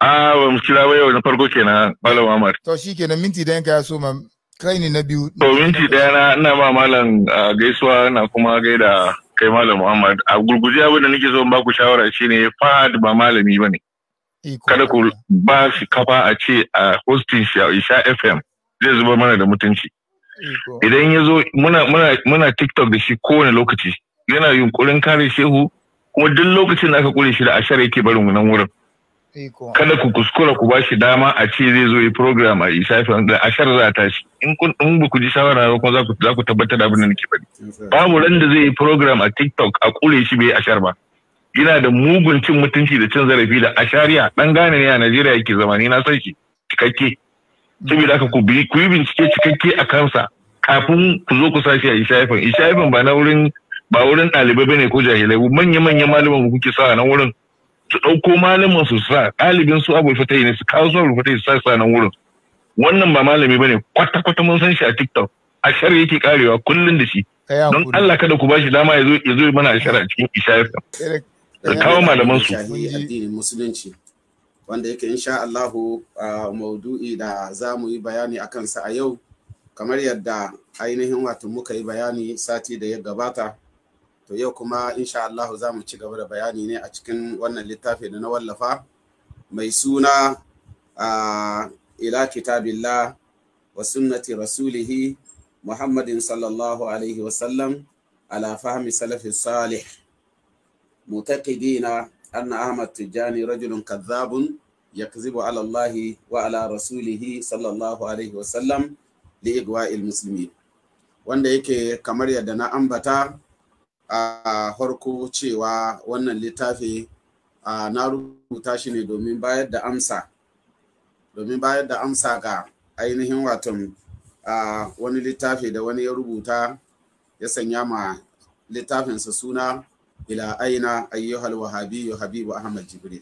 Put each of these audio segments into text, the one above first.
Ah, ba mu kira ba yau na farko kenan malam Ahmad to kenan minti da ka ya so ma kai ne na biyu to minti ɗaya na ina ma malam ah, gaisuwa na kuma gaida kai malam Muhammad a gurguje abin da nake so in baku shawara shine Fahad ba malami bane kada ku ba shi kafa a ce a hosting shi a Isha FM zai zuba mana da mutunci idan ya zo muna muna muna TikTok da shi kowane lokaci yana yunkurin kare shehu kuma duk lokacin da aka kure shi da ashar yake barin nan wurin kada ku kuskura ku bashi dama a ce zai zo yi program a isafin da ashar za ta shi in kun in ba ku ji shawara ba kuma za ku tabbatar da abin da nake bari. babu ran da zai yi program a TikTok a kure shi bai ashar ba yana da mugun cin mutunci da cin zarafi da ashariya dan gane ne a Najeriya yake zamani na san shi cikakke saboda haka ku bi ku yi bincike cikakke a kansa kafin ku zo ku sashi a isafin isafin ba na wurin ba wurin ɗalibai bane ko jahilai manya-manyan malaman kuke sa na nan wurin su ɗauko malamin su sa ɗalibin su abu fatai ne su kawo su abu fatai su sa sa nan wurin wannan ba malami bane kwata kwata mun san shi a TikTok a shar yake karewa kullum da shi don Allah kada ku bashi dama ya zo ya zo mana a shara cikin ishayar ta kawo malaman su musulunci wanda yake insha Allah maudu'i da za mu yi bayani a kansa a yau kamar yadda ainihin wato muka yi bayani sati da ya gabata to yau kuma insha Allah za mu ci gaba da bayani ne a cikin wannan littafi da na wallafa mai suna a ila kitabillah wa sunnati rasulihi muhammadin sallallahu alaihi wasallam ala fahmi salafi salih mutaqidina anna ahmad tijani rajulun kadhabun yakzibu ala Allah wa ala rasulihi sallallahu alaihi wasallam li igwa'il muslimin wanda yake kamar yadda na ambata a harko cewa wannan littafi na rubuta shi ne domin bayar da amsa domin bayar da amsa ga ainihin watan wani littafi da wani ya rubuta ya sanya ma littafinsa suna ila aina ayyuhal wahabi habibu ahmad jibril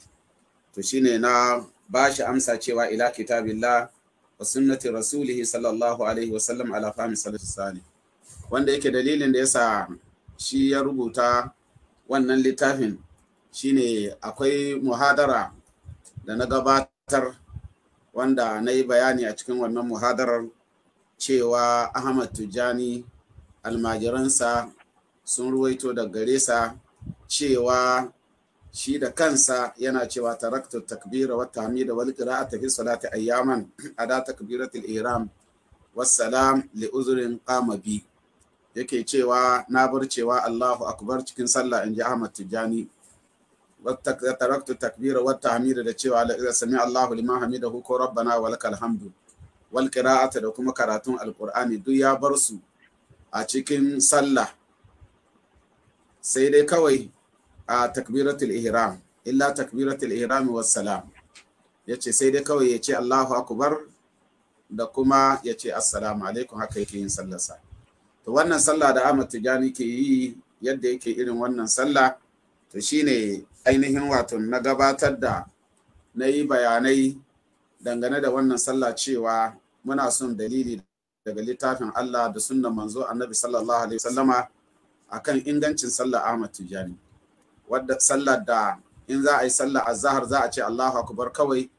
to shine na ba shi amsa cewa ila kitabillah wa sunnati rasulihi sallallahu alaihi wa sallam ala fahmi salatu wanda yake dalilin da yasa shi ya rubuta wannan littafin shine akwai muhadara da na gabatar wanda na yi bayani a cikin wannan muhadarar cewa ahmad tijjani almajiransa sun ruwaito da gare sa cewa shi da kansa yana cewa taraktu takbira wa tahmida wal qira'ata fi salati ayyaman ada takbiratul ihram wassalam li uzrin qama bi yake cewa na bar cewa Allahu akbar cikin sallah inji Ahmad Tijani taraktu takbira wa tahmida da cewa la ilaha sami Allahu liman hamidahu ko rabbana walakal hamdu wal qira'ata da kuma karatun alqur'ani duk ya bar su a cikin sallah sai dai kawai a takbiratul ihram illa takbiratul ihram was salam yace sai dai kawai yace Allahu akbar da kuma yace assalamu alaikum haka yake yin sallarsa to wannan sallah da Ahmad Tijani ke yi yadda yake irin wannan sallah to shine ainihin wato na gabatar da na yi bayanai dangane da wannan sallah cewa muna son dalili daga littafin Allah da sunnan manzo annabi sallallahu alaihi wasallama akan ingancin sallah Ahmad Tijani wadda sallar da in za a yi sallah azhar za a ce Allahu akbar kawai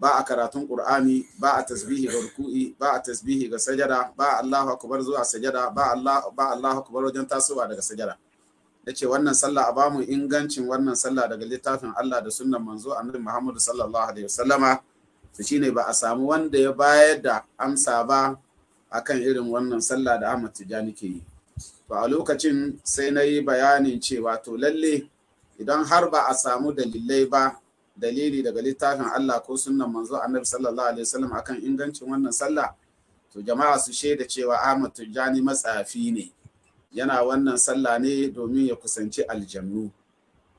ba a karatun qur'ani ba a tasbihi ga ruku'i ba a tasbihi ga sajada ba Allahu akbar zuwa sajada ba Allah ba Allahu akbar wajen tasowa daga sajada yace wannan sallah a bamu ingancin wannan sallah daga littafin Allah da sunnan manzo annabi Muhammad sallallahu alaihi wasallama to shine ba a samu wanda ya bayar da amsa ba akan irin wannan sallah da Ahmad Tijani ke yi to a lokacin sai na yi bayanin cewa to lalle idan har ba a samu dalilai ba dalili daga littafin Allah ko sunnan manzo annabi sallallahu alaihi wasallam akan ingancin wannan sallah to jama'a su shaida cewa Ahmad Tijjani matsafi ne yana wannan sallah ne domin ya kusanci aljannu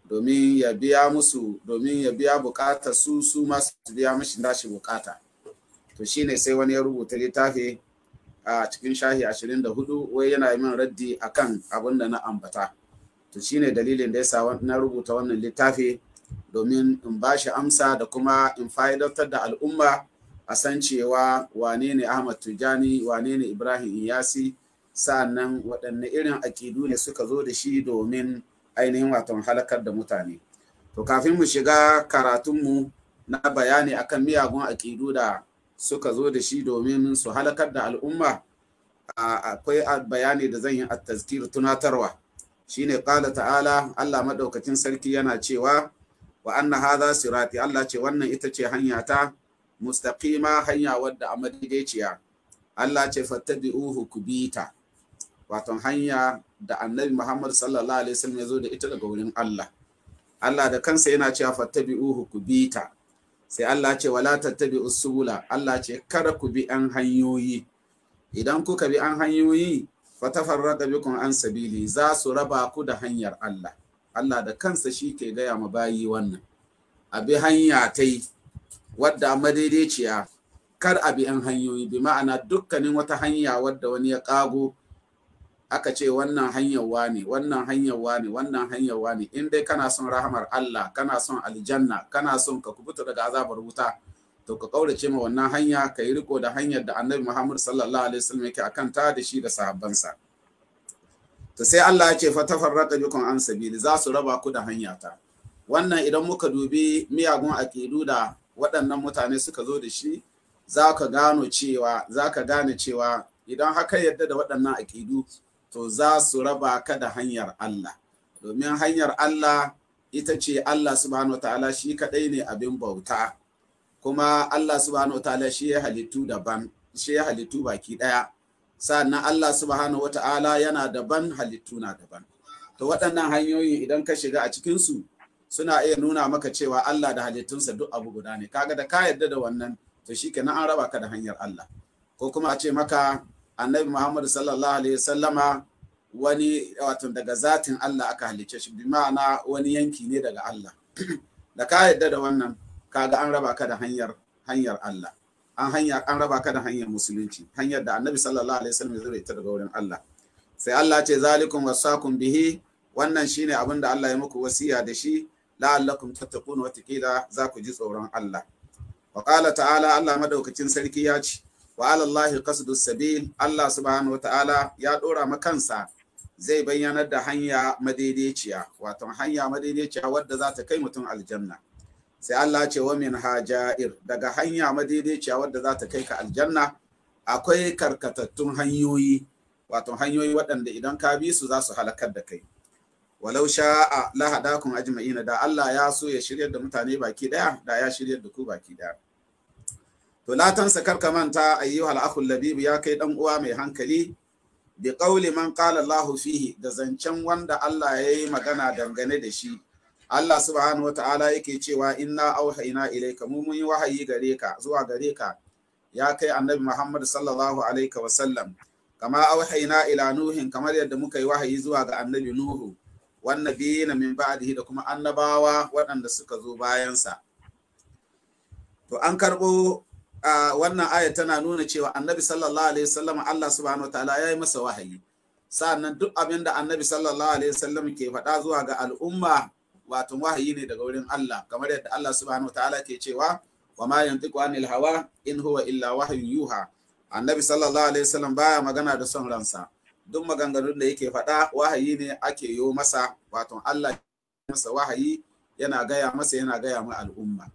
domin ya biya musu domin ya biya bukata su su masu biya mashi shi bukata to shine sai wani ya rubuta littafi a cikin shahi 24 wai yana yi min raddi akan abin da na ambata to shine dalilin da yasa na rubuta wannan littafi domin in ba shi amsa da kuma in fa'idantar da al'umma a san cewa wane ne Ahmad Tijani wane ne Ibrahim Iyasi sa'annan waɗanne irin akidu ne suka zo da shi domin ainihin waton halakar da mutane to kafin mu shiga karatunmu na bayani akan miyagun akidu da suka zo da shi domin su halakar da al'umma akwai bayani da zan yi a tazkir tunatarwa ne ƙala ta'ala Allah Maɗaukacin sarki yana cewa wa anna hadha rati. Allah ce wannan ita ce hanya ta mustaqima hanya wadda a madaidaiciya Allah ce fattabi'uhu kubita wato hanya da annabi Muhammad sallallahu alaihi wasallam ya zo da ita daga wurin Allah Allah da kansa yana cewa ku bi ta. sai Allah ce wala tattabi'u subula Allah ce kar ku bi an hanyoyi idan kuka bi an hanyoyi fatafarraqa bikum an sabili za su raba ku da hanyar Allah Allah da kansa shi ke gaya ma bayi wannan abi hanya ta yi wadda madaidaiciya kar abi yan hanyoyi bi ma'ana dukkanin wata hanya wadda wani ya kago aka ce wannan hanyar ne, wannan hanyar ne, wannan hanyar ne. in dai kana son rahamar Allah kana son aljanna kana son ka kubuta daga azabar wuta to ka kaurace ma wannan hanya ka yi riko da hanyar da annabi Muhammad sallallahu alaihi wasallam yake akan ta da shi da sahabbansa to sai Allah ya ce fa tafarraqa bikum an sabili za su raba ku da hanya ta wannan idan muka dubi miyagun aqidu da waɗannan mutane suka zo da shi za ka gano cewa za ka gane cewa idan haka yadda da waɗannan aqidu to za su raba ka da hanyar Allah domin hanyar Allah ita ce Allah subhanahu ta'ala shi kadai ne abin bauta kuma Allah subhanahu ta'ala shi ya halittu daban shi ya halittu baki daya sannan Allah subhanahu wata'ala yana daban halittu na daban to waɗannan hanyoyi idan ka shiga a cikin su suna iya nuna maka cewa Allah da halittunsa duk abu guda ne kaga da ka yarda da wannan to shikenan an raba ka da hanyar Allah ko kuma a ce maka annabi Muhammad sallallahu alaihi wasallama wani wato daga zatin Allah aka halicce shi bi ma'ana wani yanki ne daga Allah da ka yarda da wannan kaga an raba ka da hanyar hanyar Allah an hanya an raba ka da hanyar musulunci hanyar da annabi sallallahu alaihi wasallam zai ta daga wurin Allah sai Allah ce zalikum wasakum bihi wannan shine abin da Allah ya muku wasiya da shi la'allakum tattaqun wa taqila za ku ji tsoron Allah wa qala ta'ala Allah madaukakin sarki ya ce wa alallahi qasdus sabil Allah subhanahu wa ta'ala ya dora makansa zai bayyanar da hanya madaidaiciya wato hanya madaidaiciya wadda za ta kai mutum aljanna sai Allah ce wa min hajair daga hanya madaidaiciya wadda za ta kai ka aljanna akwai karkatattun hanyoyi wato hanyoyi waɗanda idan ka bi su za su halakar da kai walau sha'a lahadakum ajma'ina da Allah ya so ya shiryar da mutane baki daya da ya shiryar da ku baki daya to latan sa karka manta ayyuhal akhul labib ya kai dan uwa mai hankali bi qauli man qala Allahu fihi da zancen wanda Allah ya yi magana dangane da shi Allah subhanahu wata'ala yake cewa inna auhayna ilayka mu mun yi wahayi gare ka zuwa gare ka ya kai annabi Muhammad sallallahu alaihi wa sallam kama auhayna ila nuhin kamar yadda muka yi wahayi zuwa ga annabi Nuhu wannan wan nabiyina min ba'dihi da kuma annabawa waɗanda suka zo bayansa to an karbo uh, wannan aya tana nuna cewa annabi sallallahu alaihi wasallam Allah subhanahu wataala ya yi masa wahayi sa'annan duk abin da annabi sallallahu alaihi wasallam ke faɗa zuwa ga al'umma watan wahayi ne daga wurin Allah kamar yadda Allah subhanahu wataala ke cewa wa ma yantiqu anil hawa in huwa illa wahyun yuha annabi sallallahu alaihi wasallam baya magana da son ransa duk maganganun da yake faɗa wahayi ne ake yo masa wato Allah masa wahayi yana gaya masa yana gaya ma al'umma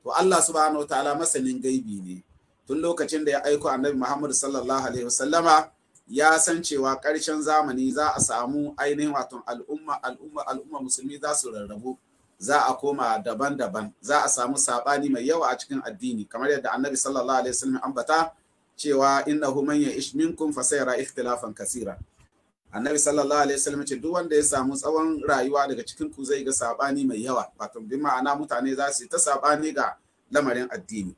to Allah subhanahu wataala masanin gaibi ne tun lokacin da ya aiko annabi Muhammad sallallahu alaihi wasallama ya san cewa ƙarshen zamani za a samu ainihin wato al'umma al'umma al'umma musulmi za su rarrabu za a koma daban-daban za a samu sabani mai yawa a cikin addini kamar yadda annabi sallallahu alaihi wasallam ambata cewa innahu man ya'ish minkum fa sayara ikhtilafan kasira annabi sallallahu alaihi wasallam ce duk wanda ya samu tsawon rayuwa daga cikin ku zai ga sabani mai yawa wato bi ma'ana mutane za su ta sabani ga lamarin addini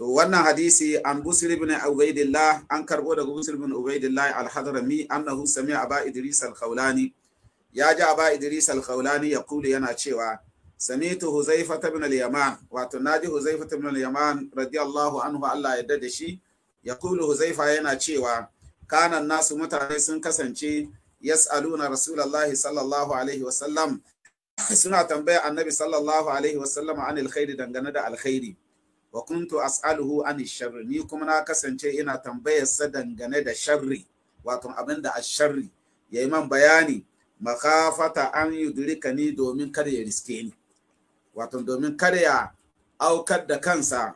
to wannan hadisi an busir ibn ubaidillah an karbo daga busir ibn ubaidillah al-hadrami annahu sami'a aba idris al-khawlani ya ji aba idris al-khawlani ya kulu yana cewa sami'tu huzaifa ibn al-yaman wato naji huzaifa ibn al-yaman radiyallahu anhu Allah ya da shi ya kulu huzaifa yana cewa kanan nasu mutane sun kasance yas'aluna rasulullahi sallallahu alaihi wasallam suna tambaya annabi sallallahu alaihi wasallam anil khairi dangane da alkhairi wa kuntu as'aluhu an sharri ni kuma na kasance ina tambayar sa dangane da sharri wato abin da asharri yayi man bayani makafata an yudrika ni domin kada ya riske ni wato domin kada ya aukar da kansa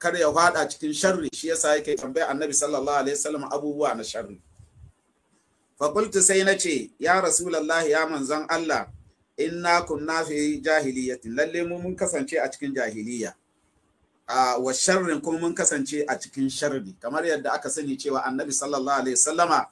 kada ya fada cikin sharri shi yasa yake tambaya annabi sallallahu alaihi wasallam abubuwa na sharri fa qultu sai nace ya rasulullahi ya manzon Allah inna kunna fi jahiliyatin lalle mu mun kasance a cikin jahiliya wa sharrin kuma mun kasance a cikin sharri kamar yadda aka sani cewa annabi sallallahu alaihi wasallama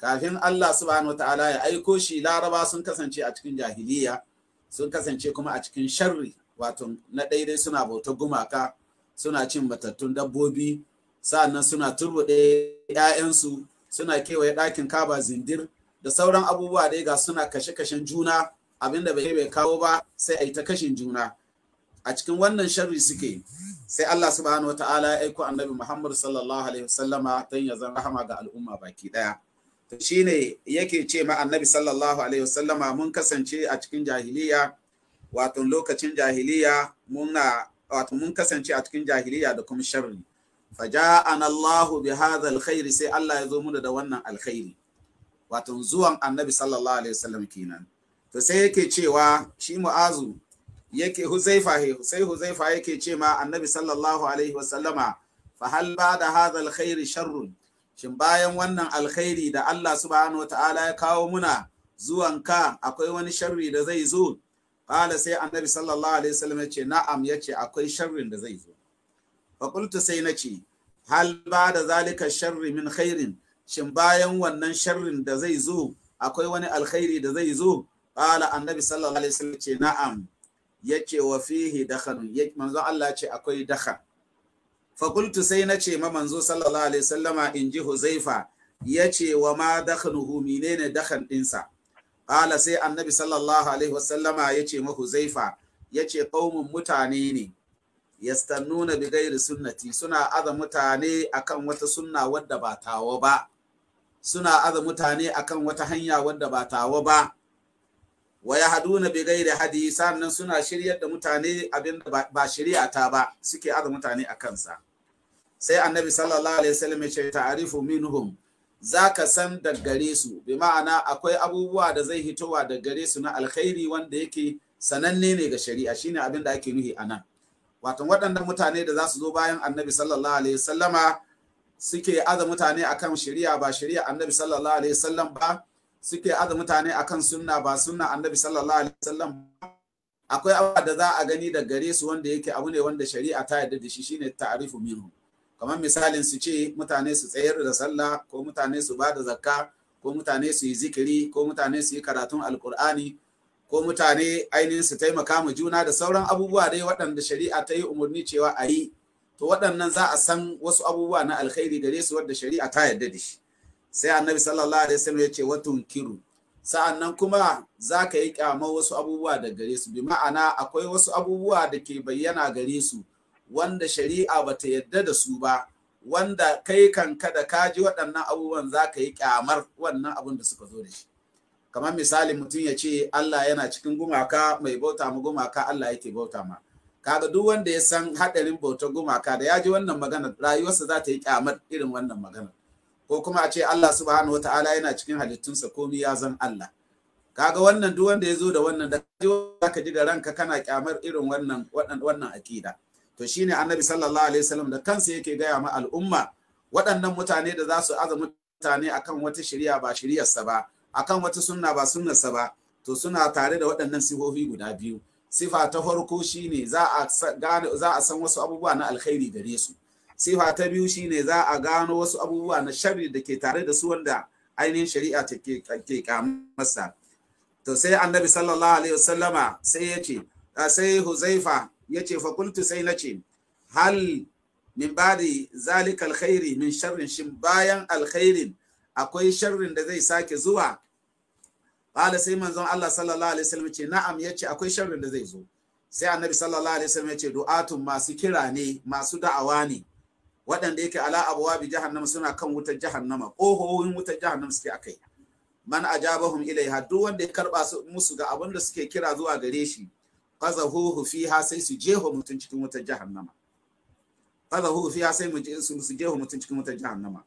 kafin Allah subhanahu ta'ala ya aiko shi laraba sun kasance a cikin jahiliya sun kasance kuma a cikin sharri wato na daidai suna bauta gumaka suna cin matattun dabbobi sa'annan suna turbuɗe ‘ya'yansu suna kewaye ɗakin kaba zindir da sauran abubuwa dai ga suna kashe-kashen juna abinda bai bai kawo ba sai a ta kashin juna a cikin wannan sharri suke sai Allah subhanahu wataala ya aiko annabi Muhammad sallallahu alaihi wasallama dan ya zan rahama ga al'umma baki daya to shine yake ce ma annabi sallallahu alaihi wasallama mun kasance a cikin jahiliya wato lokacin jahiliya muna wato mun kasance a cikin jahiliya da kuma sharri faja'ana Allahu bi hadha alkhair sai Allah ya zo mu da wannan alkhairi wato zuwan annabi sallallahu alaihi wasallam kenan to sai yake cewa shi mu'azu yake huzaifa he sai huzaifa yake ce ma annabi sallallahu alaihi wasallama fa hal ba da hadha alkhairi sharrun shin bayan wannan alkhairi da Allah subhanahu wataala ya kawo muna zuwanka akwai wani sharri da zai zo qala sai annabi sallallahu alaihi wasallam yace na'am yace akwai sharrin da zai zo fa qultu sai nace hal ba da zalika sharri min khairin shin bayan wannan sharrin da zai zo akwai wani alkhairi da zai zo qala annabi sallallahu alaihi wasallam yace na'am ya ce wa fihi dakhanun manzo Allah ce akwai dakhan fakultu sai na ce ma manzo sallallahu alaihi sallama in ji huzaifa ya ce wa ma dakhanuhu menene dakhan ɗinsa ƙala sai annabi sallallahu alaihi wasallama ya ce ma huzaifa ya ce ƙaumin mutane ne yastannuna bi gairi sunnati suna aza mutane akan wata sunna wadda ba tawa ba suna aza mutane akan wata hanya wadda ba tawo ba wa na bi da hadi sannan suna shiryar da mutane abin da ba shari'a ta ba suke aza mutane a kansa sai annabi sallallahu alaihi wasallam ya ce ta'rifu minhum zaka san da gare su bi ma'ana akwai abubuwa da zai hitowa da gare su na alkhairi wanda yake sananne ne ga shari'a shine abin da ake nuhi anan wato waɗannan mutane da za su zo bayan annabi sallallahu alaihi wasallama suke aza mutane akan shari'a ba shari'a annabi sallallahu alaihi wasallam ba suke aza mutane akan sunna ba sunna annabi sallallahu alaihi wasallam akwai abu da za a gani da gare su wanda yake abu ne wanda shari'a ta yarda da shi shine ta'rifu minhu kamar misalin su ce mutane su tsayar da sallah ko mutane su ba da zakka ko mutane su yi zikiri ko mutane su yi karatun alkur'ani ko mutane ainihin su taimaka mu juna da sauran abubuwa dai waɗanda shari'a ta yi umarni cewa a yi to waɗannan za a san wasu abubuwa na alkhairi gare su wadda shari'a ta yarda da shi sai annabi sallallahu alaihi wasallam ya ce tunkiru kiru nan kuma za ka yi kyamar wasu abubuwa da gare su bi ma'ana akwai wasu abubuwa da ke bayyana gare su wanda shari'a ba ta yadda da su ba wanda kai kanka da ji waɗannan abubuwan za ka yi kyamar wannan abun da suka zo da shi kamar misali mutum ya ce Allah yana cikin gumaka mai bauta ma gumaka Allah yake bauta ma kaga duk wanda ya san haɗarin bautar gumaka da ya ji wannan magana rayuwarsa za ta yi kyamar irin wannan magana ko kuma a ce Allah subhanahu wataala yana cikin halittunsa komi ya zan Allah kaga wannan duk wanda ya zo da wannan da ka ji da ranka kana kyamar irin wannan wannan akida to shine annabi sallallahu alaihi wasallam da kansa yake gaya ma al'umma waɗannan mutane da za su azumi mutane akan wata shirya ba shiryarsa ba akan wata sunna ba sunnarsa ba to suna tare da waɗannan sifofi guda biyu sifa ta farko shine za za a san wasu abubuwa na alkhairi gare su sifa ta biyu shine za a gano wasu abubuwa na sharri da ke tare da su wanda ainihin shari'a ta ke kamarsa to sai annabi sallallahu alaihi wasallama sai ya ce sai huzaifa ya ce fakultu sai na ce hal min badi zalika alkhairi min sharrin shin bayan alkhairin akwai sharrin da zai sake zuwa qala sai manzon Allah sallallahu alaihi wasallam ce na'am yace akwai sharrin da zai zo sai annabi sallallahu alaihi wasallam ya ce du'atun masu kira ne masu da'awa ne waɗanda yake ala abuwa bi jahannama suna kan wutar jahannama ƙohohin wutar jahannama suke akai man ajabahum ilaiha duk wanda ya karba musu ga abin da suke kira zuwa gare shi qazahuhu fiha sai su jeho mutun cikin wutar jahannama qazahuhu fiha sai su su jeho mutun cikin wutar jahannama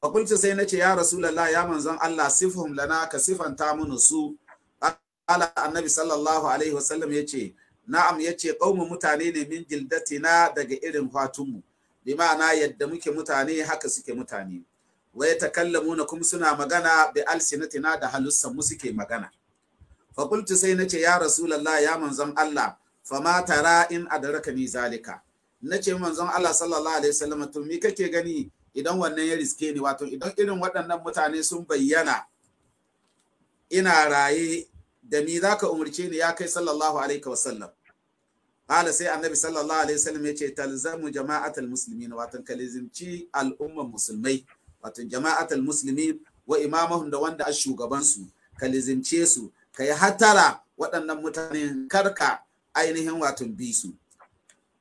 fa kuntu sai nace ya rasulullah ya manzon Allah sifhum lana ka sifanta mun su ala annabi sallallahu alaihi wasallam yace na'am yace qaumu mutane ne min jildatina daga irin fatunmu mu bi ma'ana yadda muke mutane haka suke mutane takallamu na kuma suna magana bi alsinatina da halussan mu suke magana fa qultu sai nace ya rasulullahi ya manzon Allah fa ma tara in adrakani zalika nace manzon Allah sallallahu alaihi wasallam to me kake gani idan wannan ya riske ni wato idan irin waɗannan mutane sun bayyana ina raye da ni zaka umurce ni ya kai sallallahu alaihi wasallam Ƙala sai annabi sallallahu alaihi wasallam ya ce talzamu jama'atul muslimin wato kalizimci al'umman musulmai wato a shugabansu kalizimce su ka yi hatara waɗannan mutanen karka ainihin wato bi su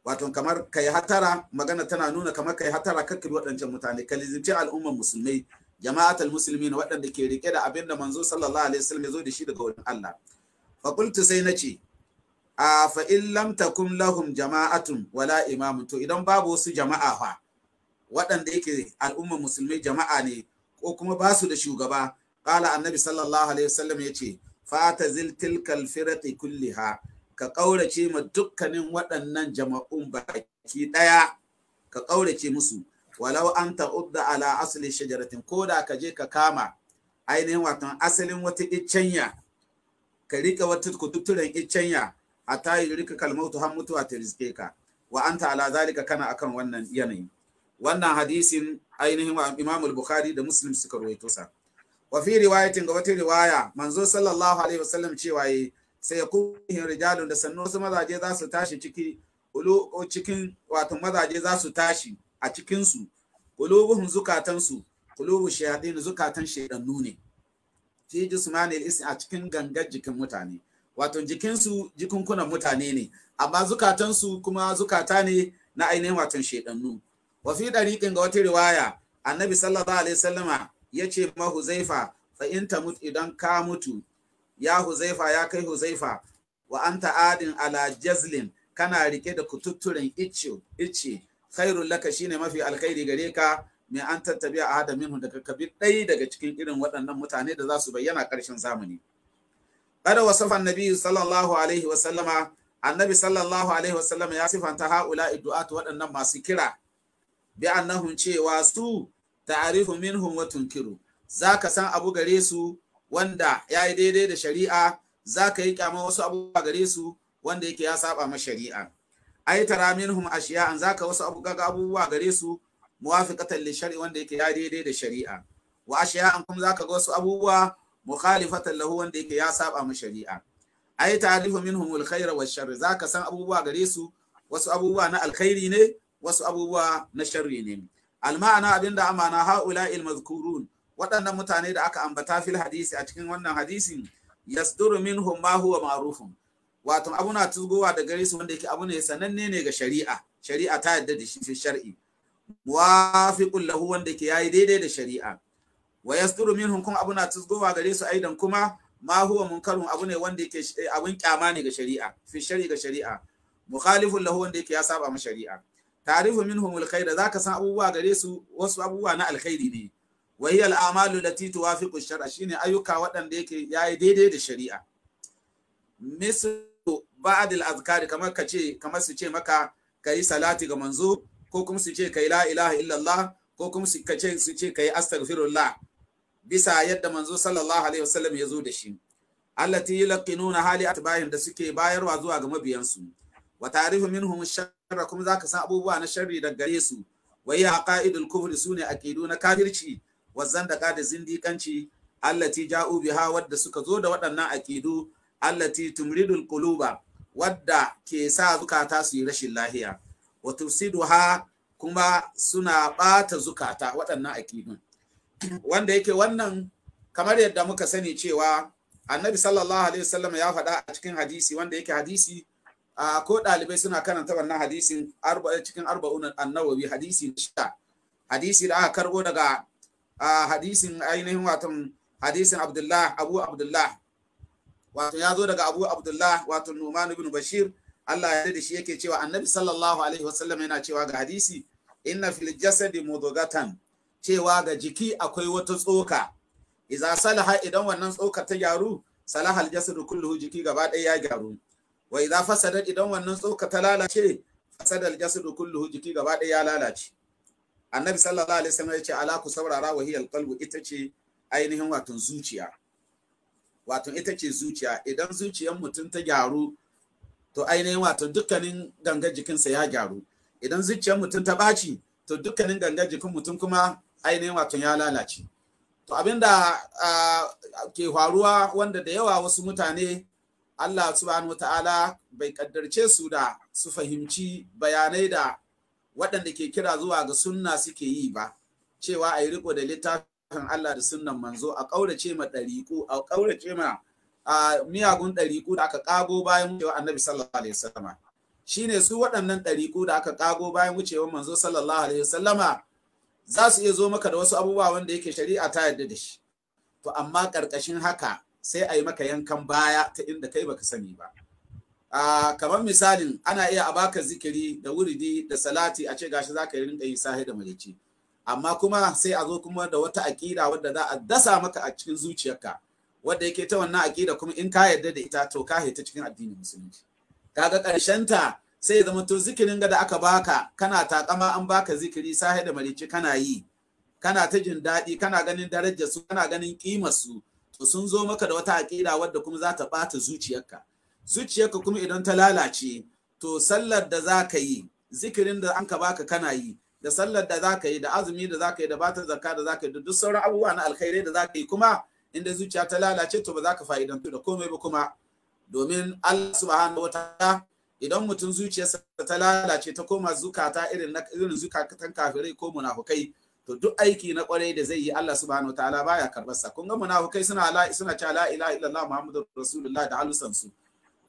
wato kamar ka yi hatara magana tana nuna kamar ka hatara kakkabi waɗancan mutane kalizimce al'umman musulmai jama'atul muslimin waɗanda ke rike da abinda manzo sallallahu alaihi wasallam ya zo da shi daga wurin Allah fakultu sai na ce a fa lam takum lahum jama'atun wala imamu to idan babu wasu jama'a fa waɗanda yake al'umma musulmai jama'a ne ko kuma ba su da shugaba qala annabi sallallahu alaihi wasallam yace tazil tilkal firati kulliha ka kaurace ma dukkanin waɗannan jama'un baki ɗaya ka kaurace musu walau an ta'udda ala asli shajaratin koda ka je ka kama ainihin watan asalin wata iccenya ka rika wata kututturen iccenya a rika rika har mutuwa ta riske ka wa anta ala zalika kana akan wannan yanayi wannan hadisin ainihin Imam al-Bukhari da Muslim suka rawaito sa wa fi riwayatin ga wata riwaya manzo sallallahu alaihi wasallam cewa yi sai ya kuhin rijalun da sannu wasu mazaje za su tashi ciki cikin wato mazaje za su tashi a cikin su qulubuhum zukatan su zukatan shaydannu ne fi jismanil ism a cikin gangar jikin mutane wato jikinsu jikunkunan mutane ne amma zukatansu kuma zukata ne na ainihin watan shaidannu wa fi dariqin ga wata riwaya annabi sallallahu alaihi wasallama yace ma huzaifa fa in tamut idan ka mutu ya huzaifa ya kai huzaifa wa anta adin ala jazlin kana rike da kututturen icce icce khairul laka shine mafi alkhairi gare ka mai an tattabi a Adamin minhu daga kabi ɗaya daga cikin irin waɗannan mutane da za su bayyana ƙarshen zamani kada wasu annabi sallallahu alaihi wa sallama annabi sallallahu alaihi wa sallama ya sifanta haula iddu'atu waɗannan masu kira bi annahum cewa su ta'arifu minhum wa tunkiru zaka san abu gare su wanda yayi daidai da shari'a zaka yi kyama wasu abubuwa gare su wanda yake ya saba ma shari'a ai tara minhum ashiya'an zaka wasu abubuwa gare su muwafiqatan li shari'a wanda yake ya daidai da shari'a wa ashiya'an kuma zaka ga wasu abubuwa mukhalifatan lahu wanda yake ya saba mu shari'a ai ta'rifu minhum alkhaira washar zaka san abubuwa gare su wasu abubuwa na alkhairi ne wasu abubuwa na sharri ne abin abinda amana haula almazkurun waɗannan mutane da aka ambata fil hadisi a cikin wannan hadisin yasduru minhum ma huwa ma'rufun wato abu na tuzgowa da gare su wanda yake abu ne sananne ne ga shari'a shari'a ta yadda da shi fi shar'i muwafiqun lahu wanda yake yayi daidai da shari'a wa yasduru minhum kun abu na tuzgowa gare su aidan kuma ma huwa munkarun abu ne wanda yake eh, abun kyama ne ga shari'a fi shari ga shari'a mukhalifun lahu wanda yake ya saba ma shari'a ta'rifu minhum alkhair zaka san abubuwa gare su wasu abubuwa na alkhairi ne wa hiya al'amalu lati tuwafiqu shar'a shine ayyuka waɗanda yake yayi daidai da shari'a mislu ba'd al-azkar kamar ka ce kamar su ce maka kai salati ga manzo ko kuma su ce kai la ilaha illallah ko kuma su ce su ce kai astaghfirullah bisa yadda manzo sallallahu alaihi wasallam ya zo da shi allati yulqinuna hali atba'in da suke bayarwa zuwa ga mabiyansu wa ta'rifu minhum sharra kuma zaka san abubuwa na sharri daga gare su wa hiya aqaidul kufr sune aqidu na kafirci wa zandaka da zindikanci allati ja'u biha wadda suka zo da waɗannan aqidu allati tumridul quluba wadda ke sa zukata su yi rashin lahiya wa tufsiduha kuma suna bata zukata waɗannan aqidun wanda yake wannan kamar yadda muka sani cewa annabi sallallahu alaihi wasallam ya faɗa a cikin hadisi wanda yake hadisi a ko ɗalibai suna karanta wannan hadisin cikin arba'un annawawi hadisi shida hadisi da aka karbo daga hadisin ainihin watan hadisin abdullah abu abdullah wato ya zo daga abu abdullah wato numan ibn bashir Allah ya da shi yake cewa annabi sallallahu alaihi wasallam yana cewa ga hadisi inna fil jasadi mudghatan cewa ga jiki akwai wata tsoka iza salaha idan wannan tsoka ta gyaru salaha aljasadu kulluhu jiki gaba ɗaya ya gyaru wa iza fasada idan wannan tsoka ta lalace fasada aljasadu kulluhu jiki gaba ɗaya ya lalace annabi sallallahu alaihi wasallam ya ce ala ku saurara wa hiyal qalbu ita ce ainihin watan zuciya watan ita ce zuciya idan zuciyar mutum ta gyaru to ainihin watan dukkanin gangar jikinsa ya gyaru idan zuciyar mutum ta ɓaci to dukkanin gangar jikin mutum kuma ainihin wato ya lalace to abinda ke faruwa wanda da yawa wasu mutane Allah subhanahu ta'ala bai kaddarce su da su fahimci bayanai da waɗanda ke kira zuwa ga sunna suke yi ba cewa a yi riko da littafin Allah da sunnan manzo a ƙaurace ma ɗariƙu a ƙaurace ma miyagun ɗariƙu da aka ƙago bayan wucewa annabi sallallahu alaihi wasallama shine su waɗannan ɗariƙu da aka ƙago bayan wucewa manzo sallallahu alaihi wasallama za su iya zo maka da wasu abubuwa wanda yake shari'a ta yarda da shi to amma ƙarƙashin haka sai a yi maka yankan baya ta inda kai baka sani ba a kamar misalin ana iya a baka zikiri da wuridi da salati a ce gashi zaka yi rinka yi sahi da malici amma kuma sai a zo kuma da wata aƙida wadda za a dasa maka a cikin zuciyarka wadda yake ta wannan aƙida kuma in ka yarda da ita to ka ta cikin addinin musulunci kaga ƙarshen ta sai zama to zikirin ga da aka baka kana takama an baka zikiri sahe da marici kana yi kana ta jin daɗi kana ganin darajar su kana ganin kimar su to sun zo maka da wata aƙida wadda kuma za ta ɓata zuciyarka zuciyarka kuma idan ta lalace to sallar da za ka yi zikirin da an ka baka kana yi da sallar da za ka yi da azumi da za ka yi da batar zakka da za ka yi da duk sauran abubuwa na alkhairai da za ka yi kuma inda zuciya ta lalace to ba za ka fa'idantu da komai ba kuma domin Allah subhanahu wa ta'ala idan mutum zuciyarsa ta lalace ta koma zukata irin na irin zukatan kafirai ko munafukai to duk aiki na kwarai da zai yi Allah subhanahu ta'ala baya karbar sa kun ga munafukai suna la suna cewa la ilaha illallah muhammadur rasulullah da alusan su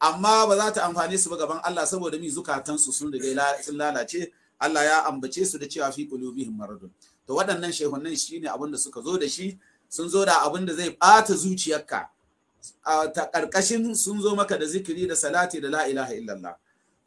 amma ba za ta amfane su ba gaban Allah saboda mi zukatan su sun riga sun lalace Allah ya ambace su da cewa fi qulubihim maradun to waɗannan shehunan shine abin da suka zo da shi sun zo da abin da zai bata zuciyarka ta karkashin sun zo maka da zikiri da salati da la ilaha illallah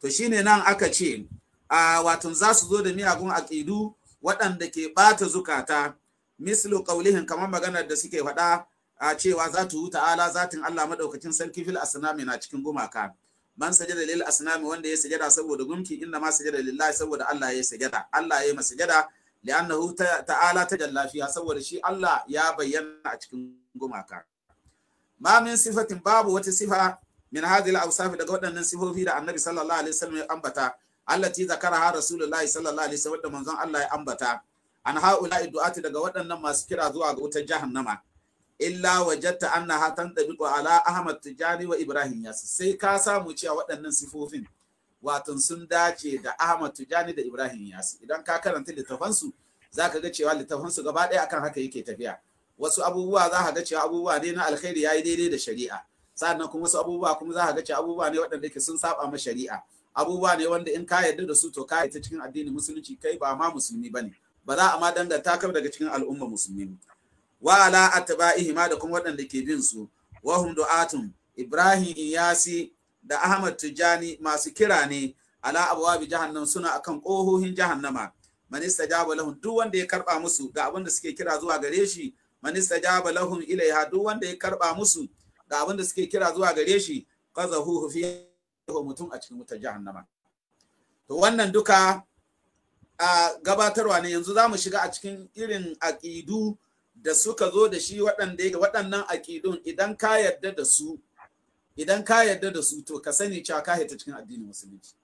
to shine nan aka ce a watan za su zo da miyagun aqidu waɗanda ke ɓata zukata mislu qaulihin kamar maganar da suke faɗa a cewa za ta ta'ala zatin Allah madaukakin sarki fil asnami na cikin gumaka man sajada lil asnami wanda ya sajada saboda gumki inna ma sajada lillahi saboda Allah ya sajada Allah ya sajada li'annahu ta'ala tajalla fiha saboda shi Allah ya bayyana a cikin gumaka ma min sifatin babu wata sifa min hadhihi al-awsaf daga waɗannan sifofi da annabi sallallahu alaihi wasallam ya ambata allati zakaraha rasulullahi sallallahu alaihi wasallam da manzon Allah ya ambata an haula du'ati daga waɗannan masu kira zuwa ga wutar jahannama illa wajadta annaha tantabiqu ala ahmad tijani wa ibrahim yas sai ka samu cewa waɗannan sifofin watan sun dace da ahmad tijani da ibrahim yas idan ka karanta littafansu zaka ga cewa littafansu gaba ɗaya akan haka yake tafiya wasu abubuwa za ka ga cewa abubuwa ne na alkhairi yayi daidai da shari'a sannan kuma wasu abubuwa kuma za ka ga cewa abubuwa ne waɗanda ke sun saba ma shari'a abubuwa ne wanda in ka yarda da su to ka ta cikin addinin musulunci kai ba ma musulmi bane ba za a ma danganta ka daga cikin al'umma musulmi wa ala atba'ihi ma da kuma waɗanda ke bin su wa hum du'atun ibrahim iyasi da ahmad tijani masu kira ne ala abwabi jahannam suna akan kohohin jahannama man istajaba lahum duk wanda ya karba musu ga abin da suke kira zuwa gare shi man istajaba lahum ilaiha duk wanda ya karba musu ga abin da suke kira zuwa gare shi qazahu fi mutum a cikin wutar jahannama to wannan duka a gabatarwa ne yanzu zamu shiga a cikin irin aqidu da suka zo da shi waɗanda waɗannan aqidun idan ka yarda da su idan ka yarda da su to ka sani cewa ka hita cikin addinin musulunci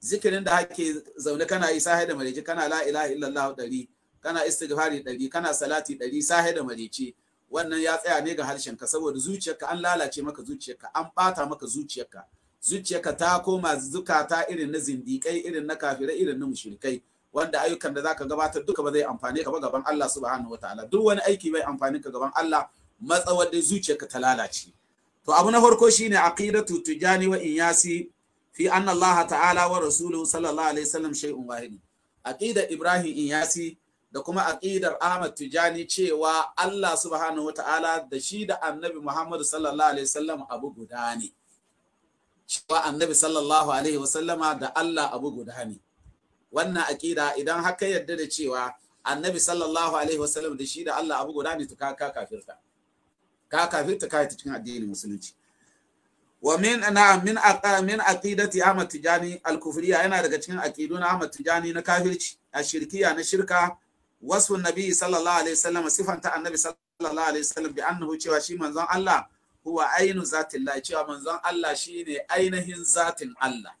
zikirin da hake zaune kana isa sahi da mareji kana la ilaha illallah dari kana istighfari ɗari kana salati ɗari sahe da marici wannan ya tsaya ne ga harshenka saboda zuciyarka an lalace maka zuciyarka an bata maka zuciyarka zuciyarka ta koma zukata irin na zindikai irin na kafirai irin na mushrikai wanda ayyukan da zaka gabatar duka ba zai amfane ka ba gaban Allah subhanahu wataala duk wani aiki bai amfani ka gaban Allah matsawar da zuciyarka ta lalace to abu na farko shine aqidatu tujani wa inyasi fi anna Allah ta'ala wa rasuluhu sallallahu alaihi wasallam shay'un wahid aqida ibrahim inyasi da kuma aqidar Ahmad Tijani cewa Allah subhanahu wata'ala da shi da Annabi Muhammad sallallahu alaihi wasallam abu guda ne cewa Annabi sallallahu alaihi da Allah abu guda ne wannan aqida idan haka yarda da cewa Annabi sallallahu alaihi wasallam da shi da Allah abu guda ne to ka ka kafirta ka kafirta kai cikin addinin musulunci ومن انا من من عقيده احمد تجاني الكفريه yana daga cikin aqidun Ahmad Tijani na kafirci a shirkiya na shirka wasu nabi sallallahu alaihi wasallam sifanta annabi sallallahu alaihi wasallam bi annahu cewa shi manzon Allah huwa ainu zatillah cewa manzon Allah shine ainihin zatin Allah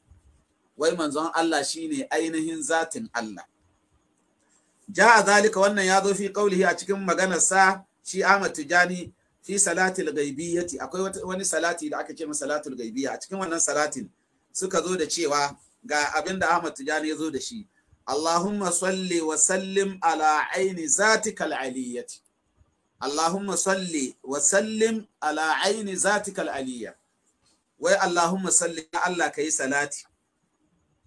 wai manzon Allah shine ainihin zatin Allah ja'a zalika wannan ya zo fi qaulihi a cikin maganar sa shi Ahmad Tijani fi salatil ghaibiyati akwai wani salati da aka ce masa salatul ghaibiyya a cikin wannan salatin suka zo da cewa ga abinda Ahmad Tijani ya zo da shi Allahumma salli wa sallim ala aini zatikal aliyyati Allahumma salli wa sallim ala aini zatikal aliyya wai Allahumma salli Allah kai salati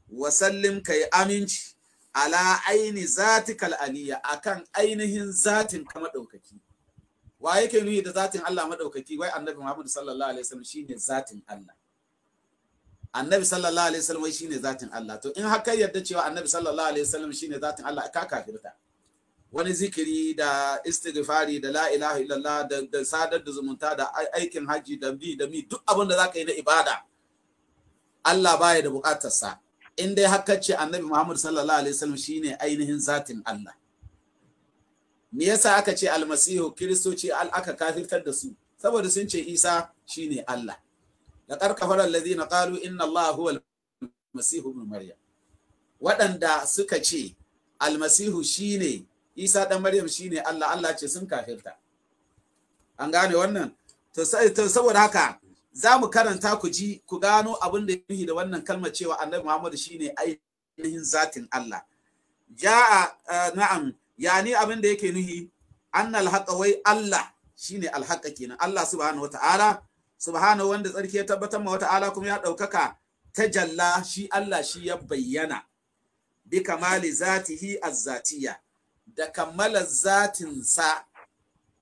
wa sallim kai aminci ala aini zatikal aliyya akan ainihin zatin ka madaukaki wa yake nuni da zatin Allah madaukaki wai annabi Muhammad sallallahu alaihi wasallam zatin Allah annabi sallallahu alaihi wasallam shine zatin Allah to in haka yarda cewa annabi sallallahu alaihi wasallam shine zatin Allah ka kafirta wani zikiri da istighfari da la ilaha illallah da, da sadar da zumunta da aikin haji da bi da mi duk abin da zaka yi na ibada Allah baya da bukatar sa in dai haka ce annabi Muhammad sallallahu alaihi wasallam shine ainihin zatin Allah me yasa aka ce almasihu kiristoci al aka kafirtar da su saboda sun ce Isa shine Allah laqad kafara alladhina qalu inna allaha huwa almasihu ibn maryam waɗanda suka ce almasihu shine isa dan maryam shine allah allah ce sun kafirta an gane wannan saboda haka za mu karanta ku ji ku gano abin da yi da wannan kalmar cewa annabi muhammadu shine ainihin zatin allah ja'a na'am yani abin da yake nuhi annal haqa wai allah shine alhaka kenan allah subhanahu wata'ala subhanahu wanda tsarki ya tabbatar ma wata'ala kuma ya ɗaukaka ta jalla shi Allah shi ya bayyana bi kamali zatihi azzatiya da kammala zatinsa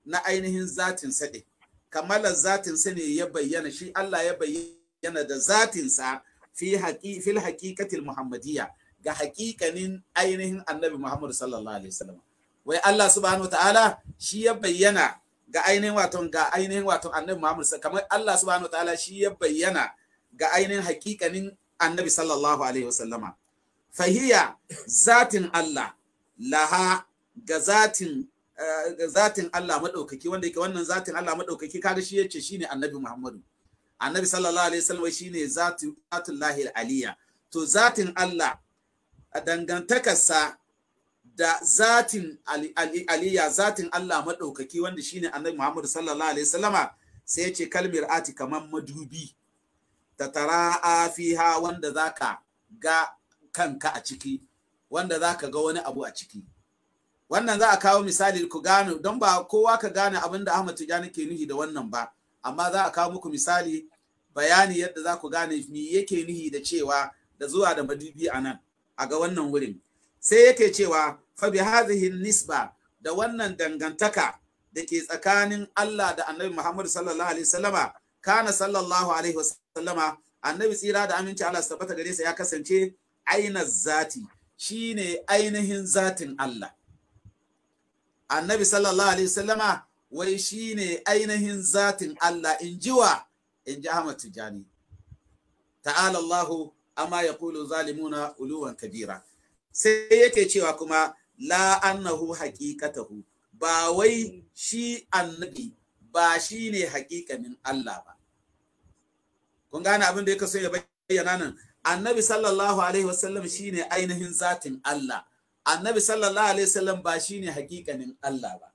na ainihin zatinsa ɗin kammala zatinsa ne ya bayyana shi Allah ya bayyana da zatinsa fi haƙi fil haƙiƙatil muhammadiyya ga haƙiƙanin ainihin annabi Muhammad sallallahu alaihi wasallam wai Allah subhanahu ta'ala shi ya bayyana ga ainihin waton ga ainihin waton annabi Muhammad kamar Allah subhanahu wataala shi ya bayyana ga ainihin hakikanin annabi sallallahu alaihi wasallama fahiya zatin Allah laha ga zatin eh, ga zatin Allah madaukaki wanda yake wannan zatin Allah madaukaki kaga shi yace shine annabi Muhammadu annabi sallallahu alaihi wasallam shine zatin zatullahi aliyya to zatin Allah a dangantakarsa da zatin aliya zatin Allah maɗaukaki wanda shine annabi Muhammad sallallahu alaihi wasallama sai ya ce kalmir ati kaman madubi ta fi ha wanda zaka ga kanka a ciki wanda zaka ga wani abu a ciki wannan za a kawo misali ku gane don ba kowa ka gane abin da Ahmad Tijani ke nuhi da wannan ba amma za a kawo muku misali bayani yadda za ku gane me yake nuhi da cewa da zuwa da madubi a nan a ga wannan wurin sai yake cewa fa bi nisba da wannan dangantaka da ke tsakanin Allah da Annabi Muhammad sallallahu alaihi wasallama kana sallallahu alaihi wasallama Annabi tsira da aminci Allah tabbata gare sa ya kasance aina zati shine ainihin zatin Allah Annabi sallallahu alaihi wasallama wai shine ainihin zatin Allah in jiwa in ji Ahmad Tijani ta'ala Allahu amma yaqulu zalimuna uluwan kabira sai yake cewa kuma la annahu haqiqatahu ba wai shi annabi ba shi ne haƙiƙanin Allah ba kun gane abin da yake so ya bayyana nan annabi sallallahu alaihi wasallam shine ainihin zatin Allah annabi sallallahu alaihi wasallam ba shine haƙiƙanin Allah ba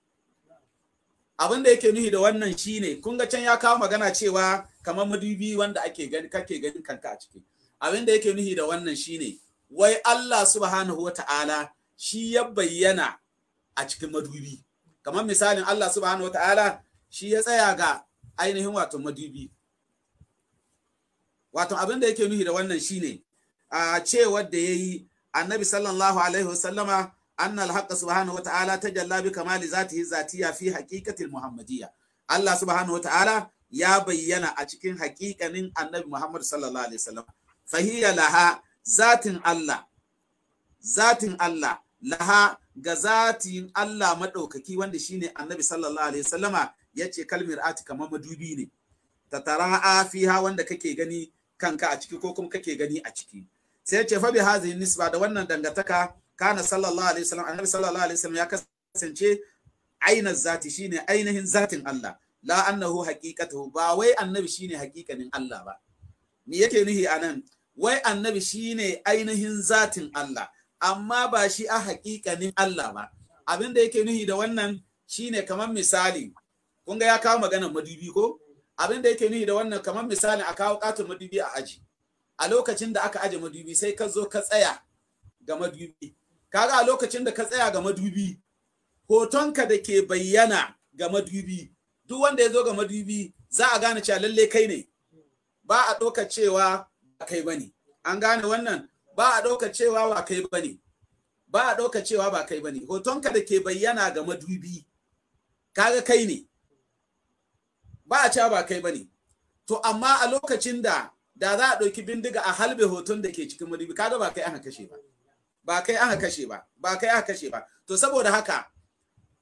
abin da yake nuhi da wannan shine kun ga can ya kawo magana cewa kamar madubi wanda ake gani kake ganin kanka a ciki abin da yake nuhi da wannan shine wai Allah subhanahu Ta'ala. shi ya bayyana a cikin madubi kamar misalin Allah subhanahu wataala shi ya tsaya ga ainihin wato madubi wato abin da yake nuhi da wannan shine a cewar da yayi annabi sallallahu alaihi wasallama anna al-haqq subhanahu wataala tajalla bi kamali zatihi zatiya fi haqiqatil muhammadiyya Allah subhanahu wataala ya bayyana a cikin haƙiƙanin annabi Muhammad sallallahu alaihi wasallam fahiya laha zatin Allah zatin Allah laha ga zatin Allah maɗaukaki wanda shine annabi sallallahu alaihi wasallama ya ce kalmir ati kamar madubi ne ta tara fiha wanda kake gani kanka a ciki ko kuma kake gani a ciki sai yace ce fa bi hadhihi nisba da wannan dangantaka kana sallallahu alaihi wasallam annabi sallallahu alaihi wasallam ya kasance aina zati shine ainihin zatin Allah la annahu haqiqatuhu ba wai annabi shine haqiqanin Allah ba me yake nuhi anan wai annabi shine ainihin zatin Allah amma ba shi a haƙiƙanin Allah ba abin da yake nuhi da wannan shine kamar misali kun ya kawo magana madubi ko abin da yake nuhi da wannan kamar misali a kawo katon madubi a aji a lokacin da aka aje madubi sai ka zo ka tsaya ga madubi kaga a lokacin da ka tsaya ga madubi hotonka da ke bayyana ga madubi duk wanda ya zo ga madubi za a gane cewa lalle kai ne ba a ɗauka cewa kai bane an gane wannan ba a ɗauka cewa ba kai ba ne ba a ɗauka cewa ba kai ba ne hotonka da ke bayyana ga madubi kaga kai ne ba a cewa ba kai ba ne to amma a lokacin da da za a ɗauki bindiga a halbe hoton da ke cikin madubi kaga ba kai aka kashe ba ba kai aka kashe ba ba kai aka kashe ba to saboda haka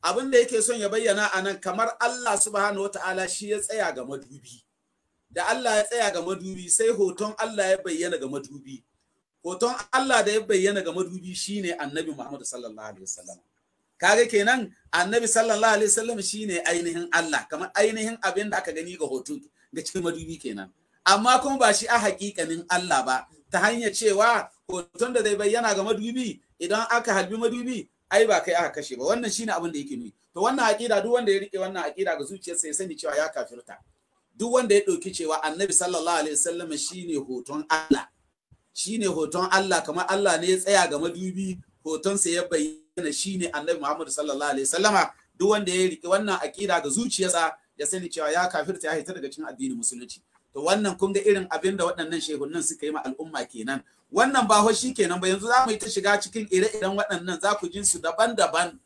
abin da yake son ya bayyana a nan kamar Allah subhanahu wata'ala shi ya tsaya ga madubi da Allah ya tsaya ga madubi sai hoton Allah ya bayyana ga madubi hoton Allah da ya bayyana ga madubi shine annabi Muhammad sallallahu alaihi wasallam kaga kenan annabi sallallahu alaihi wasallam shine ainihin Allah kamar ainihin abin da aka gani ga hoto ga cikin madubi kenan amma kuma ba shi a hakikanin Allah ba ta hanyar cewa hoton da zai bayyana ga madubi idan aka halbi madubi ai ba kai aka kashe ba wannan shine abin da yake nuni to wannan aqida duk wanda ya rike wannan aqida ga zuciyarsa ya sani cewa ya kafirta duk wanda ya ɗauki cewa annabi sallallahu alaihi wasallam shine hoton Allah shine hoton Allah kamar Allah ne ya tsaya ga madubi hoton sa ya bayyana shine Annabi Muhammad sallallahu alaihi wasallama duk wanda ya rike wannan akida ga zuciyarsa ya sani cewa ya kafirta ya hita daga cikin addinin musulunci to wannan kun ga irin abin da waɗannan shehunan suka yi ma al'umma kenan wannan ba hoshi kenan ba yanzu za mu yi ta shiga cikin ire-iren waɗannan za ku ji su daban-daban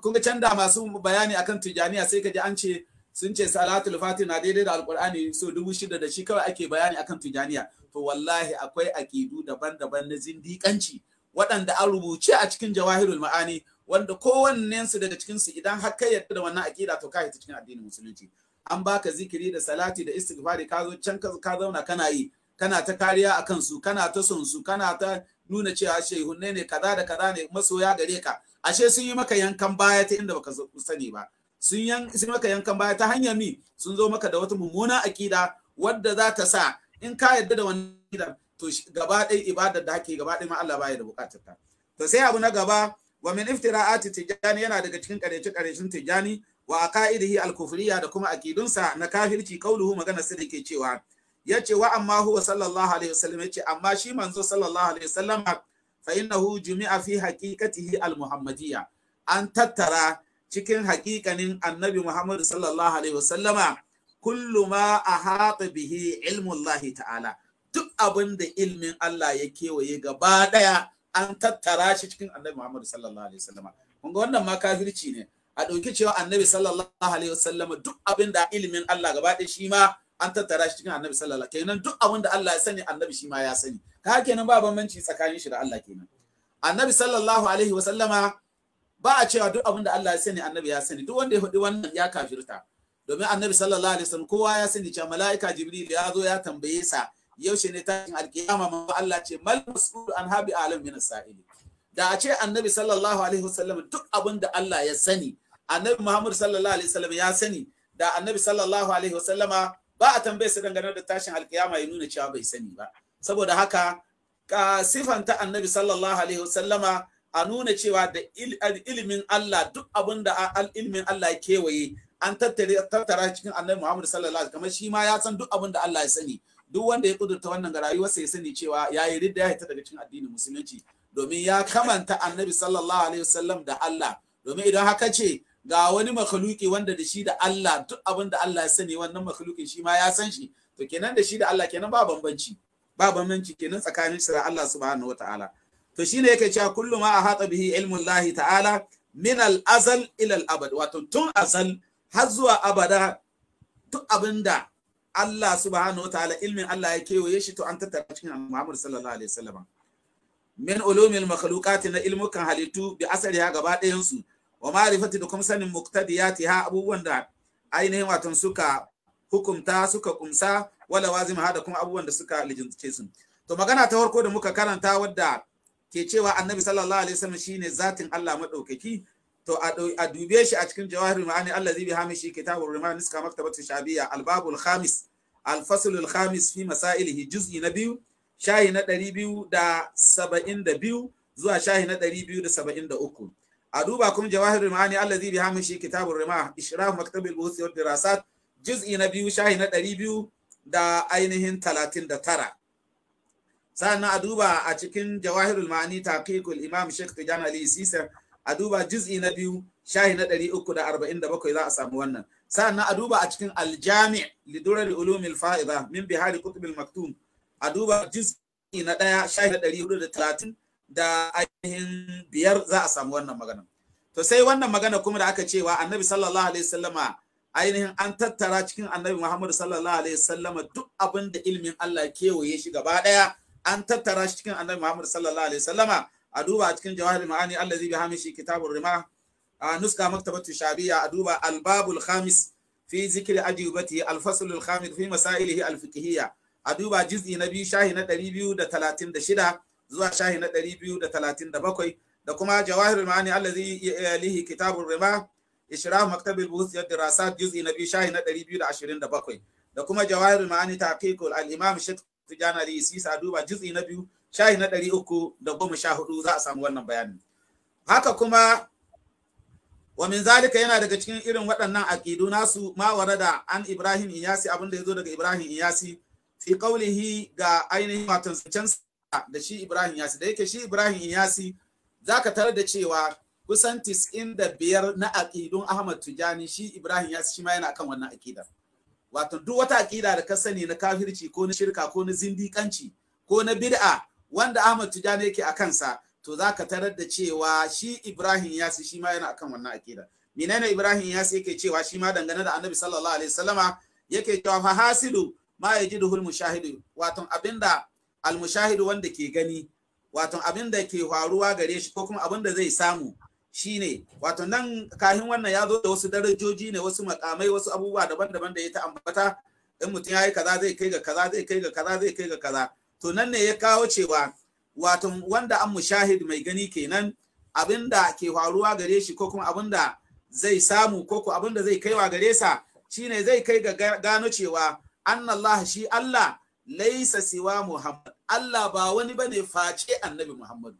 kun ga can da masu bayani akan tijaniya sai ka ji an ce sun ce salatul fatih na daidai da alkur'ani so dubu shida da shi kawai ake bayani akan tijaniya to wallahi akwai aƙidu daban-daban na zindikanci waɗanda an rubuce a cikin jawahirul ma'ani wanda su daga cikin su idan har kai yadda da wannan akida to ka cikin addinin musulunci an baka zikiri da salati da istighfari ka zo can ka zauna kana yi kana ta kariya akan su kana ta son su kana ta nuna cewa shehunne ne kaza da kaza ne masoya gare ka ashe sun yi maka yankan baya ta inda baka sani ba sun yan maka yankan baya ta hanyar mi sun zo maka da wata mummuna akida wadda za ta sa in ka yadda da wannan akidar to gaba ɗaya ibadar da ake gaba ɗaya ma Allah baya da bukatar ta to sai abu na gaba wa min iftira'ati tijani yana daga cikin karece karecin tijani wa aqaidihi al kufriya da kuma akidunsa na kafirci kauluhu magana sai ke cewa yace wa amma huwa sallallahu alaihi wasallam yace amma shi manzo sallallahu alaihi wasallam fa innahu jumi'a fi haqiqatihi al-muhammadiyya an tattara cikin hakikanin annabi Muhammad sallallahu alaihi wasallama kullu ma ahata bihi ilmullahi ta'ala duk abin da ilmin Allah ya kewaye gaba daya an tattara shi cikin annabi Muhammad sallallahu alaihi wasallama kun ga wannan ma kafirci ne a ɗauki cewa annabi sallallahu alaihi wasallama duk abin da ilmin Allah gaba daya shi ma an tattara shi cikin annabi sallallahu alaihi kenan duk abin da Allah ya sani annabi shi ma ya sani ka kenan ba bambanci tsakanin shi da Allah kenan annabi sallallahu alaihi wasallama ba a cewa duk abin da Allah ya sani annabi ya sani duk wanda ya faɗi wannan ya kafirta domin annabi sallallahu alaihi wasallam kowa ya sani cewa mala'ika jibril ya zo ya tambaye sa yaushe ne tashin alkiyama ma Allah ce mal mas'ul an habi alam min sa'ili da a ce annabi sallallahu alaihi wasallam duk abin da Allah ya sani annabi Muhammad sallallahu alaihi wasallam ya sani da annabi sallallahu alaihi wasallama ba a tambaye sa dangane da tashin alkiyama ya nuna cewa bai sani ba saboda haka ka sifanta annabi sallallahu alaihi wasallama a nuna cewa da ilimin Allah duk abin da ilimin Allah ya kewaye an tattara cikin annabi Muhammad sallallahu alaihi kamar shi ma ya san duk abin da Allah ya sani duk wanda ya kudurta wannan ga rayuwar sa ya sani cewa ya yi ridda ya hita daga cikin addinin musulunci domin ya kamanta annabi sallallahu alaihi wasallam da Allah domin idan haka ce ga wani makhluki wanda da shi da Allah duk abin da Allah ya sani wannan makhlukin shi ma ya san shi to kenan da shi da Allah kenan ba bambanci ba bambanci kenan tsakanin shi da Allah subhanahu wataala to shine yake cewa kullu ma ahata bihi ilmun lahi ta'ala min al-azal ila al-abad wato tun azal har zuwa abada duk abinda Allah subhanahu ta'ala ilmin Allah ya kewaye shi to an tattara cikin Muhammad sallallahu alaihi wasallam min ulumil makhluqati na ilmukan halittu bi ha gaba ɗayan su wa ma'rifati da kuma sanin ha abubuwan da ainihin watan suka hukumta suka kumsa wala wazim da kuma abubuwan da suka lijince su to magana ta farko da muka karanta wadda ke cewa annabi sallallahu alaihi wasallam shine zatin Allah madaukaki to a dube shi a cikin jawahir ma'ani allazi bi hamishi kitabur rimani niska maktabatu shabiya albabul khamis alfasulul khamis fi masailihi juz'i na biyu shahi na ɗari biyu da da saba'in biyu zuwa shahi na ɗari biyu da da saba'in uku. a duba kuma jawahir ma'ani allazi bi hamishi kitabur rima ishraf maktabil buhuth wa dirasat juz'i na biyu shahi na ɗari biyu da ainihin talatin da tara. sannan a duba a cikin jawahirul ma'ani taqiqul imam sheikh tijan ali sisa a duba juz'i na biyu shahi na 347 za a samu wannan sannan a duba a cikin aljami' lidurar ulumil fa'ida min bihari kutubil maktum a duba juz'i na ɗaya shahi na 430 da ainihin biyar za a samu wannan magana to sai wannan magana kuma da aka cewa annabi sallallahu alaihi wasallama ainihin an tattara cikin annabi muhammad sallallahu alaihi wasallama duk abin da ilmin Allah kewaye shi gaba ɗaya an tattara shi cikin annabi Muhammad sallallahu alaihi wasallama a duba cikin jawahirul ma'ani allazi bi hamishi kitabur rima a nuska maktabatu shabiya a duba albabul khamis fi zikri ajibati alfasl alkhamis fi masailihi alfiqhiyya a duba juz'i na biyu shahi na 236 zuwa shahi na 237 da kuma jawahirul ma'ani allazi lihi kitabur rima ishrah maktabil buhus ya dirasat juz'i na biyu shahi na 227 da kuma jawahirul ma'ani taqiqul al-imam shaykh Tijjani Ali Isisa a duba jitsi na biyu shahi na ɗari uku da goma sha hudu za a samu wannan bayanin. Haka kuma wa min zalika yana daga cikin irin waɗannan aqidu nasu ma warada an Ibrahim Iyasi abin da ya zo daga Ibrahim Iyasi fi qaulihi ga ainihin watan da shi Ibrahim Iyasi da yake shi Ibrahim Iyasi zaka tare da cewa kusan 95 na aqidun Ahmad tujani shi Ibrahim Iyasi shi ma yana kan wannan aqidar. wato duk wata aƙida da ka sani na kafirci ko na shirka ko na zindiƙanci ko na bid'a wanda Ahmad Tijani yake a kansa to za ka tarar da cewa shi Ibrahim Yasi shi ma yana akan wannan aƙida menene Ibrahim Yasi yake cewa shi ma dangane da Annabi sallallahu alaihi wasallama yake cewa fa hasilu ma yajiduhul mushahidu wato abinda al mushahidu wanda ke gani wato abinda ke faruwa gare shi ko kuma abinda zai samu shine wato nan kahin wannan ya zo da wasu darajoji ne wasu makamai wasu abubuwa daban-daban da ya ta ambata in mutum ya yi kaza zai kai ga kaza zai kai ga kaza zai kai ga kaza to nan ne ya kawo cewa wato wanda an mushahid mai gani kenan abinda ke faruwa gare shi ko kuma abinda zai samu ko ko abinda zai kaiwa gare sa shine zai kai ga gano cewa annallah shi Allah laisa siwa Muhammad Allah ba wani bane face annabi Muhammadu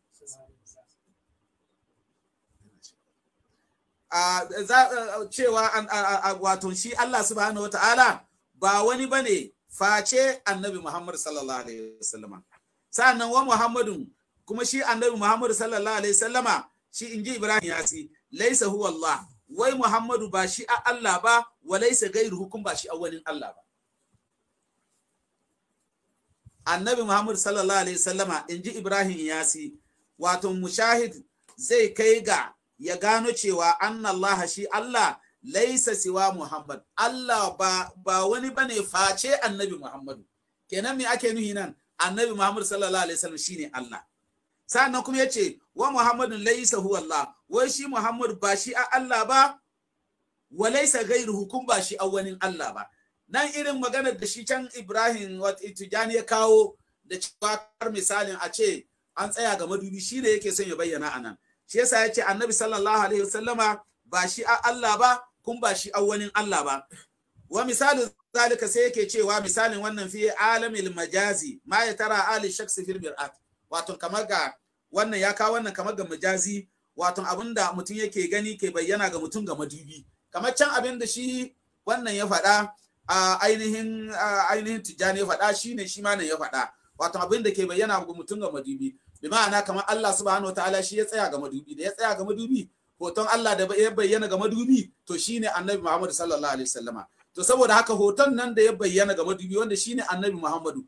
za... cewa wato shi Allah subhanahu ta'ala ba wani ba ne face annabi Muhammad sallallahu alaihi wasallama sa'annan wa Muhammadun kuma shi annabi Muhammad sallallahu alaihi wasallama shi inji Ibrahim ya yasi laisa huwa Allah wai Muhammadu ba shi a Allah ba wa laisa gairu hukum ba shi awwalin Allah ba annabi Muhammad sallallahu alaihi wasallama inji Ibrahim ya yasi wato mushahid zai kai ga ya gano cewa annallaha shi Allah laisa siwa Muhammad Allah ba ba wani ne face annabi Muhammadu kenan me ake nuhi nan annabi Muhammad sallallahu alaihi wasallam shine Allah sannan kuma yace wa Muhammadun laisa huwa Allah wai shi Muhammad ba shi a Allah ba wa laisa gairu kun ba shi awwanin Allah ba nan irin maganar da shi can Ibrahim wat ya kawo da cewa misalin a ce an tsaya ga madubi shi yake son ya bayyana anan shi yasa ya ce annabi sallallahu alaihi wasallama ba shi a Allah ba kun ba shi awwanin Allah ba wa misalin zalika sai yake cewa misalin wannan fi alamil majazi ma ya tara ali shakhs fil mir'at wato kamar ga wannan ya kawo wannan kamar ga majazi wato abinda mutum yake gani ke bayyana ga mutum ga madubi kamar can abin da shi wannan ya faɗa a ainihin ainihin tijani ya faɗa shine shi ma ne ya faɗa wato abin da ke bayyana ga mutum ga madubi bi ma'ana kamar Allah subhanahu wataala shi ya tsaya ga madubi da ya tsaya ga madubi hoton Allah da ya bayyana ga madubi to shine annabi Muhammad sallallahu alaihi wasallama to saboda haka hoton nan da ya bayyana ga madubi wanda shine annabi Muhammadu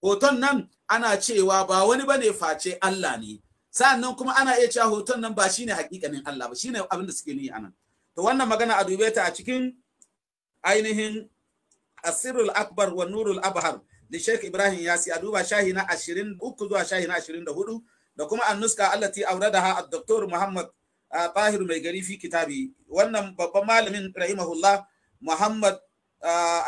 hoton nan ana cewa ba wani bane face Allah ne sannan kuma ana iya cewa hoton nan ba shine hakikanin Allah ba shine abin da suke nuni anan to wannan magana a dube ta a cikin ainihin asirul akbar wa nurul abhar li Sheikh Ibrahim Yasi a duba shahi na 23 zuwa shahi na 24 da kuma annuska allati auradaha a doktor Muhammad Tahir mai gari fi kitabi wannan babban malamin rahimahullah Muhammad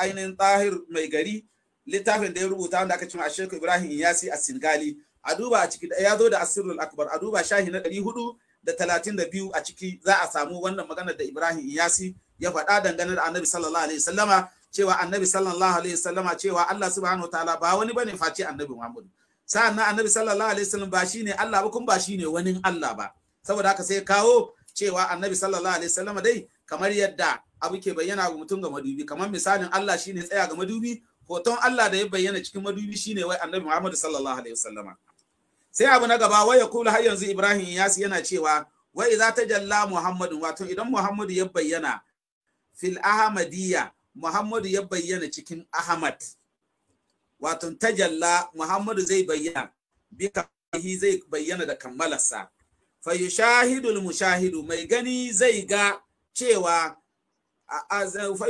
ainihin Tahir mai gari littafin da ya rubuta wanda aka a Sheikh Ibrahim Yasi a Singali a duba a ciki ya zo da Asirul Akbar a duba shahi na 400 da biyu a ciki za a samu wannan magana da Ibrahim Yasi ya faɗa dangane da Annabi sallallahu alaihi wasallama cewa annabi sallallahu alaihi wasallama cewa Allah subhanahu wataala ba wani bane face annabi Muhammad sa'annan annabi sallallahu alaihi wasallam ba shine Allah ba kun ba shine wani Allah ba saboda haka sai kawo cewa annabi sallallahu alaihi wasallama dai kamar yadda abu ke bayyana ga mutum ga madubi kamar misalin Allah shine tsaya ga madubi hoton Allah da ya bayyana cikin madubi shine wai annabi Muhammad sallallahu alaihi wasallama sai abu na gaba wai ya kula har yanzu Ibrahim Yasi yana cewa wai za ta jalla Muhammadun wato idan Muhammadu ya bayyana fil ahmadiyya Muhammadu ya bayyana cikin Ahmad. Wato tajalla Muhammadu zai bayyana bi kamalihi zai bayyana da kammalarsa. Fa yushahidul mushahidu mai gani zai ga cewa fa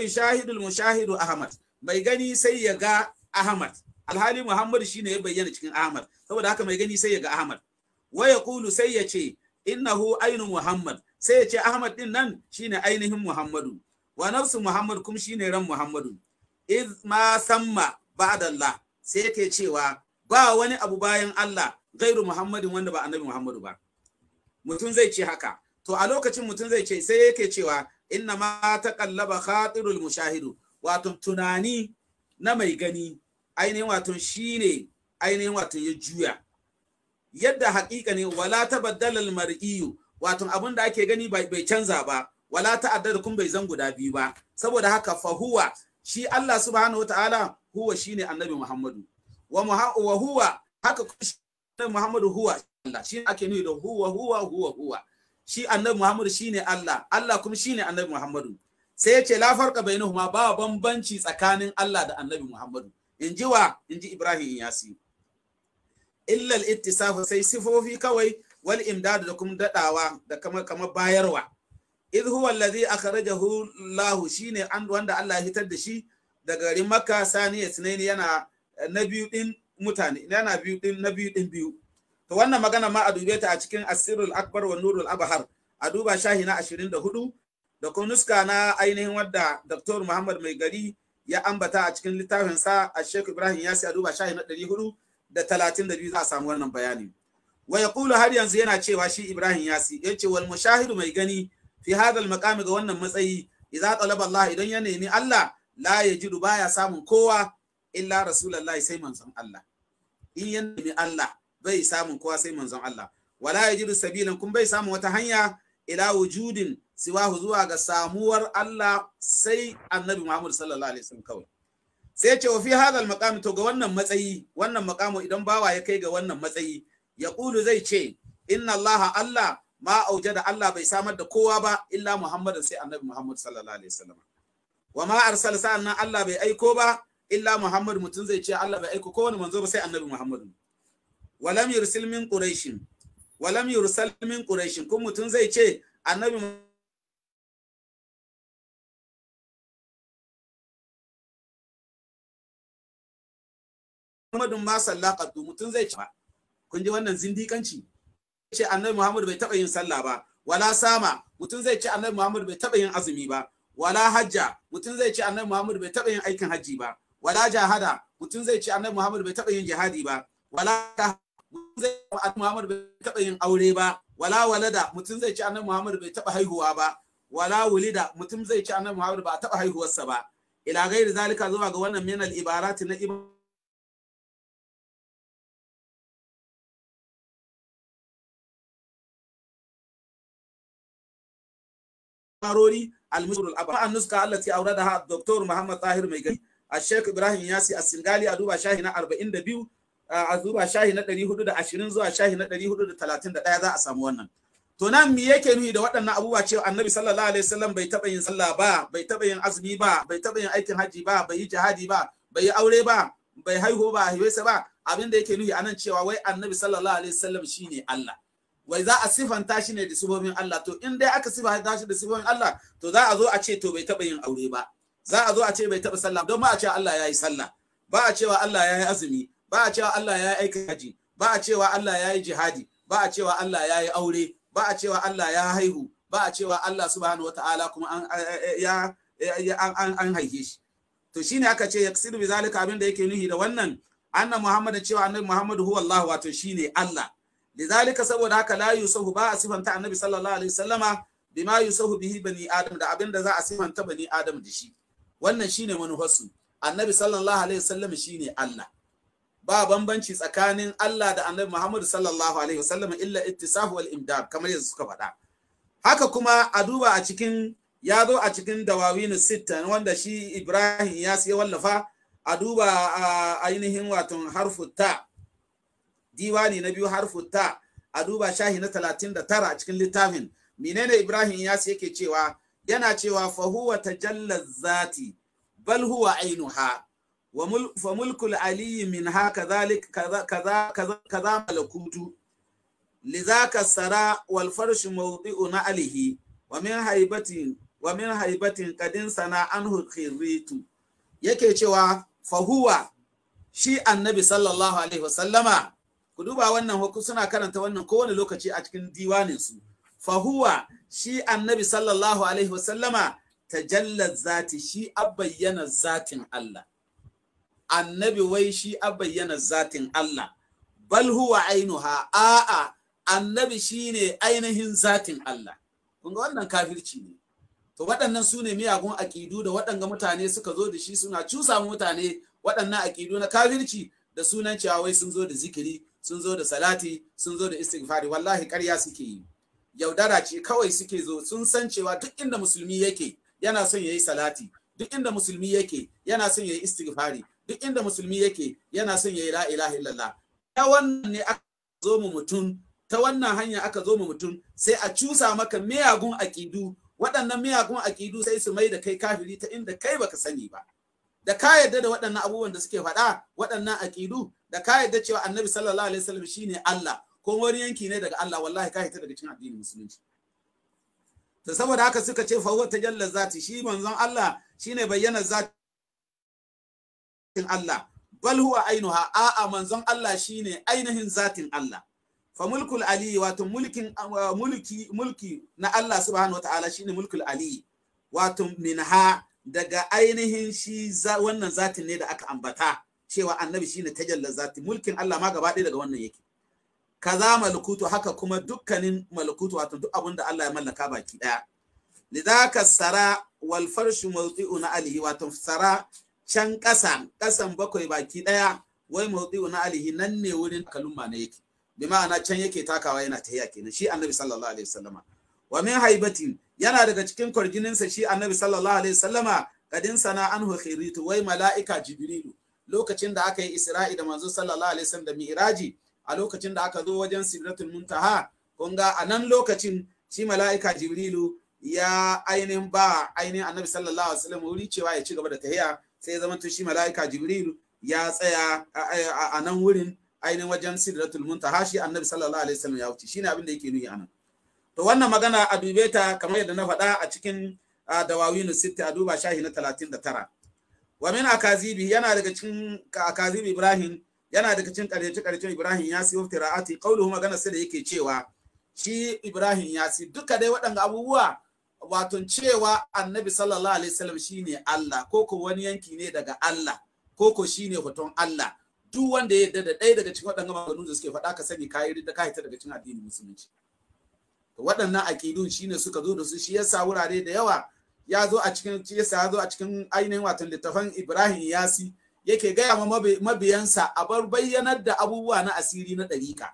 mushahidu Ahmad. Mai gani sai ya ga Ahmad. Alhali Muhammadu shine ya bayyana cikin Ahmad. Saboda haka mai gani sai ya ga Ahmad. Wa Kulu sai ya ce innahu ainu Muhammad. Sai ya ce Ahmad din nan shine ainihin Muhammadu. wa nafsu muhammad kuma shine ran muhammadu iz ma samma ba'dallah sai yake cewa ba wani abu bayan Allah gairu muhammadin wanda ba annabi muhammadu ba mutum zai ce haka to a lokacin mutum zai ce sai yake cewa inna ma taqallaba khatirul mushahidu wato tunani na mai gani ainihin wato shine ainihin wato ya juya yadda haƙiƙa ne wala tabaddala mar'iyu wato abin da ake gani bai canza ba wala ta'addadukum bai zan guda biyu ba saboda haka fa huwa shi Allah subhanahu wataala huwa shine annabi Muhammadu wa wa huwa haka annabi Muhammadu huwa Allah shi ake nuni da huwa huwa huwa huwa shi annabi Muhammadu shine Allah Allah kuma shine annabi Muhammadu sai yace la farqa bainahuma ba bambanci tsakanin Allah da annabi Muhammadu inji wa inji Ibrahim Yasi illa al-ittisafu sai sifofi kawai wal imdad da kuma dadawa da kamar kamar bayarwa idh huwa allazi akhrajahu Allah shine an wanda Allah ya fitar da shi daga garin Makka sani ya sunaini yana eh, na biyu din mutane yana biyu din na biyu din biyu to wannan magana ma a dube ta a cikin Asirul Akbar wa Nurul Abhar a duba shahi na 24 da kuma nuska na ainihin wadda Dr. Muhammad Mai Gari ya ambata a cikin littafin sa a Sheikh Ibrahim Yasi a duba shahi na 400 da 32 za a samu wannan bayani wa yaqulu har yanzu yana cewa shi Ibrahim Yasi yace wal mushahidu mai gani fi hadal maqami ga wannan matsayi idza talaba Allah idan ya nemi Allah la yajidu baya samun kowa illa rasulullahi sai manzon Allah in ya nemi Allah bai samun kowa sai manzon Allah wala yajidu sabilan kun bai samun wata hanya ila wujudin siwahu zuwa ga samuwar Allah sai annabi Muhammad sallallahu alaihi wasallam kawai sai ce wa fi hadal maqami to ga wannan matsayi wannan maqamu idan bawa ya kai ga wannan matsayi ya zai ce inna Allah Allah ma auje da Allah bai samar da kowa ba illa Muhammad sai annabi Muhammad sallallahu alaihi wasallam wa ma arsal sa'annan Allah bai aiko ba illa Muhammad mutum zai ce Allah bai aiko kowane manzo ba sai annabi Muhammad lam yursil min quraish lam yursal min quraish kun mutum zai ce annabi Muhammadun ma sallaqatu mutun zai ce kun ji wannan zindikanci ce annabi Muhammad bai taɓa yin sallah ba wala sama mutum zai ce annabi Muhammad bai taɓa yin azumi ba wala hajja mutum zai ce annabi Muhammad bai taɓa yin aikin hajji ba wala jahada mutum zai ce annabi Muhammad bai taɓa yin jihadi ba wala mutum zai ce annabi Muhammad bai taɓa yin aure ba wala walada mutum zai ce annabi Muhammad bai taɓa haihuwa ba wala wulida mutum zai ce annabi Muhammad ba a taɓa haihuwarsa ba ila gairi zalika zuwa ga wannan minal ibarati na ibn قراري المسر الأبا النسخة التي أوردها الدكتور محمد طاهر ميغري الشيخ إبراهيم a duba shahi na 42 أدوبا شاهنا 420 zuwa shahi شاهنا 431 za a samu wannan to nan me yake nuni da waɗannan abubuwa cewa annabi sallallahu alaihi wasallam bai taɓa yin sallah ba bai taɓa yin azumi ba bai taɓa yin aikin haji ba bai yi jihadi ba bai yi aure ba bai haihu ba haihuwarsa ba abin da yake nuni anan cewa wai annabi sallallahu alaihi wasallam shine Allah wai za a sifanta shi ne da sifofin Allah to in dai aka sifanta shi da sifofin Allah to za a zo a ce to bai taba yin aure ba za a zo a ce bai taba sallah don ba a cewa Allah ya yi sallah ba a cewa Allah ya yi azumi ba a cewa Allah ya yi aikin haji ba a cewa Allah ya yi jihadi ba a cewa Allah ya yi aure ba a cewa Allah ya haihu ba a cewa Allah subhanahu wataala kuma an ya an an haife shi to shine aka ce yaqsidu bi zalika abin da yake nuhi da wannan anna muhammadin cewa annabi muhammadu huwa Allah wato shine Allah lidhalika saboda haka la yusahu ba a sifanta annabi sallallahu alaihi wasallama bima yusahu bihi bani adam da abinda za a sifanta bani adam da shi wannan shine manufarsu annabi sallallahu alaihi wasallam shine Allah ba bambanci tsakanin Allah da annabi Muhammad sallallahu alaihi wasallam illa ittisafu wal imdad kamar yanzu suka faɗa haka kuma a duba a cikin ya zo a cikin dawawinu sita wanda shi Ibrahim ya sai wallafa a duba ainihin wato harfu ta diwani na biyu harfu ta a duba shahi na talatin da tara a cikin littafin menene Ibrahim Yasi yake cewa yana cewa fa huwa jallar zati bal huwa ainuha wa fa mulkul aliyi min ha kadhalik kaza kaza kaza malakutu لذاك na والفرش موضع نعله ومن هيبة ومن هيبة قد سنا عنه الخريت yake cewa fahuwa shi annabi sallallahu alaihi wasallama ku duba wannan hukum suna karanta wannan kowane lokaci a cikin diwanin su fahuwa shi annabi sallallahu alaihi wasallama tajalla zati shi abayyana zatin Allah annabi wai shi abayyana zatin Allah bal huwa ainuha a'a annabi shine ainihin zatin Allah kun ga wannan kafirci ne to waɗannan su miyagun aƙidu da waɗanga mutane suka zo da shi suna cusa mutane waɗannan aƙidu na kafirci da sunan cewa wai sun zo da zikiri sun zo da salati sun zo da istighfari wallahi ƙarya suke yi yaudara ce kawai suke zo sun san cewa duk inda musulmi yake yana son yayi salati duk inda musulmi yake yana son yayi istighfari duk inda musulmi yake yana son yayi la ilaha illallah ta wannan ne aka zo mu mutum ta wannan hanya aka zo mu mutum sai a cusa maka miyagun aƙidu waɗannan miyagun aƙidu sai su mai da kai kafiri ta inda kai baka sani ba da ka yarda da waɗannan abubuwan da suke faɗa waɗannan aƙidu da ka yarda cewa annabi sallallahu alaihi wasallam shine Allah ko wani yanki ne daga Allah wallahi ka hita daga cikin addinin musulunci to saboda haka suka ce fa huwa tajalla zati shi manzon Allah shine bayyana zatin Allah bal huwa ainuha a'a manzon Allah shine ainihin zatin Allah fa mulkul ali wato mulkin mulki mulki na Allah subhanahu wataala shine mulkul ali wato minha daga ainihin shi wannan zatin ne da aka ambata cewa annabi shine tajalla zati mulkin Allah ma gaba ɗaya daga wannan yake kaza malakutu haka kuma dukkanin malakutu wato duk abin da Allah ya mallaka baki daya lidaka sara wal farshu mawdi'u na alihi wato sara can ƙasa ƙasan bakwai baki daya wai mawdi'u na alihi nan ne wurin kalumma ne yake bi ma'ana can yake takawa yana tahiya kenan shi annabi sallallahu alaihi wasallama wa min haibatin yana daga cikin kwarjininsa shi annabi sallallahu alaihi wasallama kadin sana anhu khiritu wai mala'ika jibrilu lokacin da aka yi isra'i da manzo sallallahu alaihi wasallam da mi'raji a lokacin da aka zo wajen sidratul muntaha kun ga a nan lokacin shi mala'ika jibrilu ya ainihin ba ainihin annabi sallallahu alaihi wasallam wuri cewa ya ci gaba da tahiya sai ya zama shi mala'ika jibrilu ya tsaya a nan wurin ainihin wajen sidratul muntaha shi annabi sallallahu alaihi wasallam ya wuce shine abin da yake nuni anan to wannan magana a dube ta kamar yadda na faɗa a cikin dawawinu sitti a duba shahi na 39 wa min akazibi yana daga cikin akazibi ibrahim yana daga cikin karyace karyace ibrahim ya siyo tira'ati qauluhu magana sai da yake cewa shi ibrahim ya si duka dai waɗanda abubuwa wato cewa annabi sallallahu alaihi wasallam shine Allah ko ko wani yanki ne daga Allah ko ko shine hoton Allah duk wanda ya yarda da daga cikin waɗannan maganganu da suke faɗa ka sani kayi da ka hita daga cikin addinin musulunci waɗannan aƙidun shine suka zo da su shi yasa wurare da yawa ya zo a cikin yasa ya zo a cikin ainihin wato littafan Ibrahim Yasi yake gaya ma mabiyansa a bar bayyanar da abubuwa na asiri na ɗarika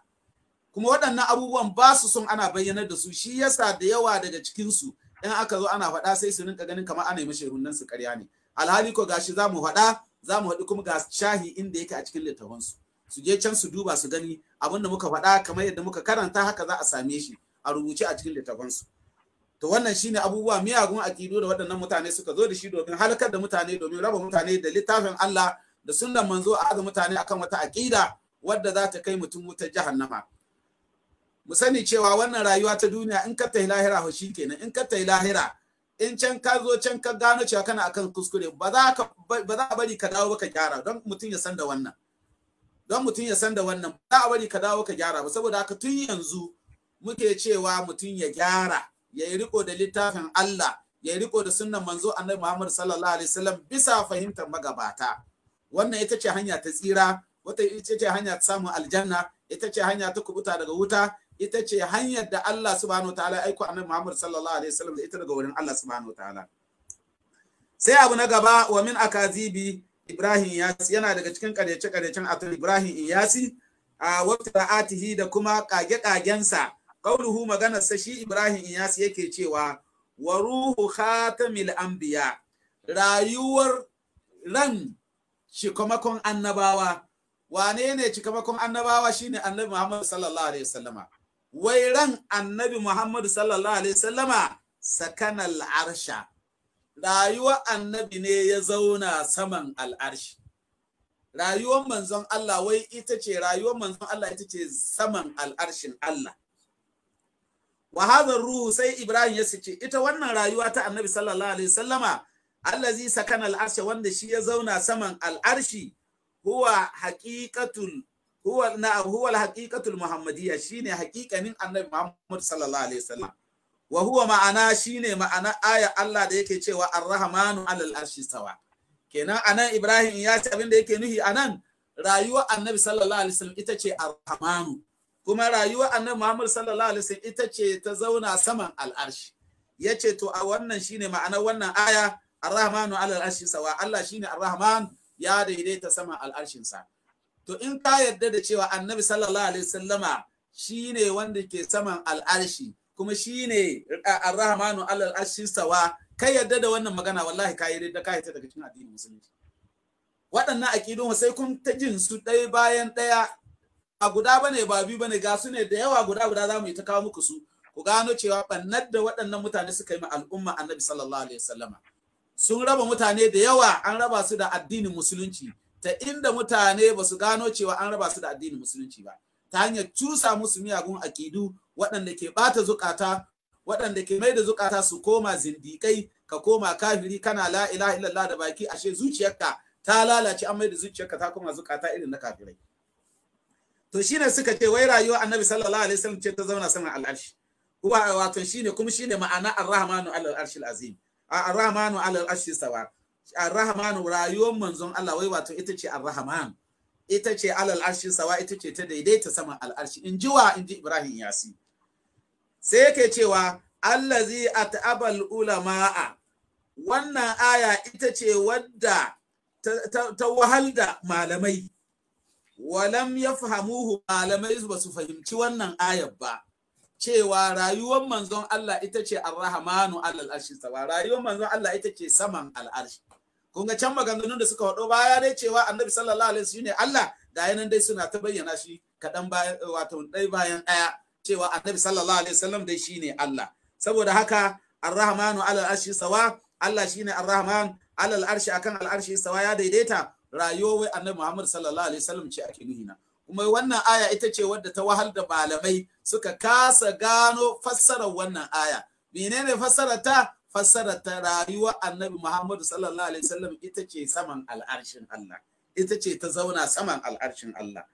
Kuma waɗannan abubuwan ba su son ana bayyanar da su shi yasa da yawa daga cikinsu in aka zo ana faɗa sai su rinka ganin kamar ana yi mashi runnan su ƙarya ne. Alhali ko gashi za mu faɗa za mu haɗu kuma ga shahi inda yake a cikin littafansu. Su je can su duba su gani abin da muka faɗa kamar yadda muka karanta haka za a same shi a rubuce a cikin littafansu. to wannan shine abubuwa miyagun aƙidu da waɗannan mutane suka zo da shi domin halakar da mutane domin raba mutane da littafin Allah da sunnan manzo a aza mutane akan wata akida wadda za ta kai mutum wutar jahannama mu sani cewa wannan rayuwa ta duniya in ka ta lahira ho kenan in ka ta lahira in can ka zo can ka gano cewa kana akan kuskure ba za ka ba za a bari ka dawo ka gyara don mutum ya san da wannan don mutum ya san wannan ba za a bari ka dawo ka gyara ba saboda haka tun yanzu muke cewa mutum ya gyara ya yi riko da littafin Allah ya yi riko da sunnan manzo annabi Muhammad sallallahu alaihi wasallam bisa fahimtar magabata wannan ita ce hanya ta tsira wata ita ce hanya ta samun aljanna ita ce hanya ta kubuta daga wuta ita ce hanyar da Allah subhanahu wataala ya aiko annabi Muhammad sallallahu alaihi wasallam da ita daga wurin Allah subhanahu wataala sai abu na gaba wa min akazibi Ibrahim Yasi yana daga cikin karyace-karyacen Atul Ibrahim Yasi a wata ra'atihi da kuma kage-kagensa qauluhu maganar sa shi Ibrahim Iyas yake cewa wa ruhu khatamil anbiya rayuwar ran cikamakon annabawa wane ne cikamakon annabawa shine annabi Muhammad sallallahu alaihi wasallama wai ran annabi Muhammad sallallahu alaihi wasallama sakanal arsha rayuwar annabi ne ya zauna saman al'arshi rayuwar manzon Allah wai ita ce rayuwar manzon Allah ita ce saman al'arshin Allah wa hadha ruhu sai ibrahim ya ce ita wannan rayuwa ta annabi sallallahu alaihi wasallama allazi sakana al'arsha wanda shi ya zauna saman al'arshi huwa haqiqatul huwa na huwa al-haqiqatul muhammadiyya shine haqiqanin annabi muhammad sallallahu alaihi wasallam wa huwa ma'ana shine ma'ana aya Allah da yake cewa ar-rahmanu alal arshi sawa kenan anan ibrahim ya ce abin da yake nuhi anan rayuwar annabi sallallahu alaihi wasallam ita ce ar-rahmanu kuma rayuwa annabi Muhammad sallallahu alaihi wasallam ita ce ta zauna saman al'arshi yace to a wannan shine ma'anar wannan aya Ar-Rahmanu 'ala al-arshi sawa Allah shine Ar-Rahman ya daidaita saman al'arshin sa to in ka yarda da cewa annabi sallallahu alaihi wasallama shine wanda ke saman al'arshi kuma shine Ar-Rahmanu 'ala al-arshi sawa kai yarda da wannan magana wallahi ka da ka ta daga cikin addinin musulunci waɗannan aƙidun sai kun ta jin su ɗaya bayan ɗaya a guda bane ba biyu bane ga su ne da yawa guda guda za mu yi ta kawo muku su ku gano cewa bannar da waɗannan mutane suka yi ma al'umma annabi sallallahu alaihi wasallama sun raba mutane da yawa an raba su da addinin musulunci ta inda mutane ba su gano cewa an raba su da addinin musulunci ba ta hanyar cusa musu miyagun akidu waɗanda ke bata zukata waɗanda ke mai da zukata su koma zindikai ka koma kafiri kana la ilaha illallah da baki ashe zuciyarka ta lalace an mai da zuciyarka ta koma zukata irin na kafirai to shine suka ce wai rayuwa annabi sallallahu alaihi wasallam ce ta zauna saman al'arshi kuwa wato shine kuma shine ma'ana ar-rahmanu alal arshil azim ar-rahmanu alal arshil sawa ar-rahmanu rayuwar manzon Allah wai wato ita ce ar-rahman ita ce alal arshil sawa ita ce ta daidaita saman al'arshi in ji wa in ji Ibrahim Yasi sai yake cewa allazi at'abal ulama'a wannan aya ita ce wadda ta, ta, ta wahalda malamai walam ya fahamuhu malamai ba su fahimci wannan ayar ba cewa rayuwar manzon Allah ita ce arrahmanu alal arshi sawa rayuwar manzon Allah ita ce saman arshi kun ga can maganganun da suka hado baya dai cewa annabi sallallahu alaihi wasallam ne Allah ga yanan dai suna ta bayyana shi kadan bayan wato dai bayan daya cewa annabi sallallahu alaihi wasallam dai shine Allah saboda haka arrahmanu alal arshi sawa Allah shine arrahman alal arshi akan arshi sawa ya daidaita rayuwar annabi Muhammad sallallahu alaihi wasallam ce ake na. kuma wannan aya ita ce wadda ta wahal da malamai suka kasa gano fassarar wannan aya menene fassarar ta fassarar ta rayuwar annabi Muhammad sallallahu alaihi wasallam ita ce saman al'arshin Allah ita ce ta zauna saman al'arshin Allah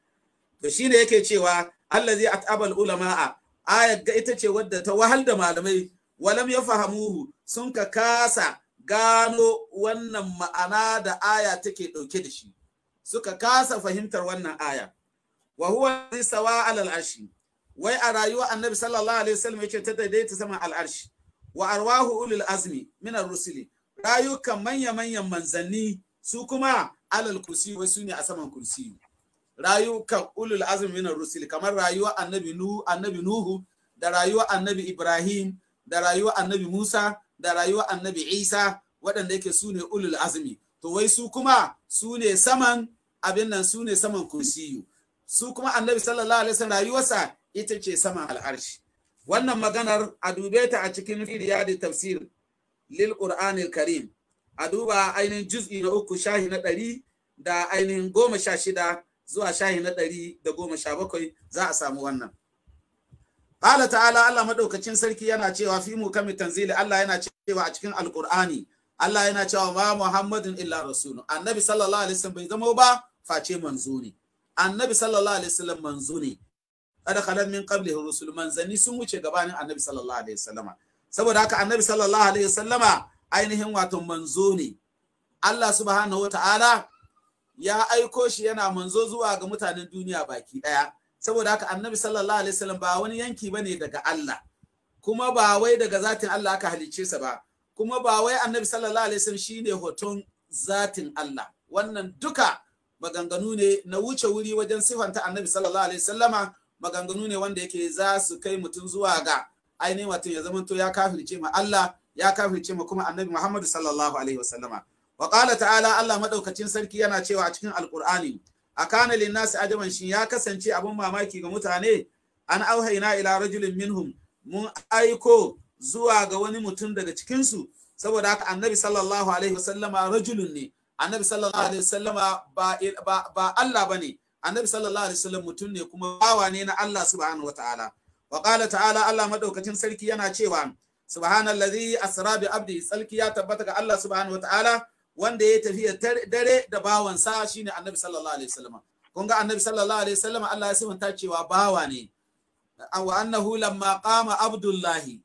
to shine yake cewa allazi atabal ulama'a ayat ga ita ce wadda ta wahal da malamai walam yafahamuhu sun ka kasa gano wannan ma'ana da aya take ɗauke da shi suka kasa fahimtar wannan aya wa huwa sawa alal arshi wai a rayuwa annabi sallallahu alaihi wasallam yake ta daidaita sama al arshi wa arwahu ulul azmi min rusuli rayukan manya manyan manzanni su kuma alal kursi wai su ne a saman kursi rayukan ulul azmi min rusuli kamar rayuwa annabi nuhu annabi nuhu da rayuwa annabi ibrahim da rayuwa annabi musa da rayuwar annabi isa waɗanda yake su ne ulul azumi to wai su kuma su ne saman abin nan su ne saman kursiyu su kuma annabi sallallahu alaihi wasallam rayuwarsa ita ce saman al'arshi wannan maganar a dube ta a cikin firiyadi tafsir lil karim a duba ainihin juz'i na uku shahi na ɗari da ainihin goma sha shida zuwa shahi na ɗari da goma sha bakwai za a samu wannan Ƙala ta'ala Allah maɗaukacin sarki yana cewa fi mu kami tanzili Allah yana cewa a cikin Alkur'ani Allah yana cewa ma Muhammadu illa rasulu annabi sallallahu alaihi wasallam bai zama ba face manzo ne annabi sallallahu alaihi wasallam manzo ne kada khalan min qablihi rusul manzanni sun wuce gabanin annabi sallallahu alaihi saboda haka annabi sallallahu alaihi wasallama ainihin wato manzo ne Allah subhanahu ta'ala ya aiko shi yana manzo zuwa ga mutanen duniya baki daya saboda haka annabi sallallahu alaihi wasallam ba wani yanki bane daga Allah kuma ba wai daga zatin Allah aka halicce sa ba kuma ba wai annabi sallallahu alaihi wasallam shine hoton zatin Allah wannan duka maganganu ne na wuce wuri wajen sifanta annabi sallallahu alaihi wasallama maganganu ne wanda yake za su kai mutum zuwa ga ainihin wato ya zamanto ya kafirce ma Allah ya kafirce ma kuma annabi Muhammad sallallahu alaihi wasallama wa qala ta'ala Allah madaukakin sarki yana cewa a cikin alqur'ani a kana linnasi ajaban shin ya kasance abun mamaki ga mutane an auhaina ila rajulin minhum mun aiko zuwa ga wani mutum daga cikinsu saboda haka annabi sallallahu alaihi wasallama rajulun ne annabi sallallahu alaihi wasallama ba, ba, ba Allah ba ne annabi sallallahu alaihi wasallam mutum ne kuma bawa ne na Allah subhanahu wataala wa qala ta'ala Allah madaukakin sarki yana cewa subhanallazi asra bi abdi sarki ya tabbata ga Allah subhanahu wataala wanda ya tafiya dare da bawansa shine annabi sallallahu alaihi wasallam kun ga annabi sallallahu alaihi wasallam Allah ya sifanta cewa bawa ne wa annahu lamma qama abdullahi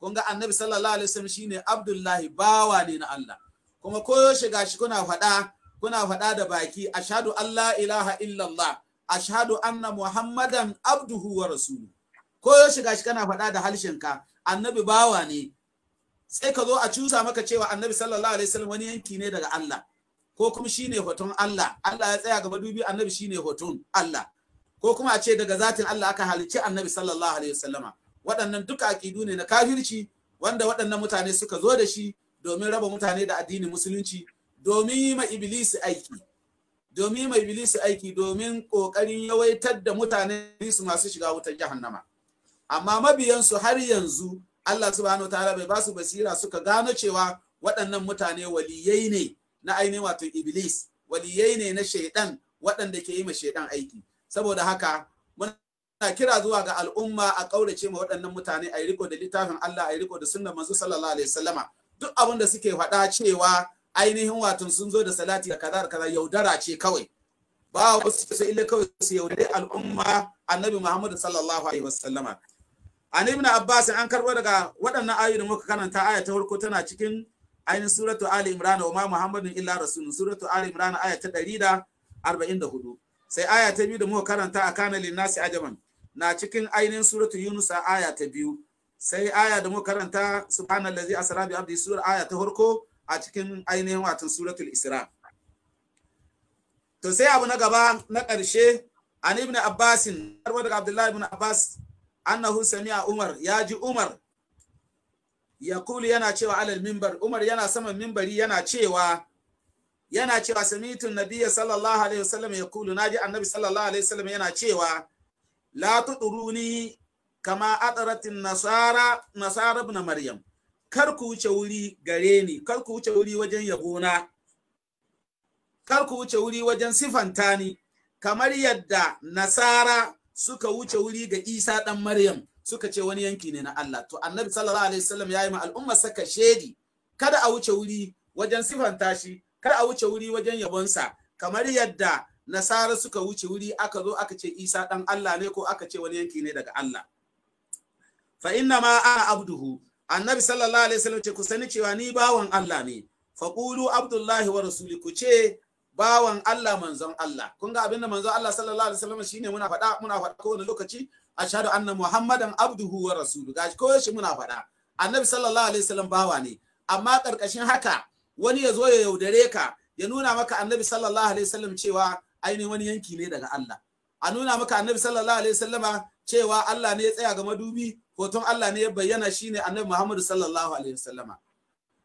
kun ga annabi sallallahu alaihi wasallam shine abdullahi bawa ne na Allah kuma koyo shiga shi kuna faɗa kuna faɗa da baki ashhadu Allah ilaha illallah ashhadu anna muhammadan abduhu wa rasuluhu koyo shiga shi kana faɗa da halshenka annabi bawa ne sai ka zo a cusa maka cewa annabi sallallahu alaihi wasallam wani yanki ne daga Allah ko kuma shine hoton Allah Allah ya tsaya gaba dubi annabi shine hoton Allah ko kuma a ce daga zatin Allah aka halicci annabi sallallahu alaihi wasallama waɗannan duka aƙidu ne na kafirci wanda waɗannan mutane suka zo da shi domin raba mutane da addinin musulunci domin yi ma Iblis aiki domin ma Iblis aiki domin ƙoƙarin yawaitar da mutane su masu shiga wutar jahannama amma mabiyan su har yanzu Allah subhanahu ta'ala bai ba su basira suka gano cewa waɗannan mutane waliyai ne na ainihin wato iblis waliyai ne na shaidan waɗanda ke yi ma shaidan aiki saboda haka muna kira zuwa ga al'umma a ƙaurace ma waɗannan mutane a riko da littafin Allah a riko da sunnar manzo sallallahu alaihi wasallama duk abin da suke faɗa cewa ainihin watan sun zo da salati da kaza da kaza yaudara ce kawai ba wasu su illa kawai su yaudare al'umma annabi Muhammad sallallahu alaihi wasallama an ibn abbas an karbo daga waɗannan ayoyi da muka karanta aya ta farko tana cikin ainihin suratu ali imran wa ma muhammadin illa rasul suratu ali imran aya ta 144 sai aya ta biyu da muka karanta a kana linnasi ajaban na cikin ainihin suratu yunus aya ta biyu sai aya da muka karanta subhanallazi asra bi abdi sura aya ta farko a cikin ainihin watan suratul isra to sai abu na gaba na ƙarshe an ibn karbo daga abdullahi ibn abbas annahu sami'a Umar ya ji Umar ya kuli yana cewa alal mimbar Umar yana saman mimbari yana cewa yana cewa sami'tu nabiyya sallallahu alaihi wasallam ya kulu naji annabi sallallahu alaihi wasallam yana cewa la tuduruni kama adaratin nasara nasara ibn maryam kar ku wuce wuri gare ni kar ku wuce wuri wajen yabona kar ku wuce wuri wajen sifanta ni kamar yadda nasara suka wuce wuri ga Isa ɗan Maryam suka ce wani yanki ne na Allah to annabi sallallahu alaihi wasallam yayi ma al'umma saka shedi kada a wuce wuri wajen sifanta shi kada a wuce wuri wajen sa, kamar yadda nasara suka wuce wuri aka zo aka ce Isa dan Allah ne ko aka ce wani yanki ne daga Allah fa inna ma ana abduhu annabi sallallahu alaihi wasallam ce ku sani cewa ni bawan Allah ne faqulu abdullahi wa rasuli ku ce bawan Allah manzon Allah kun ga abinda manzon Allah sallallahu alaihi wasallam shine muna faɗa muna faɗa kowane lokaci ashhadu anna muhammadan abduhu wa rasuluhu gashi ko shi muna faɗa annabi sallallahu alaihi wasallam bawa ne amma karkashin haka wani ya zo ya yaudare ka ya nuna maka annabi sallallahu alaihi wasallam cewa ainihin wani yanki ne daga Allah a nuna maka annabi sallallahu alaihi wasallama cewa Allah ne ya tsaya ga madubi hoton Allah ne ya bayyana shine annabi Muhammadu sallallahu alaihi wasallama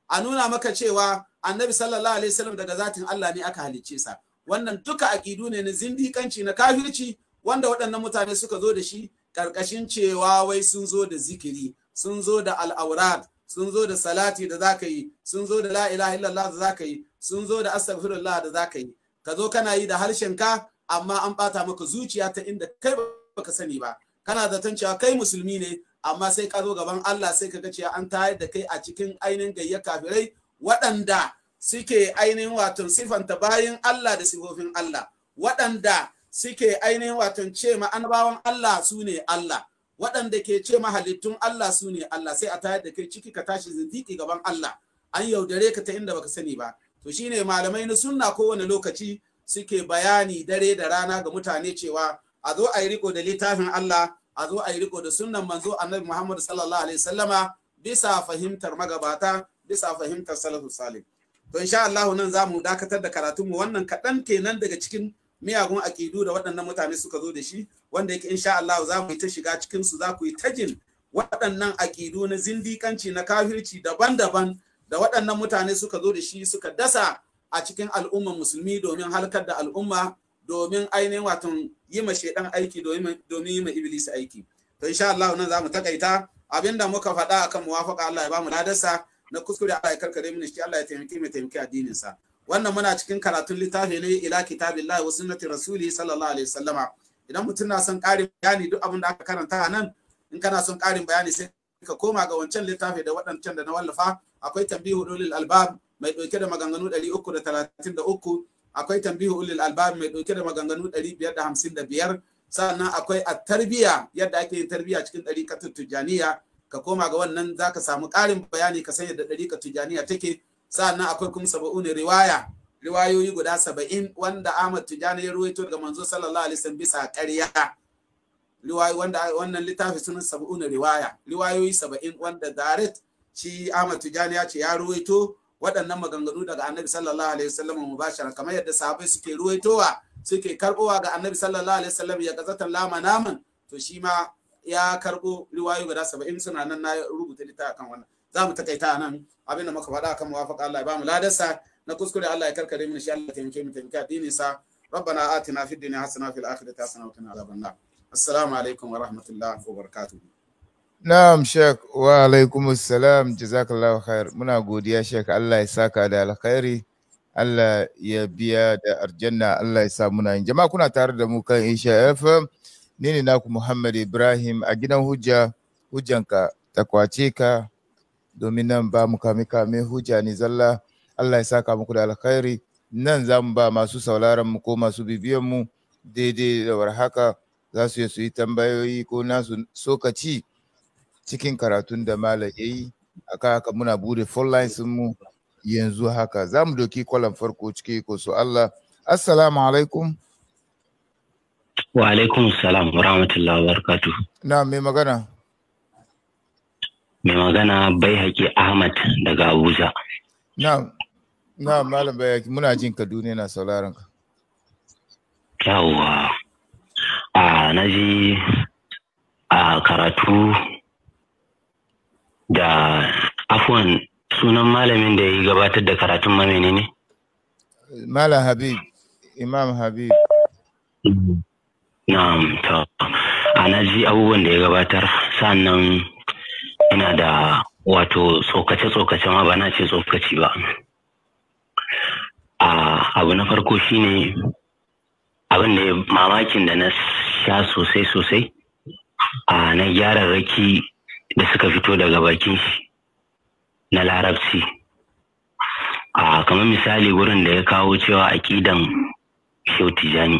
a nuna maka cewa annabi sallallahu alaihi wasallam daga zatin Allah ne aka halicce sa wannan duka aqidu ne na zindikanci na kafirci wanda waɗannan mutane suka zo da shi karkashin cewa wai sun zo da zikiri sun zo da al'aurat sun zo da salati da zaka yi sun zo da la ilaha illallah da zaka yi sun zo da astaghfirullah da zaka yi ka zo kana yi da harshen ka amma an bata maka zuciya ta inda kai baka sani ba kana zaton cewa kai musulmi ne amma sai ka zo gaban Allah sai ka ga cewa an tayar da kai a cikin ainihin gayya kafirai waɗanda suke ainihin wato sifanta bayan Allah da sifofin Allah waɗanda suke ainihin wato ce ma annabawan Allah su ne Allah waɗanda ke ce ma halittun Allah su ne Allah sai a tayar da kai ciki ka tashi zindiki gaban Allah an yaudare ka ta inda baka sani ba to shine malamai na sunna kowane lokaci suke bayani dare da rana ga mutane cewa a zo a yi riko da littafin Allah a zo a yi riko da sunan manzo annabi Muhammad sallallahu alaihi wasallama bisa fahimtar magabata bisa fahimtar Salatu salim to insha Allah nan zamu dakatar da karatun mu wannan kadan kenan daga cikin miyagun aƙidu da waɗannan mutane suka zo da shi wanda yake insha Allah za mu yi ta shiga cikin su za ku yi ta jin waɗannan aƙidu na zindikanci na kafirci daban-daban da waɗannan mutane suka zo da shi suka dasa a cikin al'umman musulmi domin halkar da al'umma domin ainihin watan yi ma shaidan aiki domin yi ma iblis aiki to insha Allah nan zamu takaita abinda muka faɗa akan muwafaqa Allah ya bamu ladarsa na kuskure Allah ya karkare mu shi Allah ya taimaki mu taimake addinin sa wannan muna cikin karatun littafi ne ila kitabillahi wa sunnati rasuli sallallahu alaihi wasallama idan mutum na son ƙarin bayani duk abin da aka karanta a nan in kana son ƙarin bayani sai ka koma ga wancan littafi da waɗancan da na wallafa akwai tambihu dolil albab mai ɗauke da maganganu ɗari uku da talatin da uku akwai tambihu ulil albab mai dauke da maganganu 555 sannan akwai at-tarbiya yadda ake yin tarbiya cikin dariqatul tijaniya ka koma ga wannan zaka samu karin bayani ka san yadda dariqatul tijaniya take sannan akwai kuma sab'un riwaya riwayoyi guda 70 wanda Ahmad Tijani ya ruwaito daga manzo sallallahu alaihi wasallam bisa ƙarya riwayoyi wanda wannan littafi sunan sab'un riwaya riwayoyi 70 wanda direct shi Ahmad Tijani ya ce ya ruwaito waɗannan maganganu daga annabi sallallahu alaihi wasallam mubashara kamar yadda sahabbai suke ruwaitowa suke karbowa ga annabi sallallahu alaihi wasallam ya gazatan lama naman to shi ma ya karbo riwayo guda 70 suna nan na rubuta littafi akan wannan za mu takaita nan abin da muka faɗa akan muwafaqa Allah ya ba mu ladarsa na kuskure Allah ya karkare mu shi Allah taimake mu taimake addinin sa ربنا آتنا في fil akhirati وفي wa qina adhaban nar assalamu alaikum wa rahmatullahi wa barakatuh Na'am Sheikh wa alaikum salam jazakallahu khair muna godiya Sheikh Allah ya saka da alkhairi Allah ya biya da arjanna Allah ya sa muna yin jama'a kuna tare da mu kan Isha FM ni ne naku Muhammad Ibrahim a gidan hujja hujjanka ta kwace ka domin nan ba mu kame kame hujja ne zalla Allah ya saka muku da alkhairi nan za mu ba masu sauraron mu ko masu bibiyan mu daidai da warhaka za su yi tambayoyi ko nasu sokaci cikin karatun da malam ya yi a haka muna bude line sun mu yanzu haka za mu doki kwallon farko cike, ko su Allah assalamu alaikum wa alaikum salam wa rahmatullahi wa barakatu na mai magana mai magana bai haƙi ahmad daga abuja na na malam bai haƙi muna jin ka duniya na sauraron ka yawwa a na ji a karatu da afwan sunan malamin da ya gabatar da karatun ma ne? Malam Habib, Imam Habib. Na'am, to. Ana ji abubuwan da ya gabatar, sannan ina da wato tsokace-tsokace ma ba na ce tsokaci ba. Abu na farko shine abin da ya mamakin da na sha sosai-sosai a na raki. da suka fito daga bakin shi na larabci a kamar misali wurin da ya kawo cewa akidan shehu tijani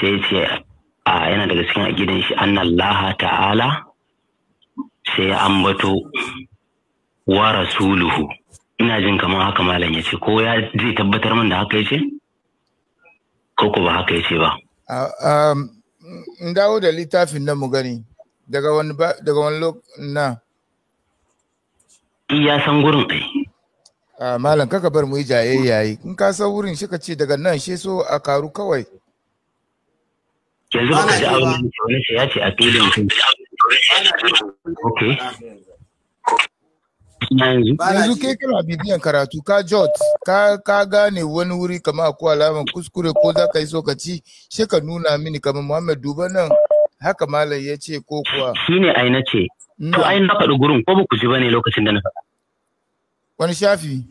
sai ce a yana daga cikin aƙidan shi annallaha ta'ala sai an bato, wa rasuluhu ina jin kamar haka malam ya ce ko ya zai tabbatar min da haka ya ce ko ko ba haka ya ce ba um, dawo da littafin nan mu gani daga wani ba daga wani lok na iya san gurin ai a malam kaka bar mu yi yayi in ka san wurin shi ka ce daga nan shi so a karu kawai yanzu ba ka ji ne, da wani ya ce a filin ok yanzu ke kana bibiyan karatu ka jot ka ka gane wani wuri kamar akwai alaman kuskure ko za ka yi so ka ci shi ka nuna mini kamar muhammad duba nan haka malam ya ce ko kuwa shine ai na ce mm. to ai na faɗi gurin ko ba ku ji ba ne lokacin da na faɗa wani shafi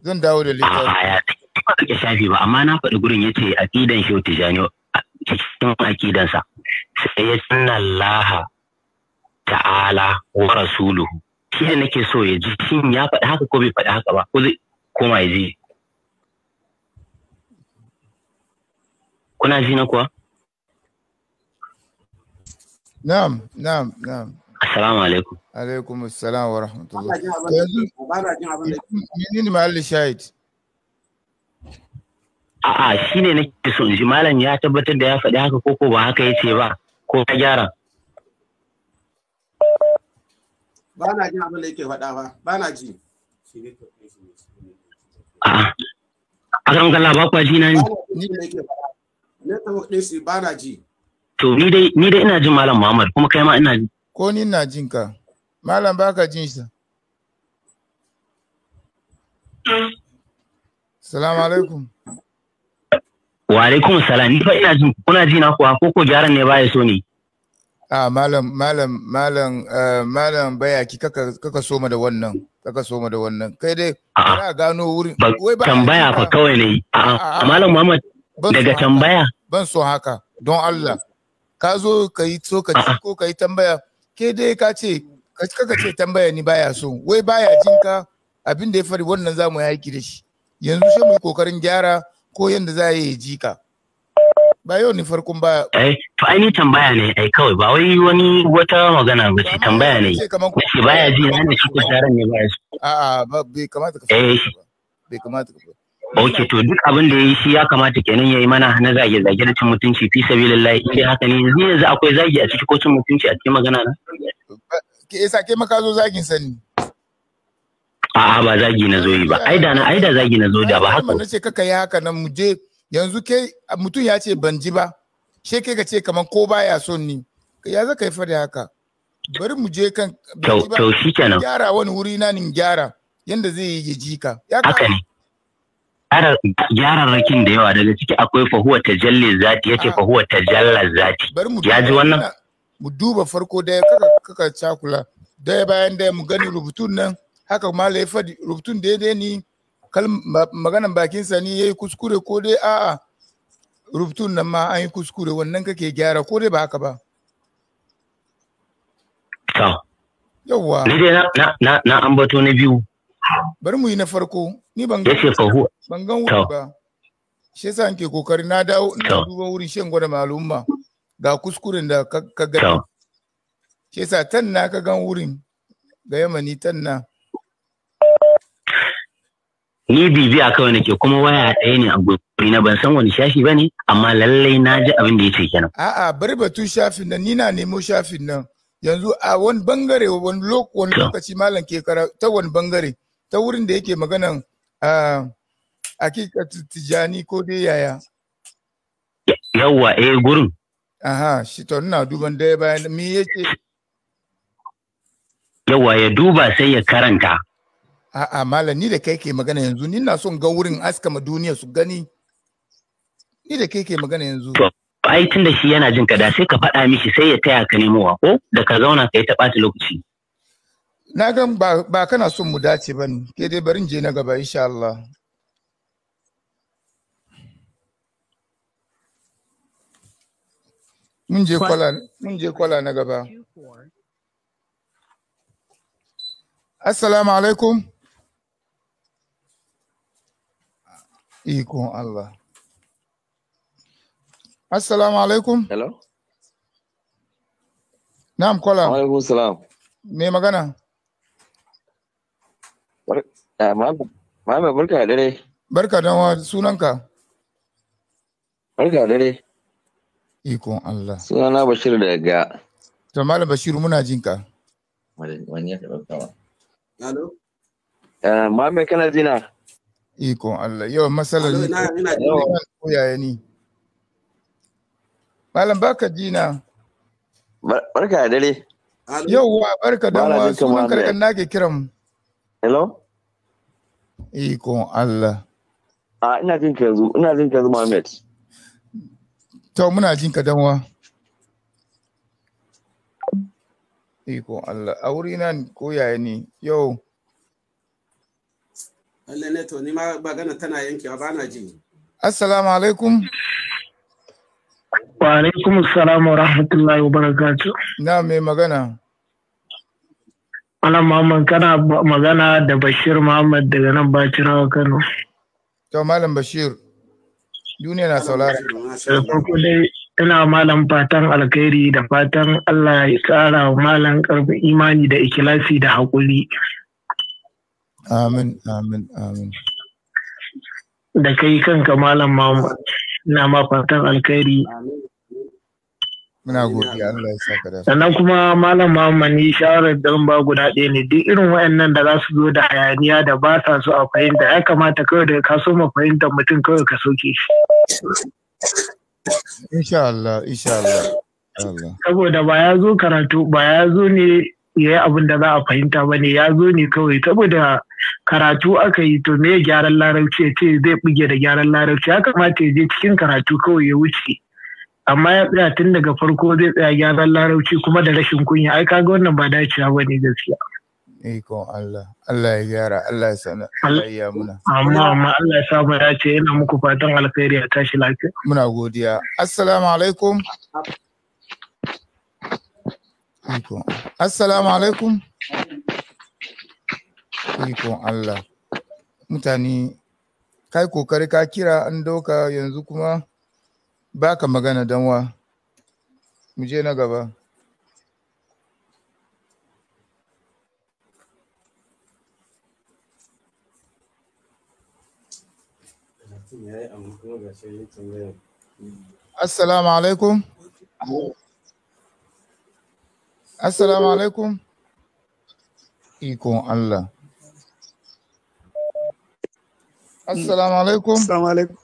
zan dawo da littafi ba ka shafi ba amma na faɗi gurin a ƙidan shi tijani cikin aqidansa sai ya laha Allah ta'ala wa rasuluhu shi ne nake so ya ji shin ya faɗi haka ko bai faɗi haka ba ko zai koma ya ji kuna ji na kuwa Na'am, na'am, na'am. Assalamu alaikum. Alaikum assalam wa rahmatullah. wa mahallin A'a shine nake so in ji malam ya tabbatar da ya faɗi haka ko ba haka yace ba ko ka gyara. Ba na abin da yake faɗa ba, ba na ji. A'a. A kan kalla ba kwa ji na ni. yake faɗa. Ne To ni dai ni dai ina jin Malam Muhammad kuma kai ma ina jin. Ko ni ina jin ka. Malam baka jin shi. Salamu alaikum. Wa alaikum salam ni fa ina jin kuna ji na kuwa ko ko gyaran ne baya so ne. Ah malam malam malam eh, malam baya ki kaka kaka soma da wannan kaka soma da wannan kai dai ka gano wurin wai ba tambaya fa kawai ne A'a, malam Muhammad daga tambaya ban so haka don Allah ka zo ka yi so ci ko ka yi tambaya ke dai ka ce kaka ce tambaya ni baya so wai baya jin ka abin da ya faru wannan za mu yaki da shi yanzu sai mu yi kokarin gyara ko yanda za ya ji ka ba yau ni farkon ba eh, to ai ni tambaya ne ai kawai ba wai wani wata magana ba ce tambaya ne shi baya ji na ne shi ko taron ne baya so ba bai kamata ka eh bai kamata ka Ok, to duk abin da ya yi shi ya kamata kenan ya yi mana na zage-zage da cin mutunci fi sabilillah in dai haka ne yanzu yanzu akwai zagi a ciki ko cin mutunci a cikin magana na? Ke isa ke maka zo zagin sani. A'a ba zagi na zo yi ba, ai da na ai da zagi na zo da ba haka. Na ce kaka yi haka nan mu je yanzu ke mutum ya ce ban ji ba, she ke ka ce kamar ko baya son ni, ya zaka yi fada haka. Bari mu je kan. to kyau shi Gyara wani wuri na nin gyara yanda zai yi ya ji ka. Haka ne. gyararrakin da yawa daga ciki akwai fahuwa jalle zati yake ah. fahuwa jalla zati ya ji wannan mu duba farko da ya kaka cakula ya bayan daya mu gani rubutun nan haka mala ya fadi rubutun daidai ni maganan bakinsa ne ya yi kuskure ko dai a'a rubutun nan ma an yi kuskure wannan kake gyara ko dai ba haka ba yawwa ni dai na ambato na biyu bari mu yi na farko ni ban ga ban gan wuri ba shi yasa nke kokari na dawo ina duba wurin shan gwada malumma ga kuskuren da ka ga shi yasa na ka gan wurin ga yamani na ni bibiya kawai nake kuma waya ɗaya ne a gobe na ban san wani shafi ba ne amma lallai na ji abin da ya ce kenan. A'a bari batun shafin nan ni na nemo shafin nan yanzu a wani bangare wani lokaci malam ke kara ta wani bangare. ta wurin da yake maganan hakikatu tijani ko dai yaya yawwa yi eh, gurin aha shi to nuna duban daya bayan me yake yawwa ya duba sai ya karanta a'a malam ni da kai ke magana yanzu ni na son ga wurin askama duniya su gani ni da kai ke magana yanzu ai tun da shi yana jin kada sai ka faɗa mishi sai ya taya ka nemowa ko da ka zauna ka yi ta ɓata lokaci na ga ba kana son mu dace ba ne ke dai barin je na gaba insha Allah mun je kwala mun je kwala na gaba assalamu alaikum ikon Allah assalamu alaikum hello na'am kwala alaikum salam me magana Eh, Muhammad barka da dare. Barka da wa sunanka. Barka da dare. Ikon Allah. Sunana Bashir da ga. To Malam Bashir muna jin ka. Wani ya karɓa Alo. Eh, kana jina. Ikon Allah. Yau matsalar ne. Yau koyaya ni. Malam barka jina. Barka da dare. wa barka da wa sunan karkan nake kiran. Hello. Ikon Allah. A ina jin ka yanzu, ina jin ka yanzu Muhammad. To muna jin ka danwa. Ikon Allah, a wuri nan ko yaya ne yau. Allah ne to ni ma magana tana yankewa ba na ji. Assalamu alaikum. Wa alaikum assalam wa rahmatullahi wa barakatuh. Na mai magana. Ana Muhammad kana magana da Bashir Muhammad daga nan Bacirawa Kano. To Malam Bashir, duniya na saurara. Da farko dai ina malam fatan alkhairi da fatan Allah ya tsara wa malam karfin imani da ikilasi da haƙuri. Amin, amin, amin. Da kai kanka malam Muhammad, ina ma fatan alkhairi Muna godiya Allah ya saka da. Sannan kuma malam Muhammad shawarar da ba guda ɗaya ne duk irin waɗannan da za su zo da hayaniya da ba sa so a fahimta ya kamata kawai da ka so mu fahimta mutum kawai ka soke shi. Insha Allah, insha Allah. Saboda ba ya zo karatu ba ya zo ne ya yi abin da za a fahimta ba ne ya zo ne kawai saboda karatu aka yi to me gyaran larabci ya ce zai buge da gyaran larabci ya kamata ya je cikin karatu kawai ya wuce. amma ya tsaya tun daga farko zai tsaya gyaran larauci kuma da rashin kunya ai kaga wannan ba dacewa ba ne gaskiya ikon Allah Allah ya gyara Allah ya sana Allah ya muna amma amma Allah ya samu ya ce yana muku fatan alkhairi a tashi lafiya muna godiya assalamu alaikum ikon assalamu alaikum ikon Allah mutane kai kokari ka kira an doka yanzu kuma baka magana danwa mu je na gaba Assalamu alaikum. Assalamu alaikum. Ikon Allah. Assalamu alaikum. Assalamu alaikum.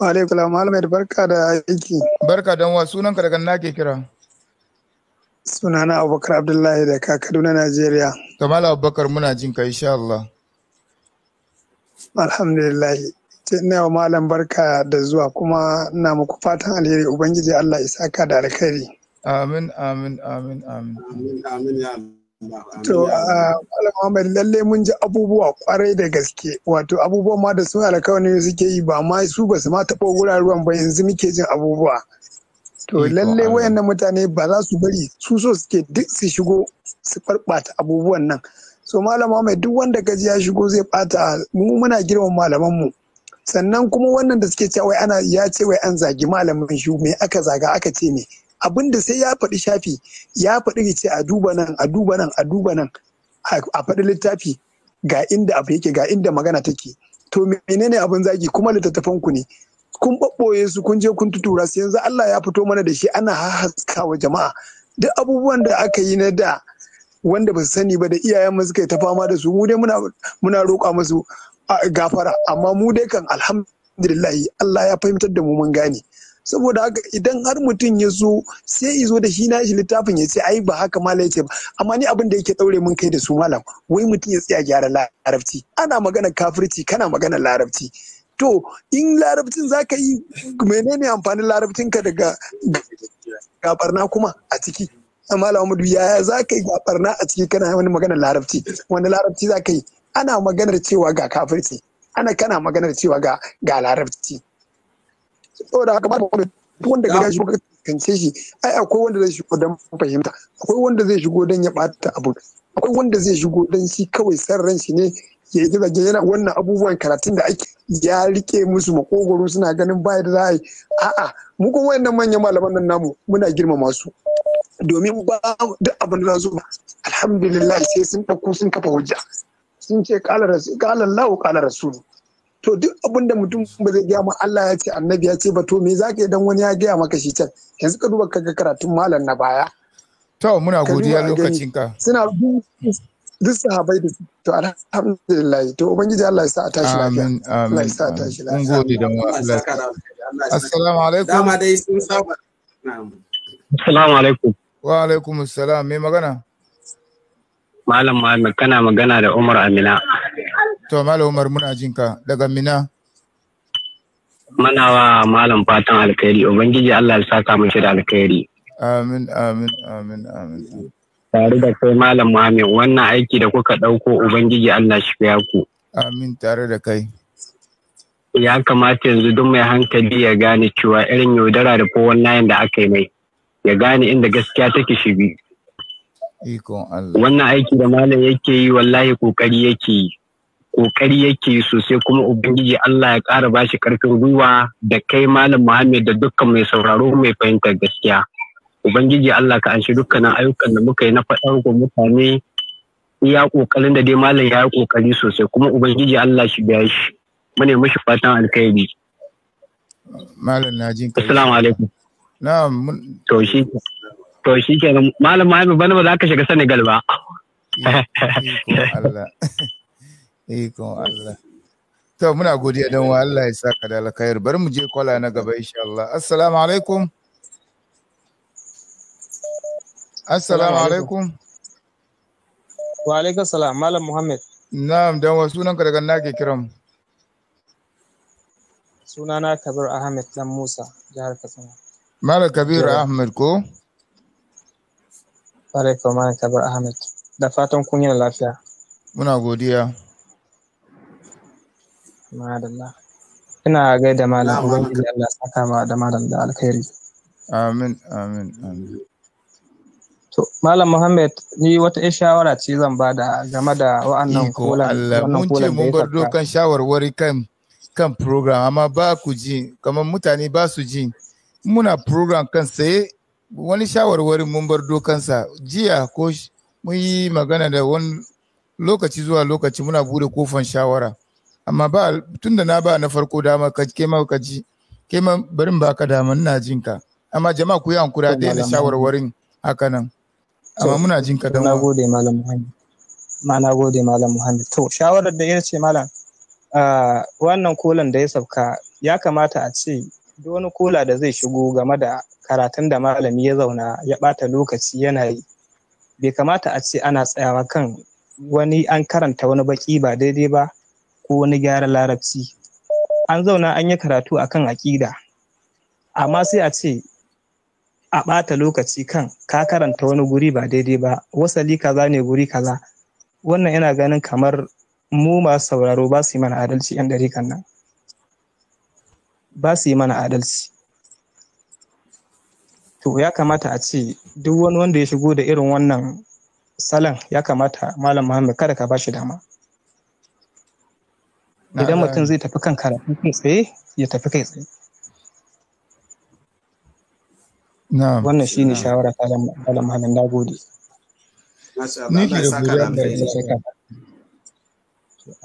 Alaikulam Muhammad barka da aiki. Barka dan wa sunan ka daga na ke kira. Sunana Abubakar Abdullahi da ka Kaduna Najeriya. Kamal Abubakar muna jin ka insha Allah. Alhamdulillah. Ina wa malam barka da zuwa kuma ina muku fatan alheri Ubangiji Allah isa ka da alkhairi. Amin amin amin amin. Amin amin ya Allah. To, ah, Malam Muhammad lalle mun ji abubuwa kwarai da gaske, wato abubuwan ma da su alkawani suke yi ba ma su ba su ma taɓa wuraren ba yanzu muke jin abubuwa. To, lalle wayannan mutane ba za su bari su so suke duk su shigo su farɓata abubuwan nan. So, malama Muhammad duk wanda gaji ya shigo zai ɓata mu muna girman mu. Sannan kuma wannan da suke cewa ana ya ce wai an zagi malamin shi me aka zaga aka ce me. abin da sai ya faɗi shafi ya faɗi ce a duba nan a duba nan a duba nan a faɗi littafi ga inda abu yake ga inda magana take to menene abin zagi kuma littattafan ku ne kun ɓaɓɓoye su kun je kun tutura su yanzu Allah ya fito mana da shi ana haskawa jama'a duk abubuwan da aka yi na da wanda ba su sani ba da iyayen mu suka yi ta fama da su mu dai muna roƙa musu gafara amma mu dai kan alhamdulillah Allah ya fahimtar da mu mun gane saboda haka idan har mutum ya zo sai ya zo da shi na shi littafin ya ce ai ba haka ma ya ce ba amma ni abin da yake daure mun kai da su malam wai mutum ya tsaya gyara larabci ana magana kafirci kana magana larabci to in larabcin za ka yi menene amfanin larabcinka daga gabarna kuma a ciki malam Muhammadu yaya za ka yi gabarna a ciki kana wani magana larabci wani larabci za ka yi ana maganar cewa ga kafirci ana kana maganar cewa ga larabci saboda haka ba da duk wanda ga shi kuka kance shi ai akwai wanda zai shigo don fahimta akwai wanda zai shigo don ya bata abu akwai wanda zai shigo don shi kawai san ran shi ne ya yi zage yana wannan abubuwan karatun da ake ya rike musu makogoro suna ganin baya da za a yi a'a mu kuma wayannan manyan malaman nan namu muna girmama su domin ba duk abin da zo alhamdulillah sai sun dauko sun kafa hujja sun ce kala rasu kala lahu kala rasulu to duk abin da mutum ba zai gaya ma Allah ya ce annabi ya ce ba to me zaka idan wani ya gaya maka shi can yanzu ka duba kaga karatun malam na baya to muna godiya lokacin ka suna duk sahabai da to alhamdulillah to ubangiji Allah ya sa a tashi lafiya amin ya sa a tashi lafiya mun gode da mu Allah assalamu alaikum dama dai sun saba assalamu alaikum wa alaikum assalam me magana malam Muhammad kana magana da Umar Amina To Malam Umar muna jin ka daga Mina. Muna wa Malam fatan alkhairi Ubangiji Allah ya saka mu da alkhairi. Amin amin amin amin. Tare da kai Malam Muhammad wannan aiki da kuka ɗauko Ubangiji Allah shi ya ku. Amin tare da kai. Ya kamata yanzu duk mai hankali ya gane cewa irin yaudara da ko wannan da aka yi mai ya gane inda gaskiya take shi Wannan aiki da malam yake yi wallahi kokari yake yi. kokari yake sosai kuma ubangiji Allah ya ƙara bashi karfin gwiwa da kai malam Muhammad da dukkan mai sauraro mai fahimtar gaskiya ubangiji Allah ka anshi dukkanin ayyukan da muka yi na faɗar ga mutane iya kokarin da dai malam ya yi kokari sosai kuma ubangiji Allah shi biya shi mune mishi fatan alkhairi malam na jin assalamu alaikum na'am to shi to shi kenan malam Muhammad bana ba za ka shiga Senegal ba Allah Ikon Allah. To muna godiya dan wa Allah ya saka da alkhair. Bari mu je kwala na gaba insha Allah. Assalamu alaikum. Assalamu alaikum. Wa alaikum salam Malam Muhammad. Na'am dan wa sunanka daga na ke kiran. Sunana Kabir Ahmed dan Musa jihar Katsina. Malam Kabir Ahmed ko? Alaikum Malam Kabir Ahmed. Da fatan kun yi lafiya. Muna godiya. Ina ina gaida malam ubangiji Allah saka ma da malam da alkhairi amin amin amin to malam muhammad ni wata ƴar shawara ce zan bada game da wa'annan kolan wannan kolan mun bar dokan shawarwari kan kan program amma ba ku ji kamar mutane ba su ji muna program kan saye wani shawarwari mun bar dokansa jiya ko mun yi magana da wani lokaci zuwa lokaci muna bude kofan shawara amma ba tunda na ba na farko dama ka ke ma ka ji ke ma barin baka dama ina jin ka amma jama'a ku yi hankura da na shawarwarin haka nan amma muna jin ka dan na gode malam muhammad ma na gode malam muhammad to shawarar da ya ce malam wannan kolan da ya sauka ya kamata a ce duk wani kola da zai shigo game da karatun da malami ya zauna ya ɓata lokaci yana yi bai kamata a ce ana tsayawa kan wani an karanta wani baki ba daidai ba ko wani gyaran larabci an zauna an yi karatu akan aƙida amma sai a ce a ɓata lokaci kan ka karanta wani guri ba daidai ba wasali kaza ne guri kaza wannan yana ganin kamar mu masu sauraro ba su yi mana adalci yan ɗarikan nan ba su yi mana adalci to ya kamata a ce duk wani wanda ya shigo da irin wannan salon ya kamata malam muhammad kada ka ba shi dama idan mutum zai tafi kan karatu kai tsaye ya tafi kai tsaye wannan shi ne shawara ta malam halin na gode ni ke da guda da ya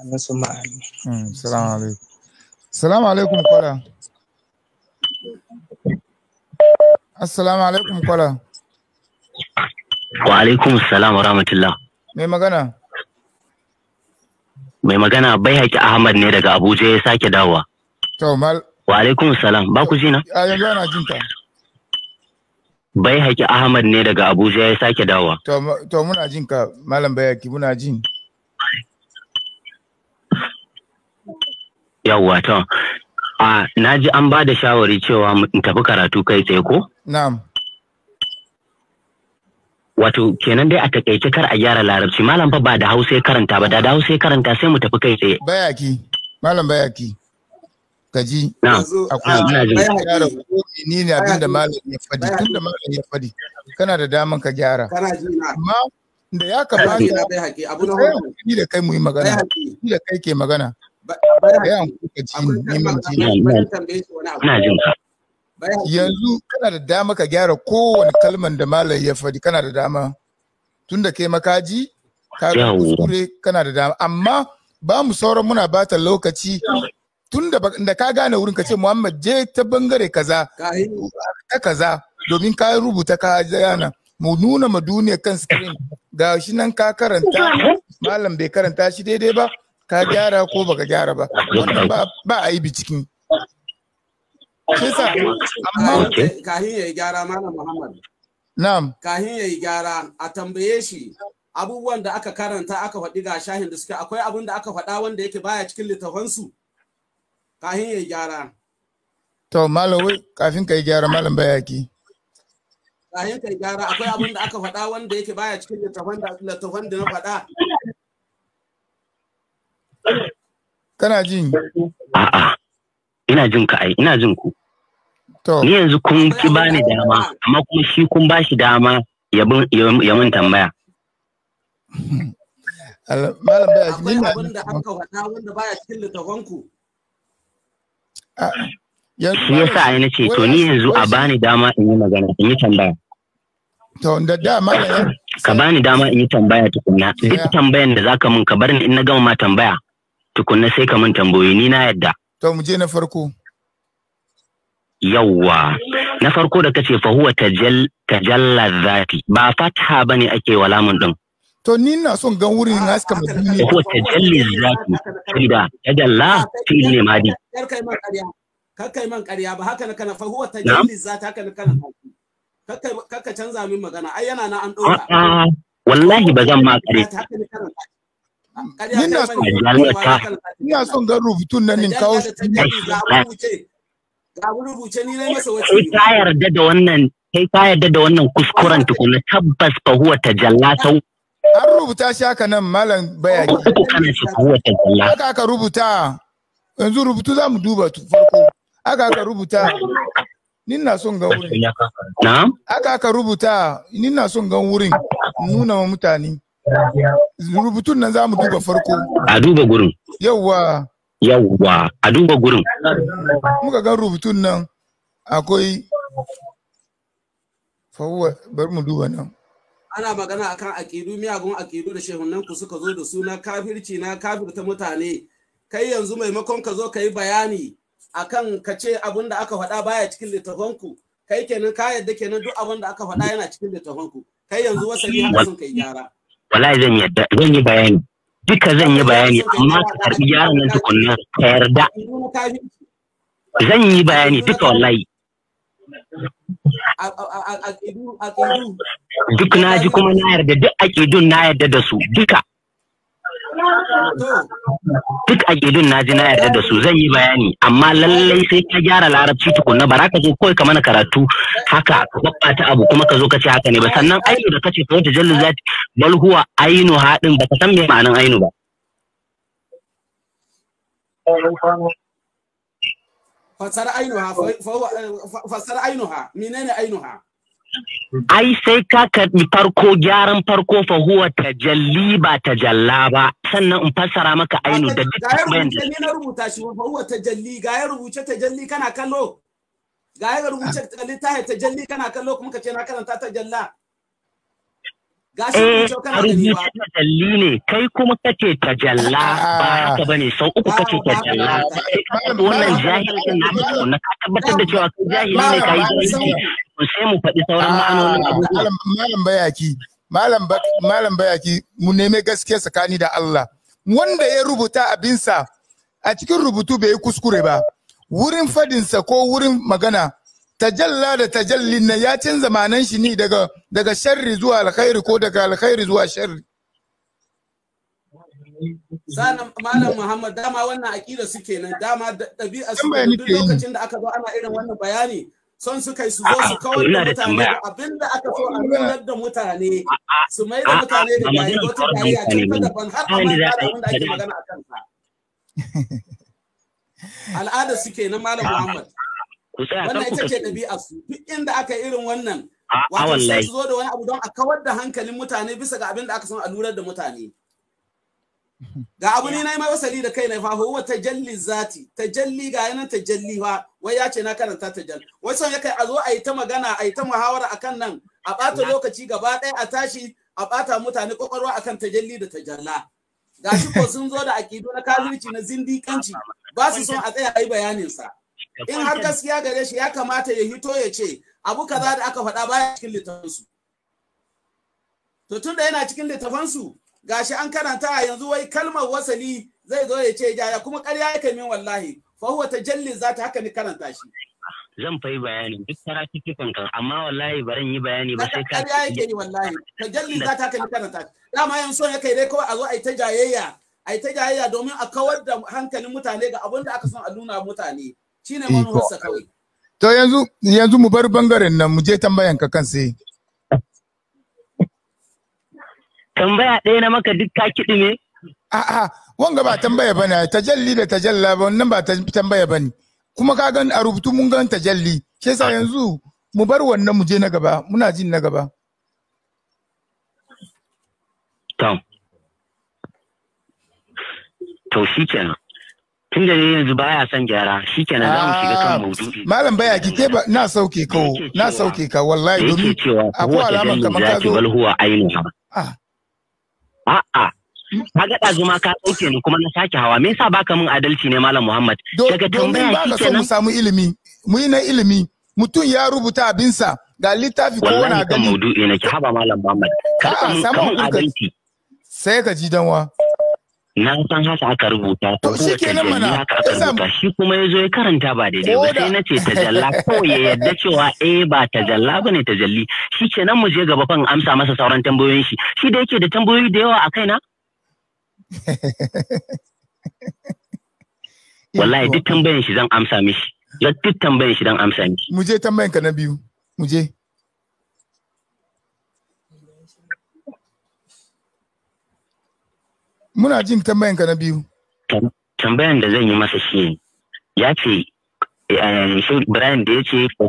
annasu ma'ani hmm, salamu alaikum salamu alaikum kwara assalamu alaikum kwara wa alaikum salam wa rahmatullah mai magana mai magana bai haƙi Ahmad ne daga Abuja ya sake dawowa. Wa alaikum salam ba ku jina? A yanzu jin Bai haƙi Ahmad ne daga Abuja ya sake dawowa. To muna jin ka malam bai haƙi muna jin. Yawwa to. A na ji an ba da shawari cewa mu tafi karatu kai tsaye ko? Na'am. wato kenan dai a takaice kar a gyara larabci malam fa ba da hausa ya karanta ba da da hausa ya karanta sai mu tafi kai tsaye bayaki malam bayaki kaji akwai gyara ni ne abin da malam ya fadi tun da malam ya fadi kana da daman ka gyara amma da ya kamata ni da kai mu yi magana ni da kai ke magana ya hankali ka ji ni mun ji ina jin ka yanzu kana da dama ka gyara kowane kalman da malam ya faɗi kana da dama tunda kai makaji ka kuskure kana da dama amma ba mu sauran muna bata lokaci tun da ka gane wurin ka ce Muhammad je ta bangare kaza ta kaza domin ka rubuta ka yana mu nuna ma duniya kan screen ga shi nan ka karanta malam bai karanta shi daidai ba ka gyara ko baka gyara ba ba a yi cikin Kisa, amma gyara Malam Muhammad. Na'am. Kahin gyara a tambaye shi abubuwan da aka karanta aka faɗi ga shahin da suke akwai abin da aka faɗa wanda yake baya cikin littafansu. Kahin ya yi gyara. To Malam kafin ka yi gyara Malam Bayaki. Kahin ka yi gyara akwai abin da aka faɗa wanda yake baya cikin littafan da na faɗa. Kana jin? A'a. Ina jin ka ai, ina jin ku. To. Ni yanzu kun ki bani dama, amma kuma shi kun ba shi dama ya ya mun tambaya. Malam baya shi na abin da aka faɗa wanda baya cikin littafanku. Shi ya sa na ce, to ni yanzu a bani dama in yi magana, in yi tambaya. To, da dama Ka bani dama in yi tambaya tukunna. Duk tambayan da zaka mun ka bar ni in na gama ma tambaya. Tukunna sai ka mun tambayoyi ni na yadda. To, mu je na farko. yawwa na farko da kace fa huwa tajal tajalla zati ba fatha bane ake wa lamun din to ni na son gan wurin haska madini ko tajalli zati kida tajalla fi ne madi kar kai man ƙarya kar kai man ƙarya ba haka ne kana fa huwa tajalli zati haka ne kana kar ka canza min magana ai yana na an dora wallahi ba zan ma ƙare Ina son ga rubutun nan in kawo shi. ga rubuce ni na masa wacce ta yarda da wannan kai ka yarda da wannan kuskuren tukuna tabbas fa huwa Jalla sau an rubuta shi haka nan malam bayani uku kana shi huwa tajalla haka aka rubuta yanzu rubutu za mu duba farko Aka aka rubuta ni na son ga wurin na'am haka aka rubuta ni na son ga wurin nuna wa mutane rubutun nan za mu duba farko a duba gurin yauwa yawwa a duba gurin muka ga rubutun nan akwai fawwa bar mu duba nan ana magana akan aƙidu miyagun aƙidu da shehunan ku suka zo da suna kafirci na kafirta mutane kai yanzu maimakon ka zo ka yi bayani akan ka ce abin da aka faɗa baya cikin ku. kai kenan ka yadda kenan duk abin da aka faɗa yana cikin ku. kai yanzu wasali haka sun kai gyara wallahi zan yi bayani duka zan yi bayani amma ka karbi yaron nan tukunna ka yarda zan yi bayani duka wallahi duk na ji kuma na yarda duk aƙidun na yarda da su duka Duk a gidin na ji na yarda da su zan yi bayani amma lallai sai ka gyara larabci tukunna ba za ka zo kawai ka mana karatu haka ka ta abu kuma ka zo ka ce haka ne ba sannan ainu da kace fa tajallu zati bal huwa ainu hadin ba ka san me ma'anan ainu ba. Fasar ainu ha fasar ainu ha menene ainu ha? ai sai ka ka farko gyaran farko fa huwa tajalli ba tajalla ba sannan in fassara maka ainu da duk tambayan da na rubuta shi fa huwa tajalli ga ya rubuce tajalli kana kallo ga ya rubuce tajalli kana kallo kuma ka ce na karanta tajalla gashi ko eh, kana gani ne kai kuma kake tajalla ba haka bane sau uku kake tajalla wannan jahilin na mutum na ka tabbatar da cewa kai jahili ne kai jahili to sai mu faɗi sauran ah, ma'anonin abubuwa malam bayaki malam malam bayaki mu neme gaskiya tsakani da Allah wanda ya rubuta abinsa a cikin rubutu bai yi kuskure ba wurin fadinsa ko wurin magana tajalla da tajallin na ya canza zamanan shi ne daga daga sharri zuwa alkhairi ko daga alkhairi zuwa sharri sanan malam muhammad dama wannan akida suke nan dama dabi'a su duk lokacin da aka zo ana irin wannan bayani son su kai su zo su kawar da mutane abinda aka so a kawar da mutane su mai da mutane da yayi wata yayi a cikin daban har a mai da abinda ake magana a kansa al'ada suke na malam muhammad ku tsaya wannan ita ce ɗabi'a su duk inda aka irin wannan wato sai su zo da wani abu don a kawar da hankalin mutane bisa ga abin da aka san a lurar da mutane ga abu ne na yi wasali da kai na fa huwa tajalli zati tajalli ga yana tajalli fa wai ya ce na karanta tajalli wai son kai a zo a yi ta magana a yi ta muhawara akan nan a ɓata lokaci gaba ɗaya a tashi a ɓata mutane kwakwalwa akan tajalli da tajalla gashi ko sun zo da aƙidu na kafirci na zindiƙanci ba su son a tsaya a yi bayanin sa in har gaskiya gare shi ya kamata ya hito ya ce abu kaza da aka faɗa baya cikin littafansu to tun da yana cikin littafansu gashi an karanta a yanzu wai kalmar wasali zai zo ya ce jaya kuma ƙarya yake min wallahi fa huwa tajalli za ta haka ni karanta shi zan fai bayani duk cikin kan amma wallahi baran yi bayani ba sai ka ƙarya yake yi wallahi tajalli za ta haka ni karanta shi dama yan son ya kai dai kawai a zo a yi ta jayayya a yi ta jayayya domin a kawar da hankalin mutane ga abin da aka son a nuna mutane shine manuwarsa kawai to yanzu yanzu mu bar bangaren nan mu je tambayan ka kan sai tambaya ɗaya na maka duk ka kiɗi ne a'a wanga ba tambaya bane tajalli da tajalla ba wannan ba tambaya bane kuma ka gan a rubutu mun gan tajalli Ke sa yanzu mu bar wannan mu je na gaba muna jin na gaba Tom. To shi kenan. tun da yanzu baya son gyara shi shikenan za mu shiga kan maudu'i ah, malam baya ki ke ba na sauke ka na sauke ka wallahi domin akwai alaman kamar ka zo huwa a ah. a'a ka ga ɗazuma ka ɗauke ni kuma na sake hawa me yasa baka min adalci ne malam muhammad daga tambaya domin ba ka so mu samu ilimi mu yi na ilimi mutum ya rubuta abinsa ga littafi ko wani gani wallahi kan maudu'i Ki haba malam muhammad ka samu adalci sai ka ji danwa na san haka aka rubuta ko shi kenan mana haka aka rubuta shi kuma zo ya karanta ba daidai ba sai nace tajalla ko ya yadda cewa eh ba tajalla ba ne tajalli shi kenan mu je gaba kan amsa masa sauran tambayoyin shi shi da yake da tambayoyi da yawa a kaina wallahi duk tambayan shi zan amsa mishi duk tambayan shi zan amsa mishi mu je tambayan ka na biyu mu je muna jin tambayan ka na biyu tambayan da zan yi masa shi ya ce eh, shi Brian da ya ce fa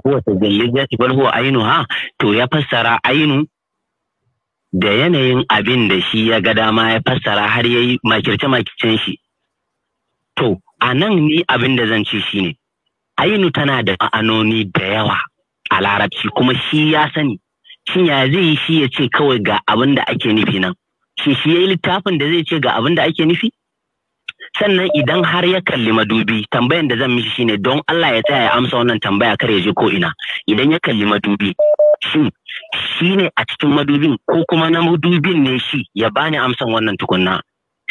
ya ce, bal huwa ha, to ya fassara ainu da yanayin abin da shi ya ga dama ya fassara har yayi makirce makircen shi to anan ni abin da zan ce ne, ainu tana da ma'anoni da yawa a larabci kuma shi ya sani shin ya zai yi shi ya ce kawai ga abin da ake nufi nan shi shi yi littafin da zai ce ga abin da ake nufi sannan idan har ya kalli madubi tambayan da zan mishi shine don Allah ya tsaya ya amsa wannan tambaya kar ya je ko ina idan ya kalli madubi shin shi ne a cikin madubin ko kuma na madubin ne shi ya bani amsan wannan tukunna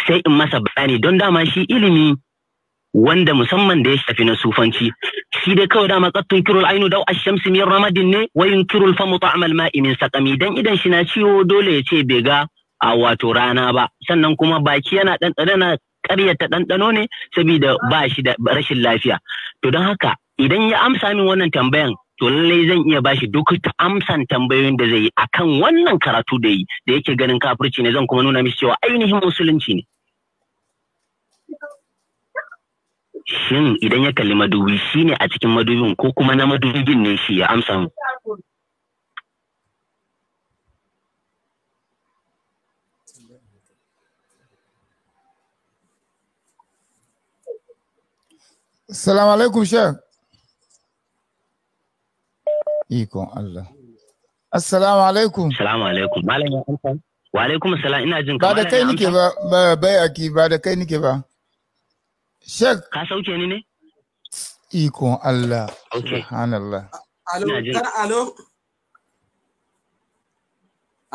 sai in masa bayani don dama shi ilimi wanda musamman da ya shafi na sufanci shi dai kawai dama tsattun kirul ainu dau a shamsi min ramadin ne wa kirul famu ta'mal ma'i min saqami dan idan shi na ciwo dole ya ce bai ga a wato rana ba sannan kuma baki yana ɗanɗana ƙaryata ɗanɗano ne saboda ba shi da rashin lafiya to don haka idan ya amsa min wannan tambayan to lallai zan iya bashi duk ta amsan tambayoyin da zai yi akan wannan karatu da yi da yake ganin kafirci ne zan kuma nuna mishi cewa ainihin musulunci ne shin idan ya kalli madubi shine a cikin madubin ko kuma na madubin ne shi ya amsa mu Salam alaikum shek. Iko Allah. Assalamu alaikum. Assalamu alaikum. Malam ya amsa. Wa alaikum salam ina jin Ba da kai nike ba ba bai aki ba da kai nike ba. Shek. Ka sauke ni ne? Ikon Allah. Okay. Subhanallah. Alo, kar alo.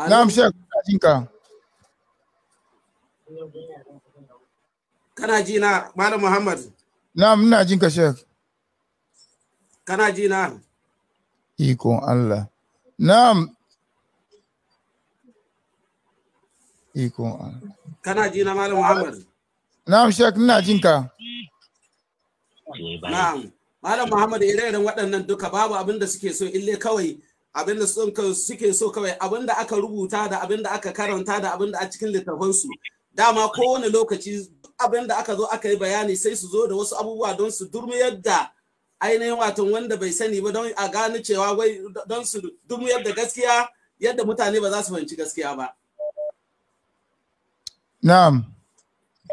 Na'am shek, ina jin ka. Kana ji na Malam Muhammad. Na'am ina jin ka Sheikh. Kana ji na? Iko Allah. Na'am. Iko Allah. Kana ji na Malam Muhammad? Na'am Sheikh ina jin ka. Na'am. Malam Muhammad ire-iren waɗannan duka babu abin da suke so ille kawai abin da suke so kawai abin da aka rubuta da abin da aka karanta da abin da a cikin littafansu dama kowane lokaci abin da aka zo aka yi bayani sai su zo da wasu abubuwa don su durmiyar da ainihin watan wanda bai sani ba don a gane cewa wai don su durmiyar da gaskiya yadda mutane ba za su fahimci gaskiya ba. Na'am.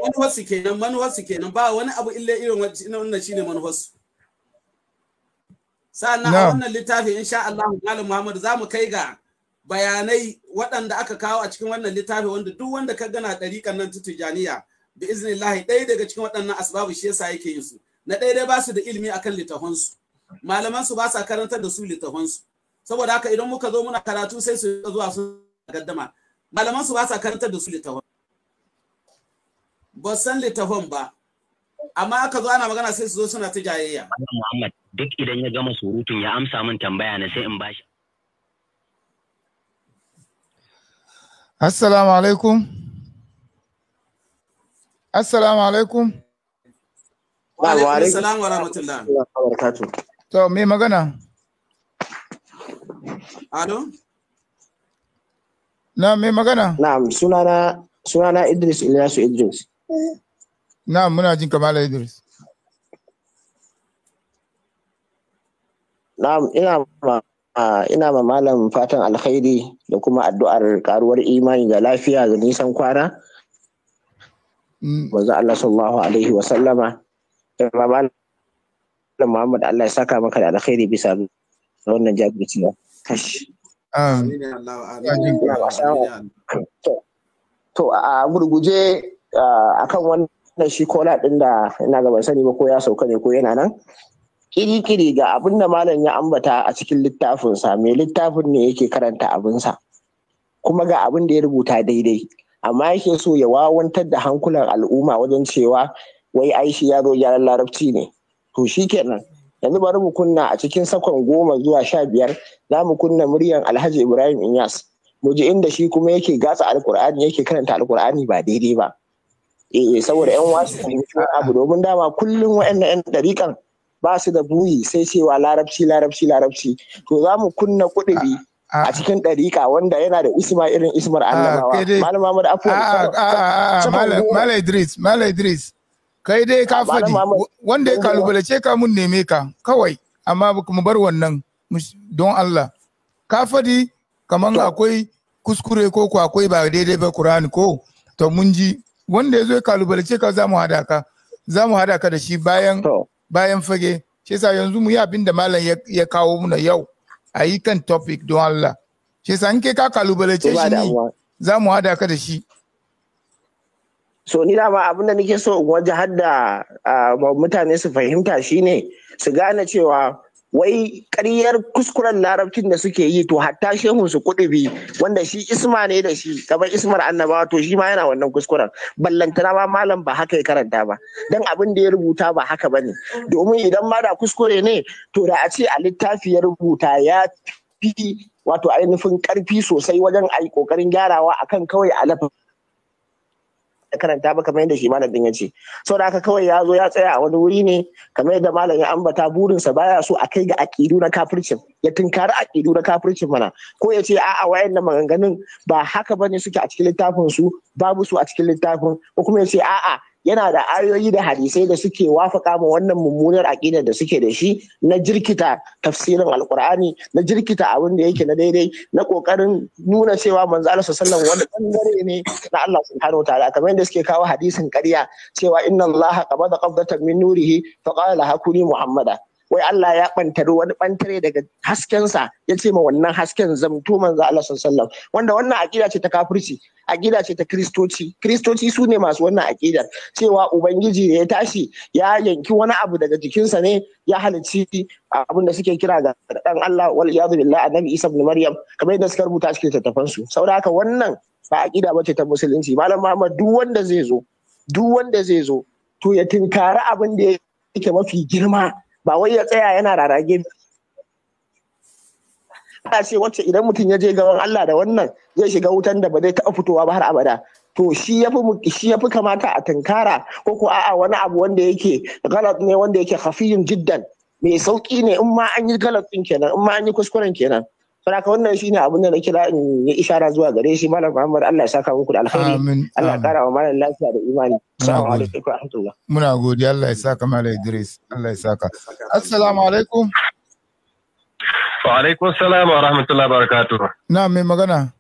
Manuwarsu kenan, manuwarsu kenan ba wani abu ille irin wannan shine manuwarsu. Sa'annan a wannan littafi insha Allah Malam Muhammad za mu kai ga bayanai waɗanda aka kawo a cikin wannan littafi wanda duk wanda ka gana ɗariƙan nan ta Tijjaniya bi iznillahi ɗaya daga cikin waɗannan asbabu shi yasa yake yin su na ɗaya dai ba su da ilimi akan littafansu malaman su ba sa karantar da su littafansu saboda haka idan muka zo muna karatu sai su zuwa sun gaddama malaman su ba sa karantar da su littafan ba san littafan ba amma aka zo ana magana sai su zo suna ta jayayya Muhammad duk idan ya gama surutun ya amsa min tambaya na sai in bashi Assalamu alaikum. Assalamu alaikum. Wa alaikum salam wa rahmatullah. To me magana? Alo? Na me magana? Na'am sunana sunana Idris Ilyasu Idris. Na'am muna jin kamala Idris. Na'am ina ma ina ma malam fatan alkhairi da kuma addu'ar karuwar imani ga lafiya ga nisan kwana manzo Allah sallallahu alaihi wa sallama da Muhammad Allah ya saka maka da alkhairi bisa wannan jagorci kash to a gurguje akan wannan shi kola din da ina ban sani ba ko ya sauka ne ko yana nan kiri-kiri ga abin da malam ya ambata a cikin littafinsa mai littafin ne yake karanta abinsa kuma ga abin da ya rubuta daidai amma yake so ya wawantar da hankulan al'umma wajen cewa wai aishi ya zo gyaran larabci ne to shi kenan yanzu bari mu kunna a cikin sakon goma zuwa sha biyar za mu kunna muryan alhaji ibrahim inyas mu ji inda shi kuma yake gasa alkur'ani yake karanta alkur'ani ba daidai ba eh saboda yan wasu abu domin dama kullum wa'annan yan dariƙan ba su da buyi sai cewa larabci larabci larabci to za mu kunna kuɗi a cikin ɗariƙa wanda yana da isma irin ismar ah, annabawa malam Muhammad afuwa ah, ah, malam Idris malam Idris kai dai ka faɗi wanda ya kalubalace ka mun neme ka kawai amma mu bar wannan don Allah ka faɗi kamar akwai kuskure ko ko akwai ba daidai ba Qur'ani ko to mun ji wanda ya zo ya kalubalace ka za hada ka Zamu mu hada ka da shi bayan bayan fage shi yanzu mu yi abin da malam ya kawo muna yau a yi kan topic don Allah shi sa ke ka ce shi ne za mu hada ka da shi so ni dama abin da nake so in hadda ah, mutane su fahimta shine su gane cewa wai ƙaryar kuskuren larabcin da suke yi to hatta shehun su bi wanda shi isma ne da shi kamar ismar annabawa to shi ma yana wannan kuskuren ballantana ma malam ba haka ya karanta ba dan abin da ya rubuta ba haka bane domin idan ma da kuskure ne to da a ce a littafi ya rubuta ya fi wato ainihin karfi sosai wajen ai kokarin gyarawa akan kawai a lafa karanta ba kamar yadda shi malam din ya ce saboda haka kawai ya zo ya tsaya a wani wuri ne kamar yadda malam ya ambata burinsa baya so a kai ga aƙidu na kafircin ya tunkari aƙidu na kafircin mana ko ya ce a'a wayannan maganganun ba haka bane suke a cikin littafin su babu su a cikin littafin ko kuma ya ce a'a yana da ayoyi da hadisai da suke wafaka ma wannan mummunar aƙidar da suke da shi na jirkita tafsirin alkur'ani na jirkita abin da yake na daidai na kokarin nuna cewa manzo Allah sallallahu alaihi wasallam wani ne na Allah subhanahu ta'ala kamar yadda suke kawo hadisin ƙarya cewa inna Allah qabada qabdatan min nurihi fa qala hakuni muhammada wai Allah ya bantare wani bantare daga haskensa ya ce ma wannan hasken zamto manzo Allah sallallahu wanda wannan akida ce ta kafirci aqida ce ta kristoci kristoci su ne masu wannan akidar cewa ubangiji da ya tashi ya yanki wani abu daga jikinsa ne ya halicci abin da suke kira ga dan Allah wal iyadu billahi annabi Isa ibn Maryam kamar yadda suka rubuta cikin tattafan su saboda haka wannan ba ba bace ta musulunci malam Muhammad duk wanda zai zo duk wanda zai zo to ya tinkari abin da yake mafi girma ba wai ya tsaya yana rarage ba ce wacce idan mutum ya je gaban Allah da wannan zai shiga wutan da ba zai taɓa fitowa ba har abada to shi yafi shi yafi kamata a tunkara ko ko a'a wani abu wanda yake galat ne wanda yake khafiyun jiddan mai sauki ne in ma an yi galat kenan in ma an yi kuskuren kenan saboda wannan ne abin da na kira in yi ishara zuwa gare shi malam Muhammad Allah ya saka muku da alkhairi Allah ya kara wa malam lafiya da imani assalamu alaikum rahmatullah muna gode, Allah ya saka malam Idris Allah ya saka assalamu alaikum wa alaikum assalam wa rahmatullahi barakatuh na mai magana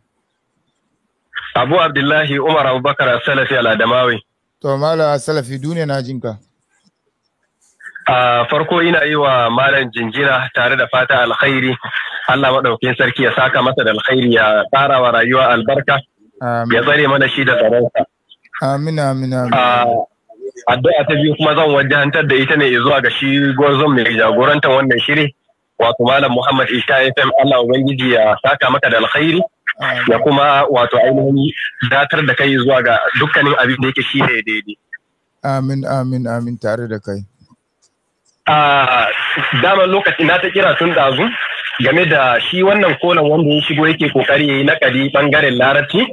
Abu Abdullahi Umar Abubakar Salafi al-Adamawi to malam Salafi duniya na jinka a ah, farko ina yi wa malam jinjina tare da fata alkhairi Allah maɗaukin sarki ya saka masa da alkhairi ya ƙara wa rayuwa albarka ya tsare mana shi da tsaronsa. Amin amin amin. Addu'a ta biyu kuma zan wajahantar da ita ne zuwa ga shi gwarzon mai jagorantar wannan shiri wato Malam Muhammad Isha FM Allah Ubangiji ya saka maka da alkhairi. Ya kuma wato ainihin datar da kai zuwa ga dukkanin abin da yake shi daidai. Amin amin amin tare da kai. a dama lokaci na ta kira tun dazu game da shi wannan kolan wanda ya shigo yake kokari yayi yi bangaren larabci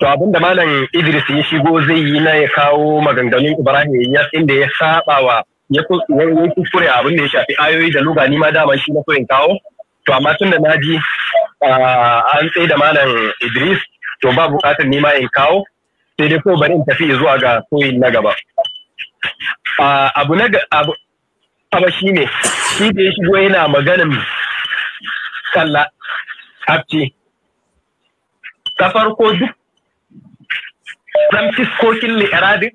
to abin da malam idris ya shigo zai yi na ya kawo maganganun ibrahim ya inda ya saba wa ya kuskure abin da ya shafi ayoyi da luga ni ma dama shi na so in kawo to amma tun da naji an tsaye da malam idris to ba bukatar nima in kawo sai dai ko bari in tafi zuwa ga koyin na gaba abu na fahimta ba ne, shi da ya shigo yana maganin kalla. Abci ta farko duk zan fiskokin li'aradin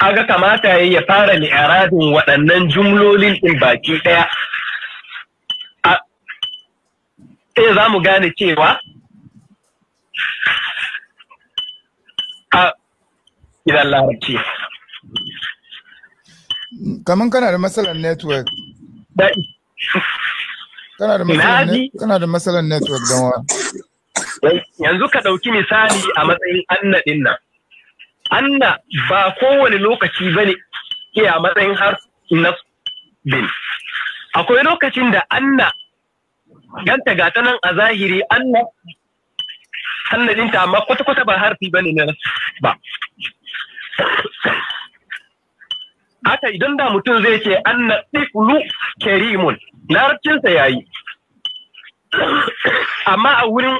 aga kamata ya ya fara li'aradin waɗannan jumlolin ɗin baki ɗaya a eh, za mu gane cewa a idan larabci Kaman kana da matsalar network. Kana da matsalar kana da matsalar network don wa. Yanzu ka ɗauki misali a matsayin Anna din nan. Anna ba kowane lokaci ba ne ke a matsayin har na bin. Akwai lokacin da Anna ganta ga ta nan a zahiri Anna Anna amma kwata-kwata ba harfi ba ne na ba. haka idan da mutum zai ce an na ɗiflu kerimun larabcinsa ya yi amma a wurin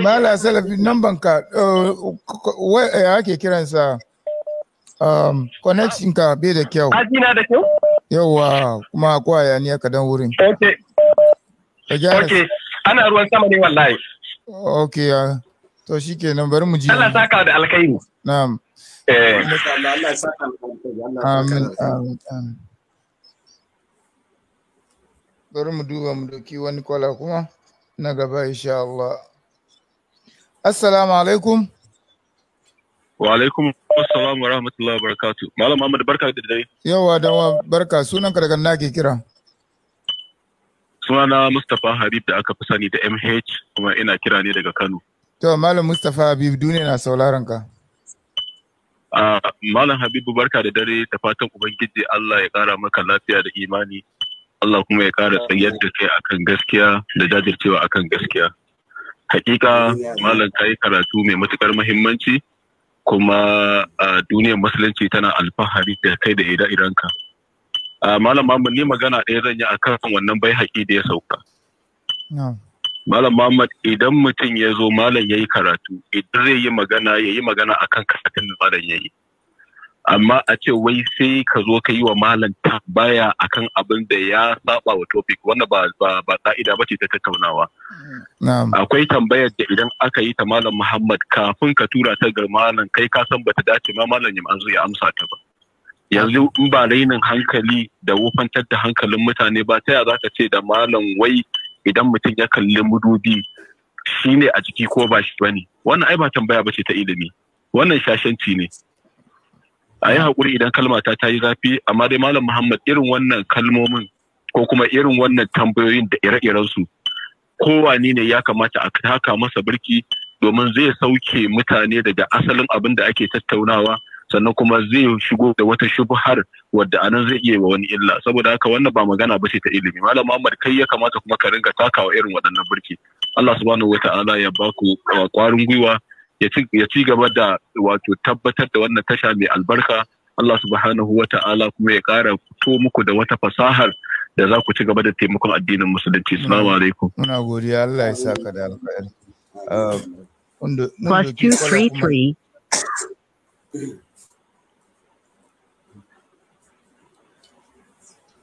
Mala Salafi nan banka uh, eh, ya ake kiransa um, connection ka bai da kyau. Ajina da kyau? Yawwa kuma akwai aka kadan wurin. Ok. Ok, ana ruwan sama ne wallahi. Ok, to shi nan bari mu ji. Allah saka da alkhairi. Na'am. Eh. bari mu duba mu doki wani kwala kuma na gaba insha Allah assalamu alaikum wa alaikum assalam wa rahmatullahi wa barakatuh malam Muhammad barka da Yau, yawa dawa barka sunanka daga ke kira sunana Mustapha Habib da aka fi sani da MH kuma ina kira ne daga Kano to malam Mustapha Habib duniya na sauraron ka Malam Habibu barka da dare ta fatan Ubangiji Allah ya kara maka lafiya da imani. Allah kuma ya kara tsayar da kai akan gaskiya da jajircewa akan gaskiya. Hakika Malam ka yi karatu mai matuƙar muhimmanci kuma duniyar musulunci tana alfahari da kai da ira iranka. Malam Mamun ni magana ɗaya zan yi akan wannan bai haƙi da ya sauka. Malam Muhammad idan mutum ya zo malam ya yi karatu idan zai yi magana ya yi magana a kan karatun da malam ya yi. Amma a ce wai sai ka zo ka yi wa malam tambaya a kan abin da ya saba wa topic wanda ba ba ba sa'ida ba ce ta tattaunawa. Akwai tambayar da idan aka yi ta malam Muhammad kafin ka tura ta ga malam kai ka san bata dace ma malam ya amsa ta ba. yanzu in ba rainin hankali da wufantar da hankalin mutane ba ta za ka ce da malam wai idan mutum ya kalli mudubi shi ne a jiki ko ba shi bane wannan ai ba tambaya ba ce ta ilimi wannan shashanci ne a yi haƙuri idan kalmata ta yi zafi amma dai malam muhammad irin wannan kalmomin ko kuma irin wannan tambayoyin da ire-irensu kowane ne ya kamata a taka masa birki domin zai sauke mutane daga asalin abin da ake tattaunawa sannan kuma zai shigo da wata shubhar wadda anan zai iya wa wani illa saboda haka wannan ba magana ba ce ta ilimi malam Muhammad kai ya kamata kuma ka ringa takawa irin waɗannan burki Allah subhanahu wata'ala ya baku kwarin uh, gwiwa ya ci gaba da wato tabbatar da wannan tasha mai albarka Allah subhanahu wata'ala kuma ya kara fito muku da wata fasahar da za ku ci gaba da taimakon addinin musulunci. salamu alaikum. Muna godiya Allah ya saka da alkhairi. Uh,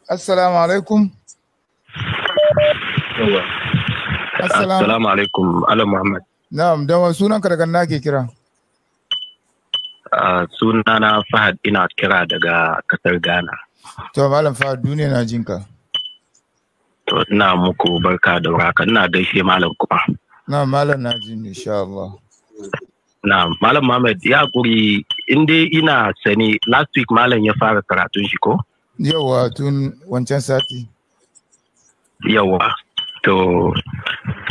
Assalamu alaikum. Assalamu alaikum, Alam Muhammad. Na'am, da wa sunan ka daga na ke kira? Ah, Suna na Fahad ina kira daga kasar Ghana. To, Malam Fahad duniya na jinka. To, ina muku barka da warhaka, ina gaishe Malam kuma. Na Malam na ji insha Allah. na malam Muhammad ya guri in dai ina sani last week malam ya fara karatun shi ko Yawa tun wancan sati. Yawa. To,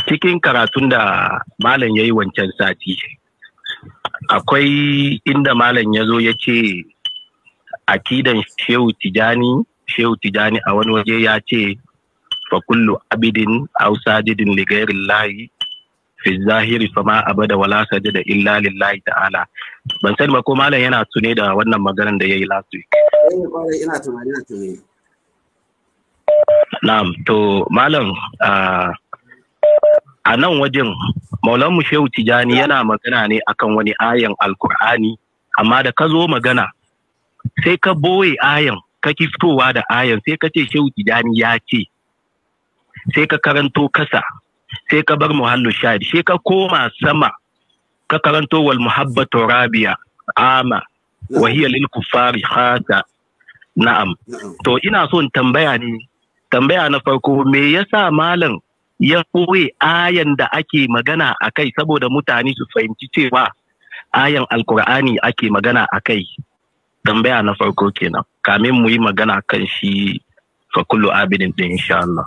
cikin karatun da malam ya yi wancan sati, akwai inda malam ya zo ya ce, akidan Shehu Tijani, Shehu Tijani a wani waje ya ce, fakullu abidin hausa didin ligairin layi fi zahiri fama abada wala sajada illa lillahi ta'ala ban sani ba ko malam yana tune da wannan maganar da yi last week eh, na'am to malam a nan wajen maulan mu shehu tijani yana magana ne akan wani ayan alkur'ani amma da ka zo magana sai ka boye ayan ka fitowa da ayan sai ka ce shehu tijani ya ce sai ka karanto kasa sai ka bar muhallu shadi sai ka koma sama ka karanto wal muhabbatu rabiya ama wa lil kuffari na'am to ina son tambaya ne tambaya na farko me yasa malam ya koye ayan da ake magana akai? saboda mutane su fahimci cewa ayan alkur'ani ake magana akai tambaya na farko kenan kamin mu yi magana kan shi fakullu abinin din insha Allah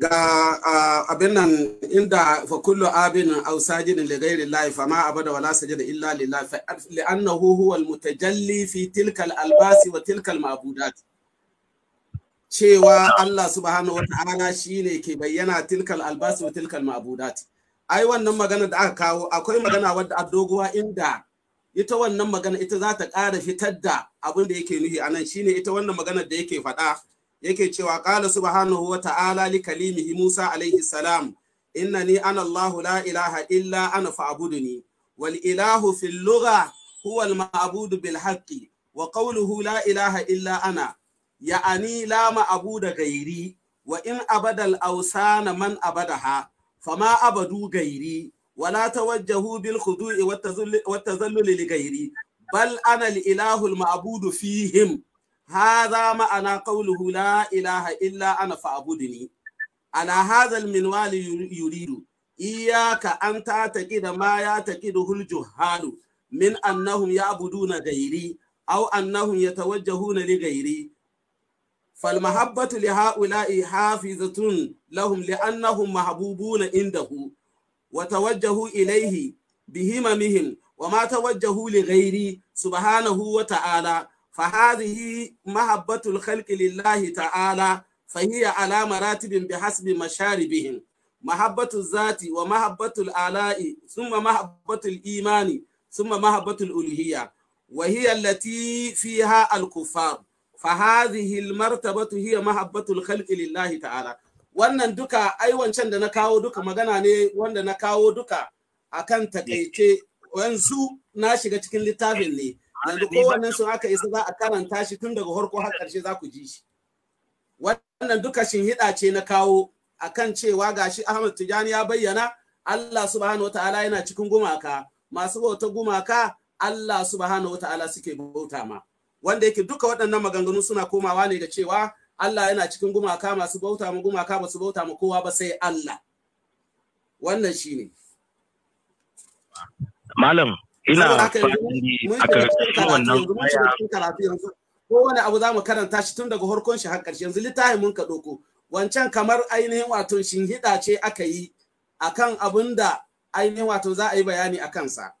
ga abin nan inda fa kullu abin aw sajidin li ghairi llahi fama abada wala sajada illa lillahi fa li'annahu huwa mutajalli fi tilka albasi wa tilka almabudat cewa Allah subhanahu wa ta'ala shine ke bayyana tilka albasi wa tilka almabudat ai wannan magana da aka kawo akwai magana wadda addoguwa inda ita wannan magana ita za ta ƙara fitar da abin da yake nuhi anan shine ita wannan magana da yake faɗa yake cewa qala subhanahu wa ta'ala li kalimihi Musa alaihi salam innani ana Allah la ilaha illa ana fa'buduni wal ilahu fil lugha huwa al ma'budu bil haqqi wa qawluhu la ilaha illa ana ya'ani la ma'buda gairi wa in abadal awsana man abadaha fama abadu gairi ولا توجهوا بالخضوع والتذلل لغيري بل انا الاله المعبود فيهم hadha ma'ana qawluhu la ilaha illa ana fa'budni ala hadha al-minwal yuridu iyyaka an tataqida ma yataqiduhu al-juhalu min annahum ya'buduna ghairi aw annahum yatawajjahuna li ghairi فالمحبة لهؤلاء حافظة لهم لأنهم محبوبون عنده وتوجهوا إليه بهممهم وما توجهوا لغيره سبحانه وتعالى فهذه محبة الخلق لله تعالى فهي على مراتب بحسب مشاربهم محبة الذات ومحبة الآلاء ثم محبة الإيمان ثم محبة الألوهية وهي التي فيها الكفار فهذه المرتبة هي محبة الخلق لله تعالى wannan duka ai wancan da na kawo duka magana ne wanda na kawo duka akan takaice yanzu na shiga cikin littafin ne yanzu kowannen sun haka isa za a karanta shi tun daga harko har karshe za ku ji shi wannan duka shin hida ce na kawo akan cewa gashi Ahmad Tijani ya bayyana Allah subhanahu wataala yana cikin gumaka masu bauta gumaka Allah subhanahu wataala suke bauta ma wanda yake duka waɗannan maganganu suna komawa ne da cewa Allah yana cikin gumaka masu bauta ma gumaka ba su bauta ma kowa ba sai Allah wannan shine malam ina fadi a kowane abu za mu karanta shi tun daga harkon shi har ƙarshe yanzu littafin mun ka wancan kamar ainihin wato shinhiɗa ce aka yi akan abin da ainihin wato za a yi bayani a kansa.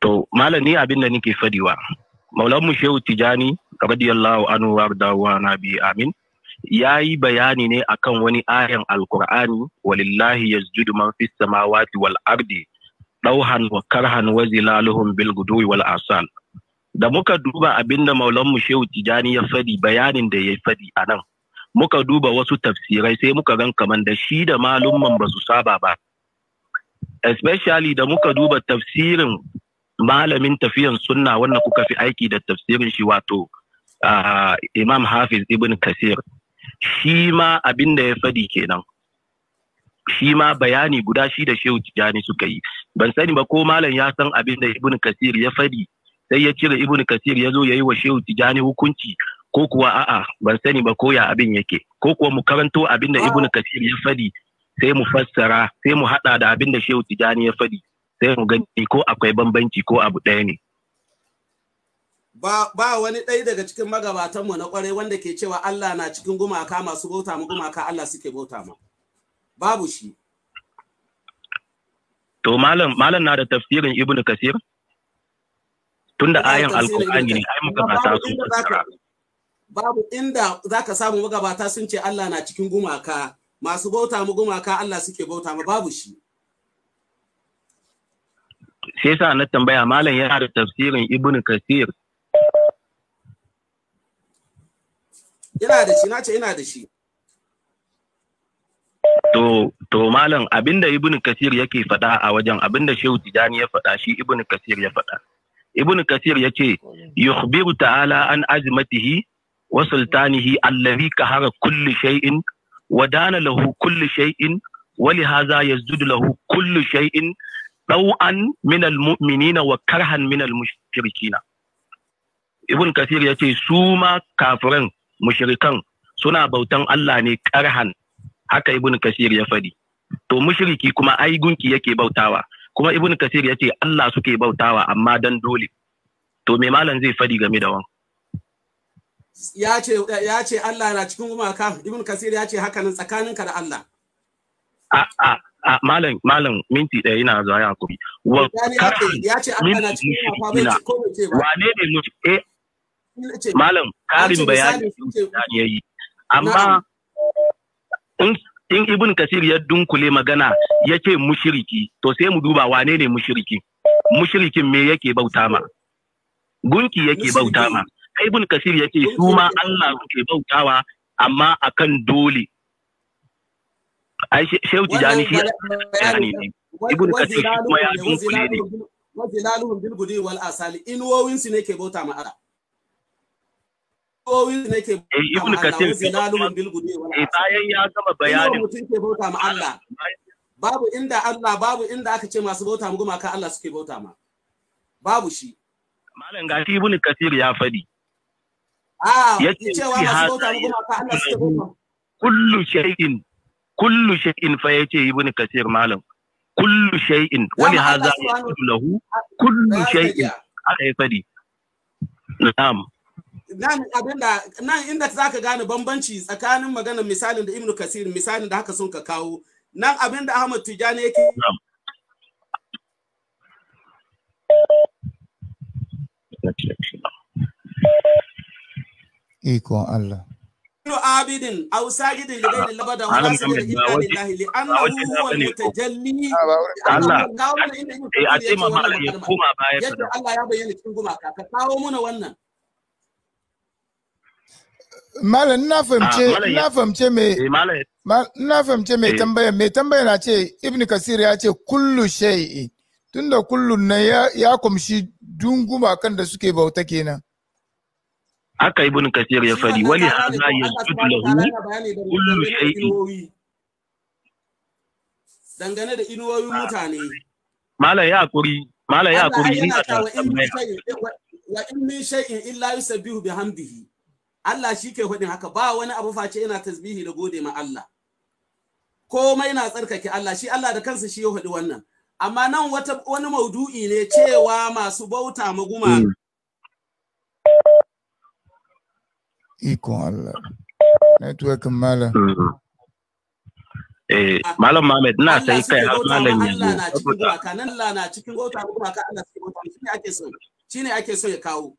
To, malam abin da nake fadiwa, mu Shehu Tijani, radiyallahu anhu wa na bi amin. ya yi bayani ne akan wani ayan alkur'ani walillahi yasjudu man fis samawati wal ardi Ɗauhan wa karhan wa zilaluhum bil wal asal da muka duba abinda maulanmu shehu tijani ya fadi bayanin da ya fadi a nan muka duba wasu tafsirai sai muka gan kaman da shi da malumman ba su saba ba especially da muka duba tafsirin malamin tafiyan sunna wannan kuka fi aiki da tafsirin shi wato uh, imam hafiz ibn kasir shi ma abin da ya fadi kenan shi ma bayani guda shi da shehu tijani suka yi ban sani ba ko malam ya san abin da ibn kasir ya fadi sai ya cire ibn kasir ya zo ya yi wa shehu tijani hukunci ko kuwa a'a ban sani ba ko ya abin yake ko kuwa mu karanto abin da ibn kasir ya fadi sai mu fassara sai mu haɗa da abin da shehu tijani ya fadi sai mu gani ko akwai bambanci ko abu ɗaya ne ba, wani ɗaya daga cikin magabatanmu na ƙwarai wanda ke cewa Allah na cikin gumaka masu bauta ma gumaka Allah suke bauta ma. Babu shi. To malam malam na da tafsirin Ibn Kasir? Tunda ayan Alƙur'ani ne, ai muka fata su Babu inda za ka samu magabata sun ce Allah na cikin gumaka, masu bauta ma gumaka Allah suke bauta ma babu shi. Sai sa na tambaya malam yana da tafsirin Ibn Kasir Ina da shi, na ce ina da shi. To, to malam abinda Ibn Kasir yake faɗa a wajen abinda Shehu Tijani ya faɗa shi Ibn Kasir ya faɗa. Ibn Kasir ya ce, Yukhbiru ta'ala an azmatihi wa sultanihi allazi kahara kulli shay'in wa dana lahu kulli shay'in wa li hadha yazdudu lahu kulli shay'in ɗau'an minal mu'minina wa karhan minal mushrikina. Ibn Kasir ya ce su ma kafiran mushrikan suna bautan Allah ne karhan haka ibn kasir ya fadi to mushriki kuma ai gunki yake bautawa kuma ibn kasir ya ce Allah suke bautawa amma dan dole to me malam zai fadi game da wan ya ce ya ce Allah na cikin gumaka ibn kasir ya ce haka nan tsakaninka da Allah a a a malam malam minti ɗaya yana zuwa ya kuri wa ya ce Allah na cikin gumaka bai ce ko ba wane ne mutum eh malam karin bayani ya yi amma in ibn kasir ya dunkule magana ya ce mushiriki to sai mu duba wane ne mushiriki mushirikin me yake bauta ma gunki yake bauta ma ibn kasir ya ce su ma Allah ke bautawa amma akan dole ai shehu tijani shi ne ibn kasir kuma ya dunkule ne wa bil gudi wal asali su ne ke bauta ma Kowil nake eh, Ibn Kathir eh, bayan ya gama bayanin mutum ke bauta ma Allah babu inda Allah babu inda aka ce masu bauta mu Allah suke bauta ma babu shi malam ya fadi ah, cewa masu bauta mu Allah suke bauta kullu shay'in kullu shay'in fa yace Ibn Kathir malam kullu shay'in wani hadha lahu kullu shay'in aka yi fadi na'am nan abinda nan inda zaka gane bambanci tsakanin maganar misalin da Ibn Kasir misalin da haka sun ka kawo nan abinda Ahmad Tijani yake Ikon Allah. Ibn Abidin aw sajidin li ghayri labada wa da illa lillahi li annahu huwa al-mutajalli Allah eh a ce ma Allah ya koma baya yadda Allah ya bayyana cikin gumaka ka kawo muna wannan Malam na fahimce ah, na fahimce me eh, na fahimce me eh. tambaya me tambaya na ce Ibn Kasir ya ce kullu shay'i tunda kullun nan ya ya kumshi dunguma kan da suke bauta kenan haka ibn kasir ya fadi wali hadha yajud lahu kullu shay'i dangane da inuwoyin ah. mutane malam ya kuri malam ya kuri ina ta wa in min shay'in illa yusabbihu bihamdihi Allah shi ke faɗin haka ba wani abu face ina tasbihi da gode ma Allah komai na tsarkake Allah shi Allah da kansa shi ya faɗi wannan amma nan wata wani maudu'i ne cewa masu bauta maguma hmm. ikon Allah network mala eh malam Muhammad ina sai kai har malam yanzu Allah na cikin gumaka nan Allah na cikin bauta maguma ka Allah shi ake so shine ake so ya kawo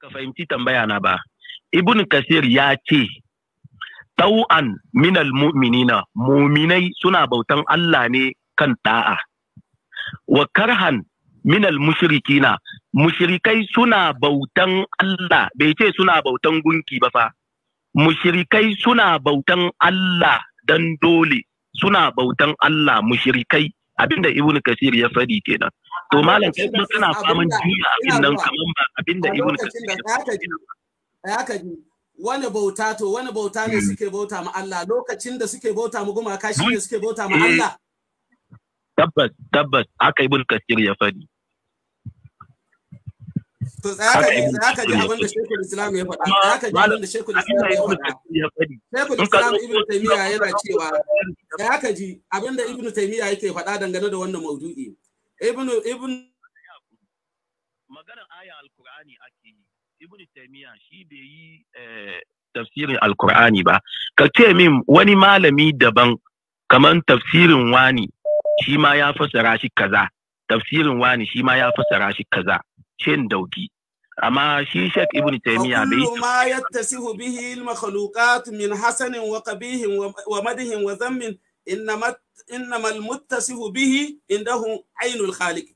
ka fahimci tambaya na ba ibn kasir ya ce tau'an minal mu'minina muminai suna bautan Allah ne kan ta'a. wa karhan minal mushrikina mushrikai suna bautan Allah bai ce suna bautan gunki ba fa mushrikai suna bautan Allah dan dole suna bautan Allah mushirikai. abinda ibn kasir ya fadi kenan to malam kai kuma kana faman juya abin nan kaman ba abinda ibn kasir ya fadi haka ji wani bauta to wani bauta ne hmm. suke bauta ma Allah lokacin da suke bauta ma gumaka shi ne suke bauta ma eh. Allah tabbas tabbas haka ibn kasir ya fadi To tsaya ka ji tsaya ka je abin da Shekul Islam ya faɗa. Tsaya ka je abin da Shekul Islam ya faɗa. Shekul Islam Ibn Taymiyyah yana cewa tsaya ka ji abin da Ibn Taymiyyah yake faɗa dangane da wannan maudu'i. Ibn Ibn maganar ayan Al-Qur'ani ake yi Ibn taymiya shi bai yi eh, tafsirin Al-Qur'ani ba ka ce min wani malami daban kamar tafsirin wani shi ma ya fassara shi kaza tafsirin wani shi ma ya fassara shi kaza shin dauki amma shi Sheikh Ibn Taymiyyah bai yi kullu ma yattasihu bihi al-makhluqat min hasanin wa qabihin wa madhin wa dhammin innama innama al-muttasihu bihi indahu aynu al-khaliq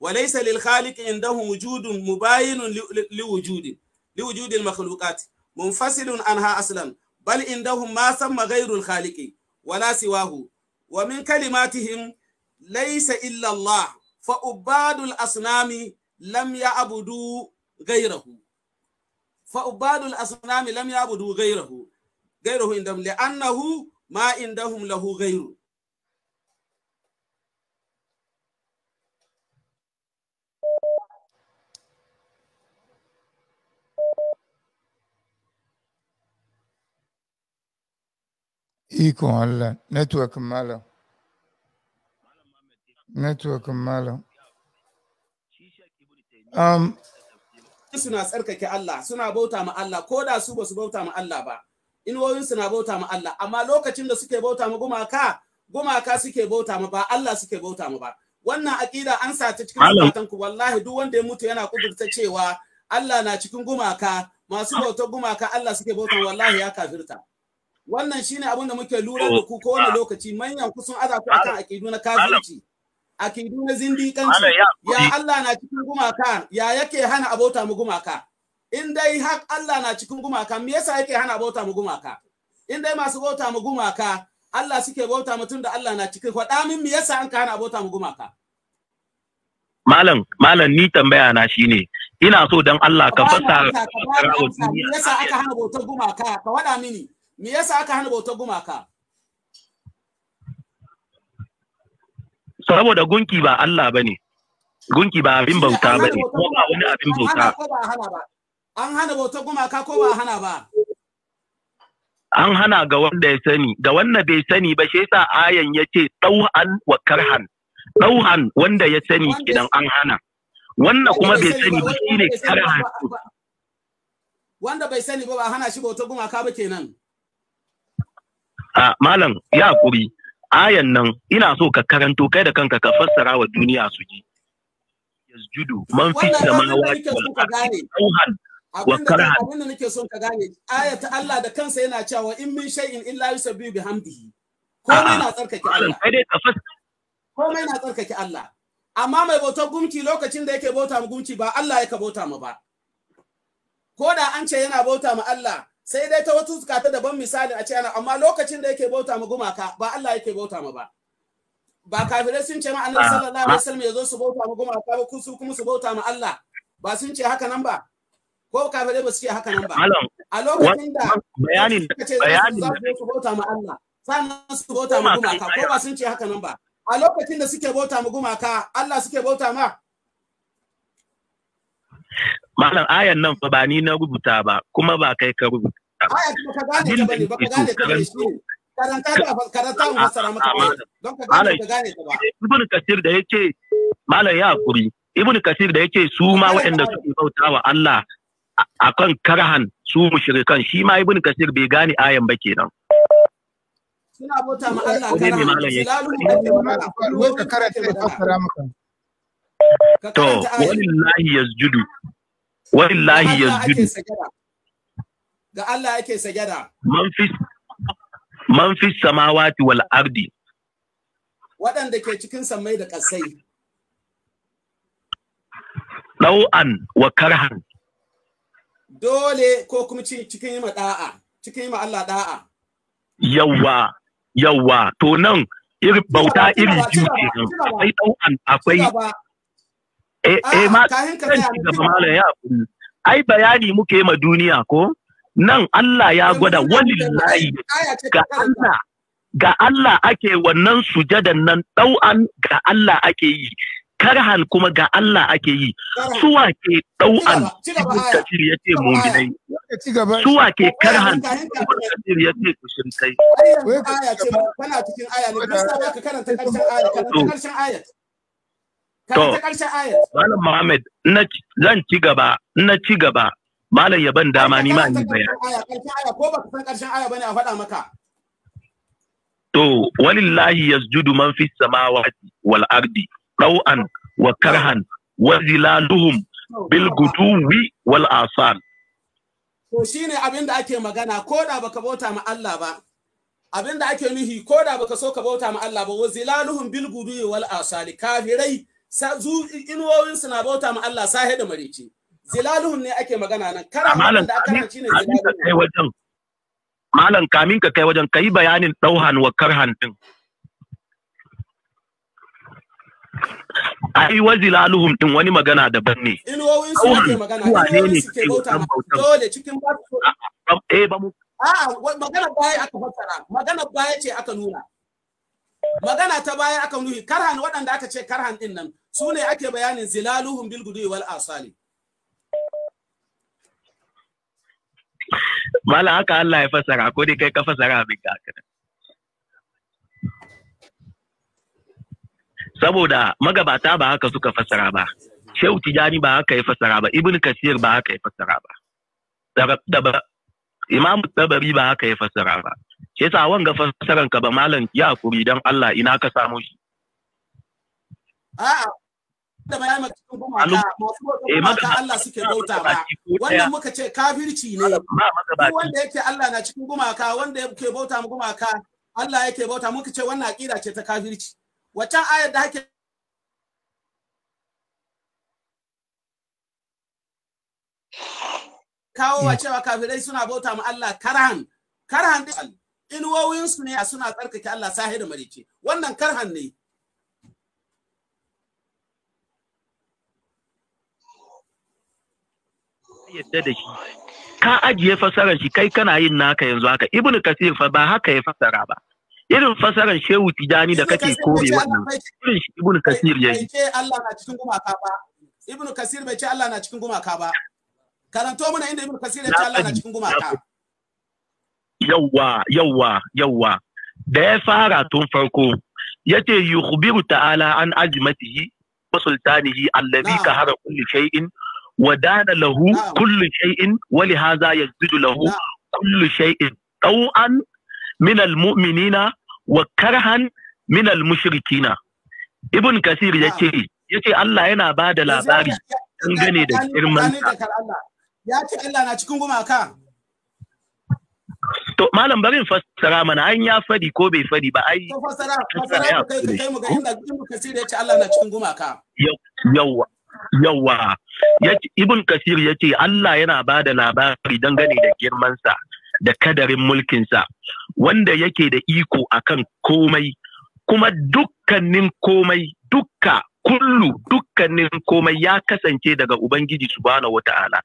wa laysa lil-khaliq indahu wujudun mubayinun liwujudi liwujudi al-makhluqat munfasilun anha aslan بل عندهم ما سمى غير الخالق Wa min ومن كلماتهم ليس إلا fa فأباد asnami. lam ya abudu gairahu fa ubadul asnami lam ya abudu gairahu gairahu indam li annahu ma indahum lahu gairu ikon Allah network malam network malam Um, suna tsarkake Allah suna bauta ma Allah ko da su ba su bauta ma Allah ba inuwoyin suna bauta ma Allah amma lokacin da suke bauta ma gumaka gumaka suke bauta ma ba Allah suke bauta ma ba wannan aqida an sa ta cikin zakatan ku wallahi duk wanda ya mutu yana kudurta cewa Allah na cikin gumaka masu bautar gumaka Allah suke bauta wallahi ya kafirta wannan shine abin da muke lura da ku wani lokaci manyan ku sun akan aqidu na kafirci akidu na zindiƙanci ya Allah na cikin gumaka ya yake hana abota mu gumaka in dai hak Allah na cikin gumaka me yasa yake hana abota mu gumaka in dai masu bota mu gumaka Allah suke bota mutum da Allah na cikin faɗa min me yasa an ka hana abota mu gumaka malam malam ni tambaya na shine ina so dan Allah ka fasa me yasa aka hana bota gumaka ka wada mini me yasa aka hana bota gumaka saboda gunki ba Allah ba ne gunki ba abin bauta ba ne kuma ba wani abin bauta an hana bauta gumaka ko ba hana ba an hana ga wanda ya sani ga wanda bai sani ba shi yasa ayan ya ce dauhan wa karhan dauhan wanda ya sani idan an hana wanda kuma bai sani ba shi ne karhan wanda bai sani ba ba hana shi bauta gumaka ba kenan a malam ya kuri ayan nan ina so ka karanto kai da kanka ka fassara wa duniya su ji yasjudu man fi samawati wal ardi wa karahan wannan nake son ka gane ayatu Allah da kansa yana cewa in min shay'in illa yusabbihu bihamdihi komai na tsarkake Allah sai dai ka fassara komai na tsarkake Allah amma mai bautar gumki lokacin da yake bauta mu gumki ba Allah yake bauta mu ba ko da an ce yana bauta mu Allah sai dai ta wata zukata daban misali a ce ana amma lokacin da yake bauta ma gumaka ba Allah yake bauta ma ba ba kafirai sun ce ma annabi ah. sallallahu alaihi wasallam ya zo su bauta ma gumaka ba kun su kuma su bauta ma Allah ba sun ce haka nan ba ko kafirai ba su ce haka nan ba a lokacin da bayanin bayanin da su bauta ma Allah sannan su bauta ma gumaka ko ba sun ce haka nan ba a lokacin da suke bauta ma gumaka Allah suke bauta ma malam ayan nan fa ba ni na rubuta ba kuma ba kai ka rubuta Ayan kuma ka gane ta bane ba ka gane ta bane karanta ta karanta mu fassara maka don ka gane ta ba ibn kasir da yace malam ya hakuri ibn kasir da yake su ma waɗanda suke wa Allah akan karahan su mushrikan shi ma ibn kasir bai gane ayan ba kenan suna bauta ma Allah karahan ka karanta fassara maka To, walillahi yasjudu. Walillahi yasjudu. Ga Allah yake sajada. Man fi man fi samawati wal ardi. Waɗanda ke cikin samai da ƙasai. Ɗau'an wa karhan. Dole ko kuma cikin yi ma da'a, cikin yi Allah da'a. Yawwa, yawwa, to nan bauta iri biyu ke nan. Akwai ɗau'an akwai eh eh ma kan ci gaba malam ya ai bayani muke ma duniya ko nan Allah ya gwada walillahi ga Allah ga Allah ake wannan sujadan nan ɗau'an ga Allah ake yi karhan kuma ga Allah ake yi suwa ke ɗau'an ibn kafir ya ce muminai suwa ke karhan ibn kafir ya ce aya To, Malam Muhammad, zan ci gaba, na ci gaba, Malam ya ban dama ni ma ni baya. Ko ba san ƙarshen aya bane a faɗa maka. To, walillahi yasjudu man fi samawati wal ardi, ɗau'an wa karhan wa zilaluhum bil guduwi wal asan. To shine abin da ake magana ko da baka bauta ma Allah ba. Abin da ake nuhi ko da baka so ka bauta ma Allah ba wa zilaluhum bil guduwi wal asali kafirai inuwoyin su na bauta ma Allah sahe da marece zilaluhun ne ake magana nan kara malam da aka ranci zilaluhun malam kamin ka kai wajen kai bayanin dauhan wa karhan din ai wa zilaluhun din wani magana daban ne inuwoyin su ke magana inuwoyin ne ke bauta ma dole cikin ba eh ba mu a'a magana baya aka fassara magana baya ce aka nuna magana ta baya aka nuhi karhan waɗanda aka ce karhan din nan su ne ake bayanin zilaluhum bil gudu wal asali mala haka Allah ya fasara ko dai kai ka fasara abin ka haka saboda magabata ba haka suka fasara ba Shehu Tijani ba haka ya fasara ba Ibn Kasir ba haka ya fasara ba Imam Tabari ba haka ya fassara ba. Shi yasa wanga fassaran ka ba malam ya kuri dan Allah ina ka samu shi. A'a da bayan eh, Allah suke bauta ba wannan muka ce kafirci ne wanda yake Allah na cikin gumaka wanda yake bauta mu gumaka Allah yake bauta muka ce wannan aqida ce ta kafirci Waccan ayar da hake kawo wa cewa kafirai suna bauta mu Allah karhan karhan inuwowinsu ne suna tsarkake Allah sahi da marike wannan karhan ne yadda da shi ka ajiye fasarar shi kai kana yin naka yanzu haka ibnu kasir fa ba haka ya fasara ba irin fasarar shehu tijani da kake kore wannan irin shi ibnu kasir yayi Allah na cikin gumaka ba ibnu kasir bai ce Allah na cikin gumaka ba karanto mana inda ibnu kasir ya ce Allah na cikin gumaka yawwa yawwa yawwa da ya fara tun farko yace yukhbiru ta'ala an ajmatihi wa sultanihi allazi kahara kulli shay'in wadana lahu كل شيء ولهذا li له كل lahu طوعا من المؤمنين min almu'minina wa karhan min يتي ibn الله yace بعد Allah yana انغني ده ارمان يا da الله cikin ka To malam bari in mana an ya fadi ko bai fadi ba ai. To yawwa Ibn Kasir ya ce Allah yana ba da labari dangane da girmansa da kadarin mulkinsa wanda yake da iko a kan komai kuma dukkanin komai dukka kullu dukkanin komai ya kasance daga Ubangiji subhanahu wata'ala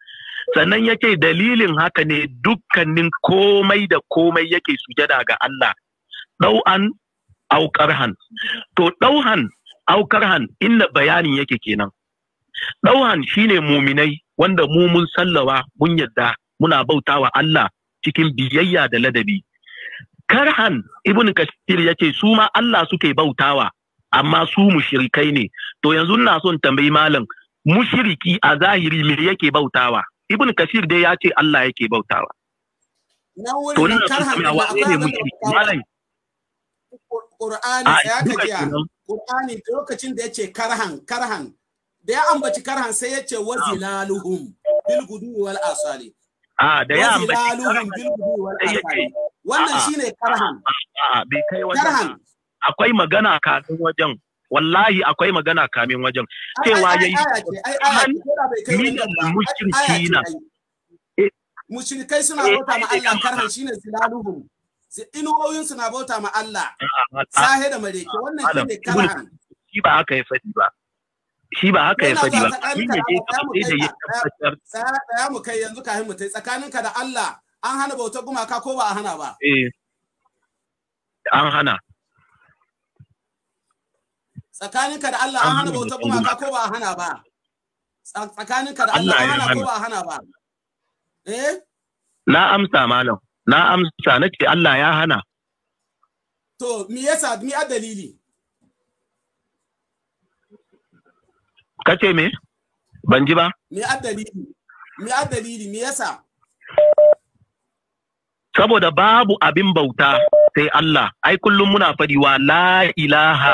sannan yake dalilin haka ne dukkanin komai da komai yake sujada ga Allah ɗau'an aukarhan to ɗauhan aukarhan inda bayanin yake kenan Ɗauhan shi ne muminai wanda mu mun sallawa mun yadda muna bautawa Allah cikin biyayya da ladabi. Karhan Ibn Kashir ya ce su ma Allah suke bautawa amma su mushrikai ne. To yanzu na son tambayi malam shiriki a zahiri me yake bautawa? Ibn Kashir dai ya ce Allah yake bautawa. To ina son tambayi wa ne mushiriki malam. Qur'ani sai aka Qur'ani lokacin da ya ce karhan karhan da ya ambaci karhan sai ya ce wa zilaluhum bil gudu wal asali a da ya ambaci karhan bil gudu wal asali wannan shine karhan a bai kai wajen akwai magana kafin wajen wallahi akwai magana kamin wajen cewa yayi mushrikin kina eh. mushrikai suna eh, bauta ma Allah karhan shine zilaluhum inuwoyin suna bauta ma Allah sahe da mareke wannan shine karhan shi ba aka yi fadi ba shi ba haka ya faɗi ba shi ne je da ya tabbatar tsaya mu kai yanzu kafin mu tai tsakaninka da Allah an hana bautar gumaka ko ba a hana ba eh an hana tsakaninka da Allah an hana bautar gumaka ko ba a hana ba tsakaninka da Allah an hana ko ba a hana ba eh na amsa malam na amsa nace Allah ya hana to me yasa me a dalili Ka ce me ban ji ba me a dalili me a dalili me yasa saboda babu abin bauta sai Allah ai kullum muna fadiwa la ilaha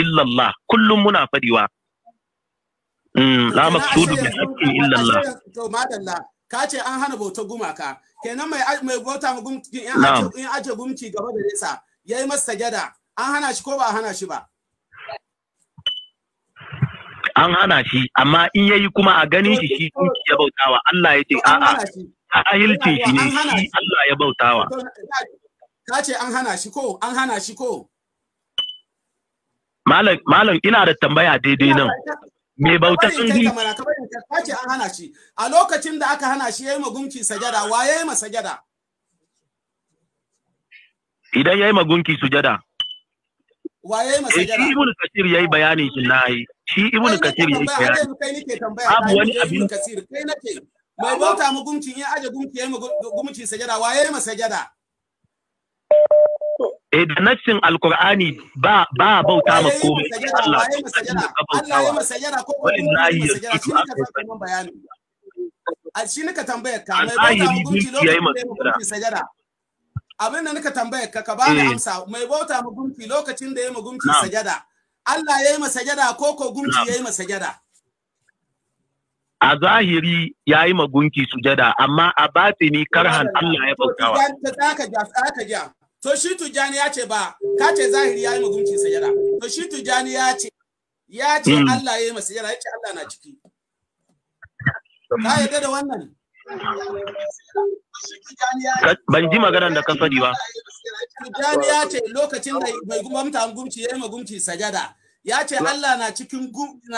illallah kullum muna fadiwa mm la maqsudu bi hakkin illallah to madalla ka ce an hana bauta gumaka kenan mai mai bauta gumci, in aje gumci gaba da nesa yayi masa gyada, an hana shi ko ba hana shi ba an hana shi amma in yayi kuma a ganin shi shi tuki ya bautawa Allah ya ce a'a ahilcin shi ne shi Allah ya bautawa ka ce an hana shi ko an hana shi ko malam malam ina da tambaya daidai nan me bauta sun yi ka ce an hana shi a lokacin da aka hana shi yayi magunki sajada wa yayi ma sajada idan yayi magunki sujada wa yayi ma sajada ibnu kasir yayi bayanin shi nayi shi ibnu kasir ya kira babu wani abin kasir kai nake mai bauta mu gumcin ya aje gumci yayi gumci sajada waye ma sajada eh da nassin alqur'ani ba ba bauta ma ko Allah Allah ya masajada ko sajada ya kitu akan bayani a shi nika tambayar ka mai bauta mu gumci lokacin sajada abin da nika tambayar ka ka ba ni eh. amsa mai bauta mu gumci lokacin da ya mu gumci sajada Allah ya yi jada ko ko gunki ya yi masa jada. A zahiri ya yi ma gunki jada, amma a batini karhan Allah ya bautawa. Zaka ja, To shi Tujani ya ce ba, ka ce zahiri ya yi ma gunki jada. To shi Tujani ya ce, ya ce hmm. Allah ya yi masa jada, ya ce Allah na ciki. Ka yarda da wannan? ban ji maganar da kan fadi ba Tijjani ya ce lokacin da mai gwamta gumci ya yi ma gumci sajada ya ce Allah na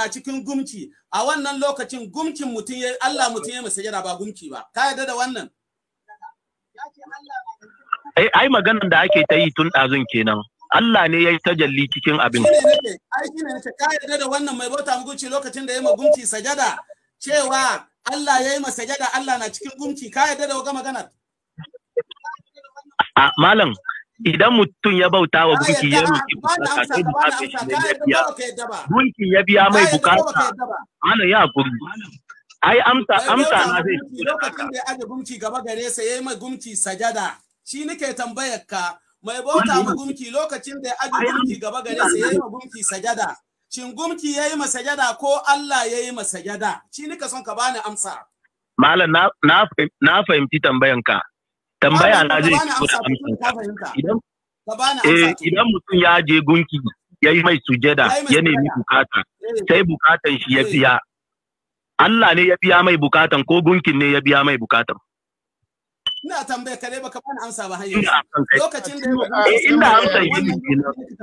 cikin gumci a wannan lokacin gumcin mutum ya Allah mutum ya masa sajada ba gumci ba ka yarda da wannan ai eh, ai maganar da ake ta yi tun ɗazun kenan Allah ne ya yi tajalli cikin abin ai ne ka yarda da wannan mai bauta gumci lokacin da ya ma gumci sajada cewa Allah ya yi masa jada Allah na cikin gumci ka yadda da waga magana a malam idan mutum ya bauta wa gunki ya roki bukata sai bukata shi ne ya biya gunki ya biya mai bukata ana ya guri ai amsa amsa na zai lokacin da ya aje gumci gaba gare sa ya yi mai gumci sajada shi nake tambayar ka mai bauta ma gumki lokacin da ya aje gumki gaba gare sa ya yi mai gumki sajada cingumci ya yi masajada ko Allah ya yi masajada? Shi nika son ka bani amsa. Malam na fahimci tambayanka. Tambaya na zai ka da amsa. Eh, idan mutum ya je gunki ya yi mai sujada ya nemi bukata, eh. sai bukatan shi ya eh. biya. Allah ne ya biya mai bukatan ko gunkin ne ya biya mai bukatan. ina tambaya kare baka bani amsa ba hanyar lokacin da ya eh, ina amsa yi ne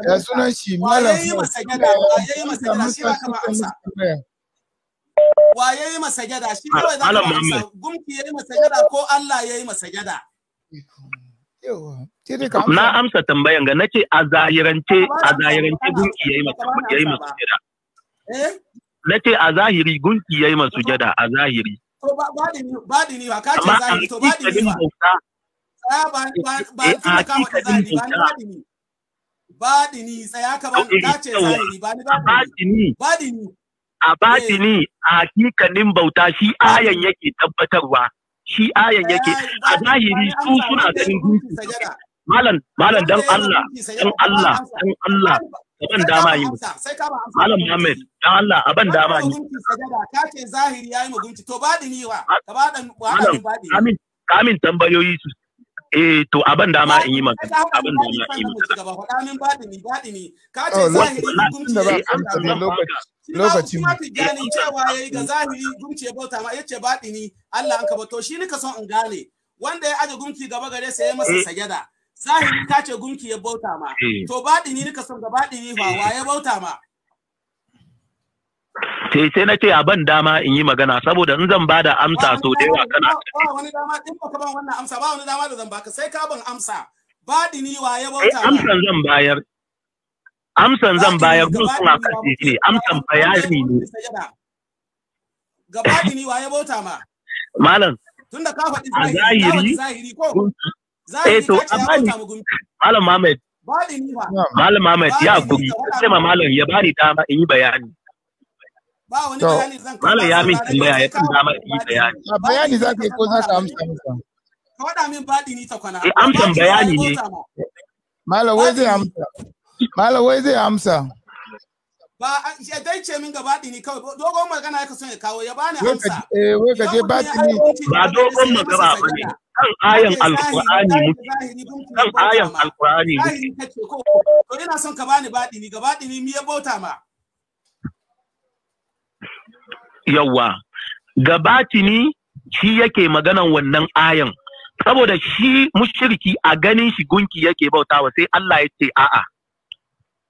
ya sunan shi malam yayi masa gada yayi masa gada shi ba kama amsa waye yayi masa gada shi kawai za ka amsa gumki yayi masa gada ko Allah yayi masa gada Na amsa tambayan ga nace a zahirance a zahirance gunki yayi masa yayi masa gada. Eh? Nace a zahiri gunki yayi masa gada a zahiri. to ba badini ba ka ce zahiri to badini ba ba ba ka ba badini ba ka ce ba ni a batini a hakikanin bauta shi ayan yake tabbatarwa shi ayan yake a zahiri su suna ganin gunki malam malam dan Allah dan Allah dan Allah ban dama yi musu. malam muhammad dan Allah a ban dama yi ka ce zahiri yayi mugunci to badin yi ah, wa ka badan badin amin kamin tambayoyi su eh to a ban dama in yi maka, a ban dama in yi magana faɗa min badini badini oh, ka ce zahiri hukunci lokaci ma gane cewa yayi ga zahiri gumce bauta ma yace ni, Allah an ka ba to shi ni ka son in gane wanda ya aje gumki gaba gare sai ya masa eh. sajada zahiri ta ce gunki ya bauta ma eh. to ni nika son ga ni ba wa ya bauta ma sai sai na ce a ban dama in yi magana saboda in zan bada amsa so da yawa kana wani dama ba ka ban wannan amsa ba wani dama da zan baka sai ka ban amsa ni wa ya bauta ma eh, amsan zan bayar amsan zan bayar gun suna kashe ne amsan bayani ne ga ni wa ya bauta ma malam tunda ka faɗi zahiri ko Eto abani, Malo Malam Ahmed Malam Ahmed ya guri sema ma malam ya bani dama in yi bayani. So, Malam ya min tambaya ya kan dama in yi bayani. bayani za ka ko ka amsa masa. Ka faɗa min baɗini ta kwana. Eh amsan bayani ne. Malam wai weze amsa. Malam weze amsa. ba dai ce min gaba ɗini kawai dogon magana ya kaso ya kawo ya bani amsa eh wai ka je ba dogon magana ba ne kan ayan alqur'ani muke kan ayan alqur'ani muke to ina son ka bani batini gaba ɗini mi ya bauta ma yawa gabatini shi yake maganan wannan ayan saboda shi mushriki a ganin shi gunki yake bautawa sai Allah ya ce a'a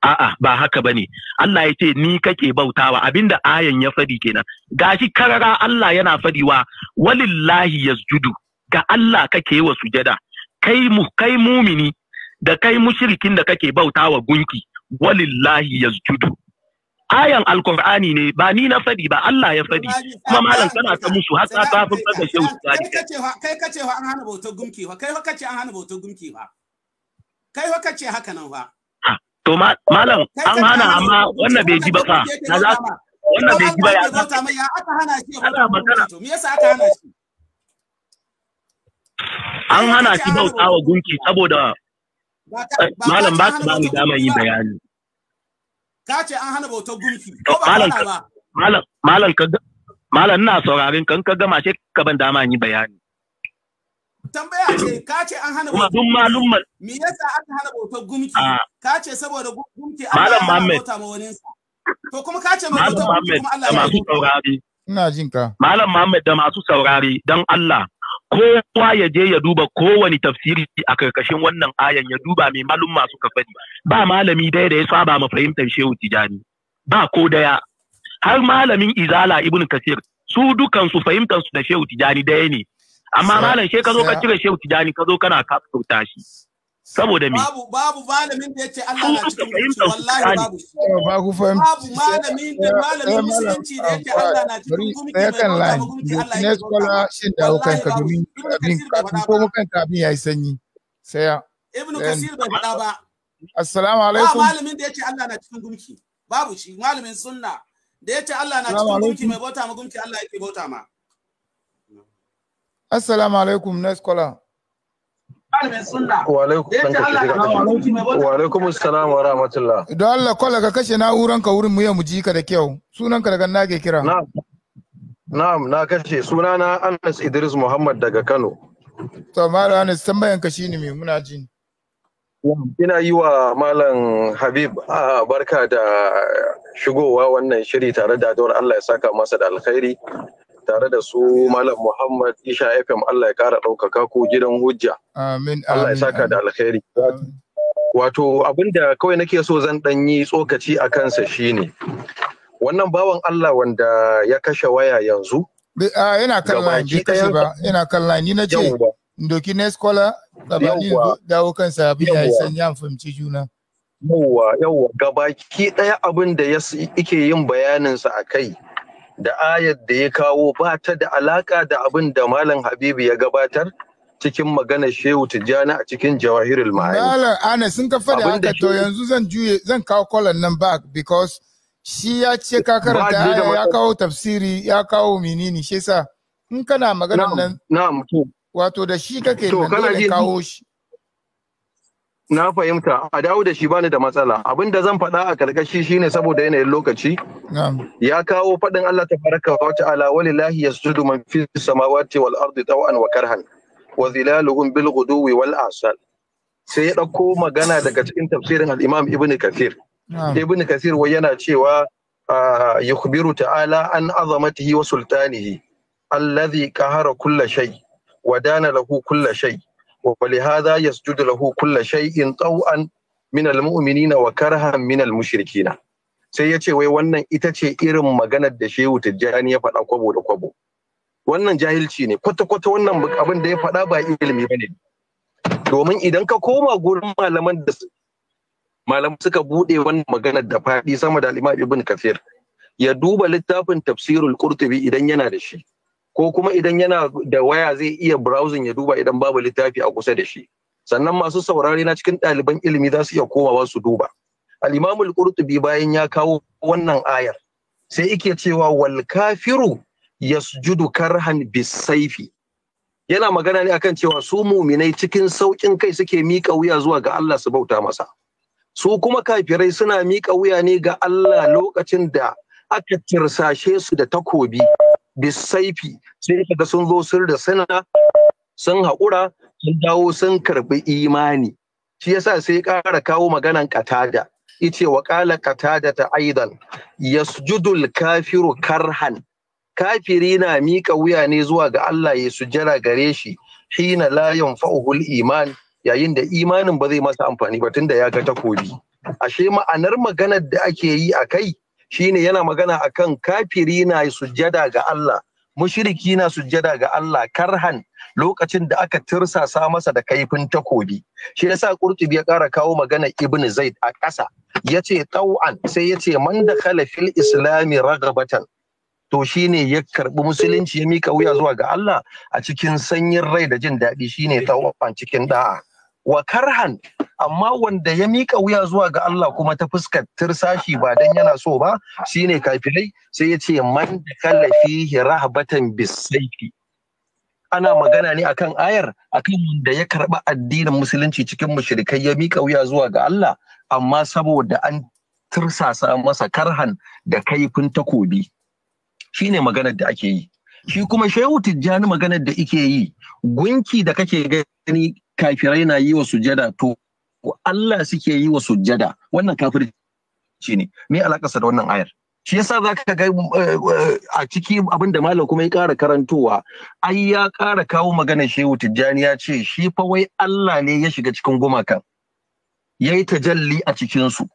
a'a ba haka bane Allah ya ce ni kake bautawa abinda ayan ya fadi kenan gashi karara Allah yana fadiwa walillahi yasjudu ga Allah kake wa sujada kai mu kai mumini da kai mushrikin da kake bautawa gunki walillahi yasjudu ayan alkur'ani ne ba ni na fadi ba Allah ya fadi kuma malam kana ta musu har ta fi da shehu tsari kai kace an hana bautar gunki fa kai kace an hana bautar gunki fa kai kace haka nan ba. To malam an hana amma wannan bai ji ba fa. Na za ka wannan bai ji ba ya. aka hana shi ya ana magana. To me yasa aka hana shi? An hana shi bauta wa gunki saboda malam ba su ba ni damar yin bayani. Ka ce an hana bautar gunki. To malam hana Malam malam ka malam ina saurarin kan ka gama sai ka ban dama yin bayani. tambaya ce ka ce an hana bautar malumman me yasa aka hana bautar gumki ah. ka ce saboda gumki Allah ya hana bauta wani to kuma ka ce mai bautar gumki kuma Allah ya masu saurari ina jin ka malam Muhammad da masu saurari dan Allah kowa ya je ya duba kowane tafsiri a karkashin wannan ayan ya duba mai malumma suka faɗi ba malami daya da ya saba ma fahimtar shehu tijani ba ko daya har malamin izala ibn kasir su dukan su fahimtar su da shehu tijani daya ne amma malam sai ka zo ka cire shehu tijani ka zo kana ka kafurta shi saboda me babu babu malamin da yace Allah na cikin hukunci wallahi babu eh, babu malamin da malamin eh, musulunci da ah, yake Allah na cikin hukunci ya kan lai ne kola shin da kan ka domin abin kafin ko mu kan abin yayi sanyi sai ya ibnu kasir bai faɗa ba assalamu alaikum ba malamin da yace Allah na cikin hukunci babu shi malamin sunna da yace Allah na cikin hukunci mai bauta ma hukunci Allah yake bauta ma assalamu alaikum na scholar Walaikum salam wa rahmatullah. Don Allah kwallo ka kashe na'uranka wurin mu ya mu ji ka da kyau. Sunanka daga na ke kira. Na'am, na kashe sunana Anas Idris Muhammad daga Kano. To Malam Anas tambayan ka shine me muna ji. Ina yi wa Malam Habib barka da shigowa wannan shiri tare da don Allah ya saka masa da alkhairi. tare da su Malam Muhammad Isha FM Allah ya kara ɗaukaka ko gidan hujja. Amin. Allah ya saka da alkhairi. Wato abin da kawai nake so zan ɗan yi tsokaci a kansa shi ne. wannan bawan Allah wanda ya kashe waya yanzu. Yana kan line kashe ba, yana kan ni na ce doki ne ba ni dawo kansa abin ya san ya fahimci juna. Yawwa yawwa gabaki ɗaya abin da yake yin bayaninsa a kai. da ayat da ya kawo ba ta da alaka da abin da malam habibu ya gabatar cikin magana shehu tijjani a cikin jawahirul ma'ani malam ana sun ka fada haka to yanzu zan juye zan kawo kolon nan back because shi ya ce ka karanta ya kawo tafsiri ya kawo menene shi yasa in kana magana nan na'am wato da shi kake nan kawo shi Na fahimta, a dawo da shi bani da matsala. Abin da zan faɗa a karkashi shine saboda yanayin lokaci. Ya kawo faɗin Allah ta baraka wa ta'ala walillahi yasjudu man fi samawati wal ardi taw'an wa karhan wa zilaluhum bil ghuduwi wal asal. Sai ya ɗauko magana daga cikin tafsirin al-Imam Ibn Kathir. Ibn Kathir wai yana cewa ah, yukhbiru ta'ala an azamatihi wa sultanihi alladhi qahara kulla shay wa dana lahu kulla shay. ولهذا يسجد له كل شيء طوعا من المؤمنين وكرها من المشركين sai ya ce wai wannan ita ce irin maganar da shehu tijjani ya faɗa kwabo da kwabo wannan jahilci ne kwata-kwata wannan abin da ya faɗa ba ilimi ba ne domin idan ka koma gurin malaman da malaman suka buɗe wannan maganar da faɗi sama da al'imam ibn kafir ya duba littafin tafsirul qurtubi idan yana da shi ko kuma idan yana da waya zai iya browsing ya duba idan babu littafi a kusa da shi sannan masu saurare na cikin ɗaliban ilimi za su iya komawa su duba al-imamul qurtubi bayan ya kawo wannan ayar sai yake cewa wal kafiru yasjudu karhan bisaifi yana magana ne akan cewa su muminai cikin sauƙin kai suke miƙa wuya zuwa ga Allah su bauta masa su kuma kafirai suna miƙa wuya ne ga Allah lokacin da aka tirsashe su da takobi bisaifi sai kaga sun zo sun sana sun haƙura sun dawo sun karɓi imani shi yasa sai ƙara kawo maganan katada ice wa ƙala katada ta aidan yasjudul kafiru karhan kafiri na miƙa wuya ne zuwa ga Allah ya sujjara gare shi hina la yanfa'uhul iman yayin da imanin ba zai masa amfani ba tunda ya ga takobi ashe ma'anar maganar da ake yi a kai shine yana magana akan kafiri na sujjada ga Allah mushriki na sujjada ga Allah karhan lokacin da aka tirsasa masa da kaifin takobi shi yasa Qurtubi ya ƙara kawo magana Ibn Zaid a ƙasa yace tau'an sai yace man dakhala fil islami ragabatan to shine ya karbi musulunci ya mika wuya zuwa ga Allah a cikin sanyin rai da jin daɗi shine tau'an cikin da'a wa karhan amma wanda ya mika wuya zuwa ga Allah kuma ta fuskar tirsashi ba dan yana so ba shine kafirai sai ya ce man kallafi fihi rahbatan bisayfi ana magana ne akan ayar akan wanda ya karba addinin musulunci cikin mushrikai ya mika wuya zuwa ga Allah amma saboda an tirsasa masa karhan da kaifin takobi shine maganar da ake yi shi kuma shehu tijjani maganar da ike yi gunki da kake gani kafirai na yi wa sujada to Allah suke yi wa sujjada wannan kafirci ne me alakarsa da wannan ayar shi yasa za ka ga eh, a ciki abin da malam kuma ya ƙara karantowa ai ya ƙara kawo maganar shehu tijjani ya ce shi fa wai Allah ne ya shiga cikin gumakan ya yi tajalli a cikinsu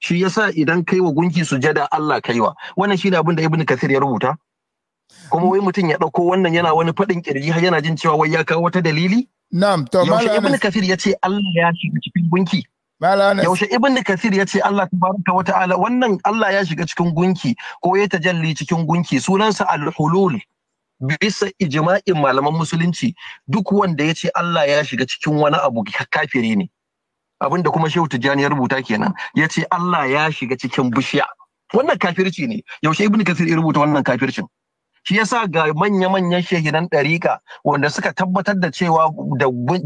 shi yasa idan kai wa gunki sujada Allah kai wa wannan shi ne abin da ibn kasir ya rubuta kuma wai mutum ya ɗauko wannan yana wani faɗin kirji har yana jin cewa wai ya kawo wata dalili Na'am, to Yaushe Ibn Kathir ya ce Allah ya shiga cikin gunki. Yaushe Ibn Kathir ya ce Allah tabaraka wa ta'ala wannan Allah ya shiga cikin gunki ko ya tajalli cikin gunki sunansa al-hulul. Bisa ijma'in malaman musulunci duk wanda ya ce Allah ya shiga cikin wani abu kafiri ne. Abinda kuma Shehu Tijjani ya rubuta kenan ya ce Allah ya shiga cikin bishiya. Wannan kafirci ne. Yaushe Ibn Kathir ya rubuta wannan kafircin? shi yasa ga manya-manyan shahidan ɗarika wanda suka tabbatar da cewa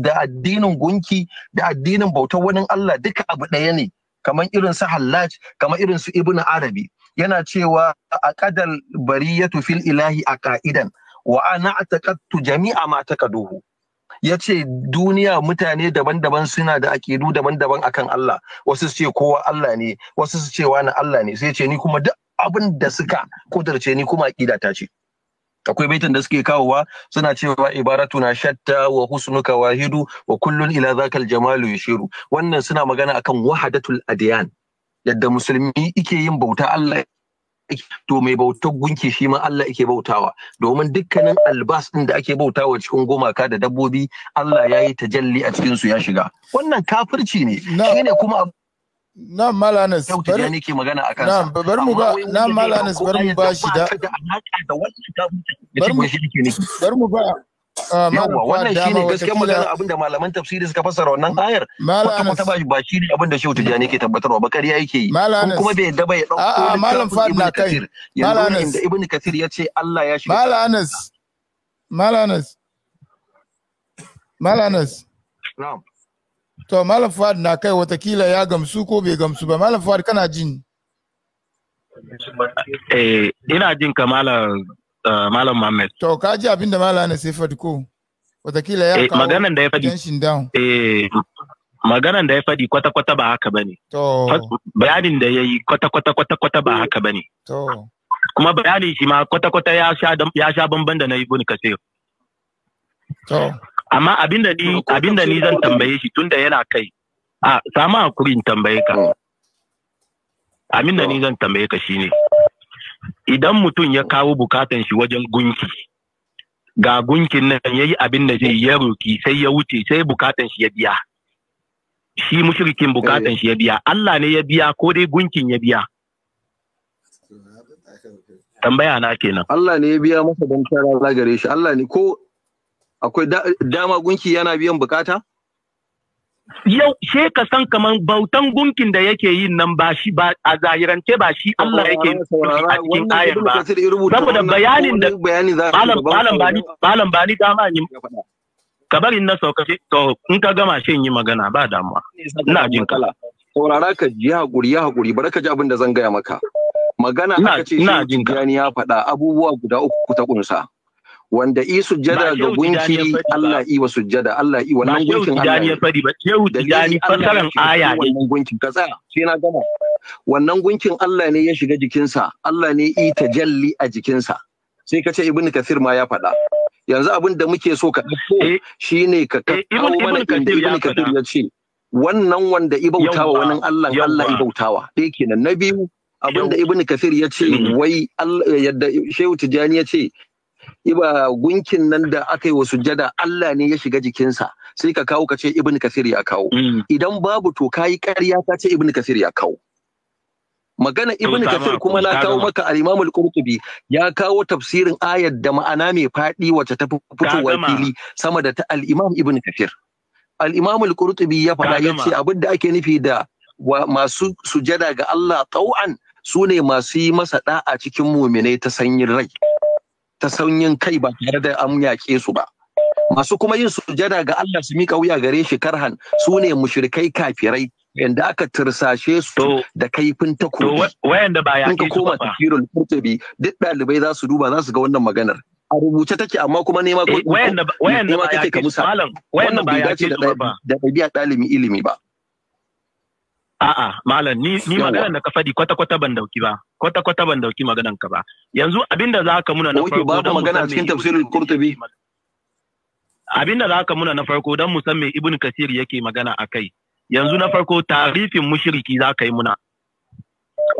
da addinin gunki da addinin bautar wani Allah duka abu ɗaya ne kamar irin su Hallaj kamar irin su Ibn Arabi yana cewa a bari bariyatu fil ilahi a ka'idan wa ana taƙattu jami'a ma kaduhu ya ce duniya mutane daban-daban suna da aƙidu daban-daban akan Allah wasu su ce kowa Allah ne wasu su ce wani Allah ne sai ce ni kuma duk abin da suka kudurce ni kuma aƙida ta ce akwai baitin da suke kawowa suna cewa Ibaratu na shatta wa husnuka wahidu wa kullun ila zakal jamalu yushiru wannan suna magana akan wahadatul adiyan yadda musulmi yake yin bauta Allah to mai bautar gunki shi ma Allah yake bautawa domin dukkanin albas din da ake bautawa cikin gumaka da dabbobi Allah ya yi tajalli a cikin su ya shiga wannan kafirci ne shine kuma na malanas magana akan sa bar mu ba ah, mu ba shi da bar mu ba yawa wannan shine gaskiyar magana abinda malaman tafsiri suka fassara wannan ayar kuma ta bashi ba shi ne Shehu Tijani tabbatarwa ba yake yi kuma bai yadda ba ya dauko malam Fadla kai malanas ibnu kathir yace Allah ya na'am to malam fuad na kai watakila ya gamsu ko bai gamsu ba malam fuad kana jin eh ina jin ka malam eh, malam Muhammad to ka ji abin da malam na sifat ko watakila ya eh, kawo maganan da ya faɗi eh maganan da ya faɗi kwata kwata ba haka bane to bayanin da yayi kwata kwata kwata kwata ba haka bane to kuma bayanin shi ma kwata kwata ya sha ya sha bamban da na ibn kasir to amma abinda ni abinda ni zan tambaye shi tunda yana kai a samu hakuri in tambaye ka eh. abinda ni zan tambaye ka shine idan mutum ya kawo bukatan shi wajen gunki ga gunkin nan yayi abin da zai ya roki sai ya wuce sai bukatan shi ya biya shi mushrikin bukatan eh. shi ya biya Allah ne ya biya ko dai gunkin ya biya tambaya na kenan Allah ne ya biya masa don tara lagare shi Allah ne ko akwai dama gunki yana biyan bukata yau she ka san kamar bautan gunkin da yake yin nan ba shi ba a zahirance ba shi Allah yake a cikin ayar ba saboda bayanin da malam malam bani dama ka bari na sauka to in ka gama shin yi magana ba damuwa ina jin kala saurara ka ji haƙuri ya haƙuri bari ka ji abin da zan gaya maka magana aka ce shi ya faɗa abubuwa guda uku ta ƙunsa. wanda i sujjada ga gunki Allah i wa sujjada Allah i wannan gunkin Allah ya fadi ba shehu tijani fasaran aya ne wannan gunkin ka tsaya sai na gama wannan gunkin Allah ne ya shiga jikinsa Allah ne i tajalli a jikinsa sai ka ce ibnu kathir ma ya faɗa yanzu abin da muke so ka dauko eh, shine ka eh, kawo mana ibnu kathir ya ce wannan wanda i bautawa wannan Allah Allah bautawa, dai kenan na biyu abinda ibn Kathir ya ce mm-hmm. wai yadda shehu tijani ya ce iba gunkin nan da aka yi wa sujjada Allah ne ya shiga jikinsa sai ka kawo ka ce ibn kasir ya kawo mm. idan babu to kayi ƙarya ka ce ibn kasir ya kawo magana ibn kasir kuma na kawo maka al-imam qurtubi ya kawo tafsirin ayat da ma'ana mai faɗi wacce ta fitowa fili sama da ta al-imam ibn kasir al-imam qurtubi ya faɗa ya ce abin da ake nufi da masu sujada ga Allah tau'an sune masu yi masa da'a cikin muminai ta sanyin rai ta sanyin kai ba tare da an yaƙe su ba masu kuma yin sujada ga Allah su mika wuya gare shi karhan su ne mushrikai kafirai yanda aka tirsashe su da kaifin takobi wayanda ba ya ka koma tafsirul qurtubi duk dalibai za su duba za su ga wannan maganar a rubuce take amma kuma nema eh, ko wayanda wayanda ba ya ka musa wannan bai dace da dabi'a dalimi ilimi ba A'a, malam ni ni magana da ka faɗi kwata kwata ban dauki ba. Kwata kwata ban dauki maganar ka ba. Yanzu abinda za ka muna na farko babu magana cikin tafsirin Qurtubi. Abinda za ka muna na farko dan musamman Ibn kasir yake magana akai. Yanzu na farko tarifin mushriki za ka yi muna.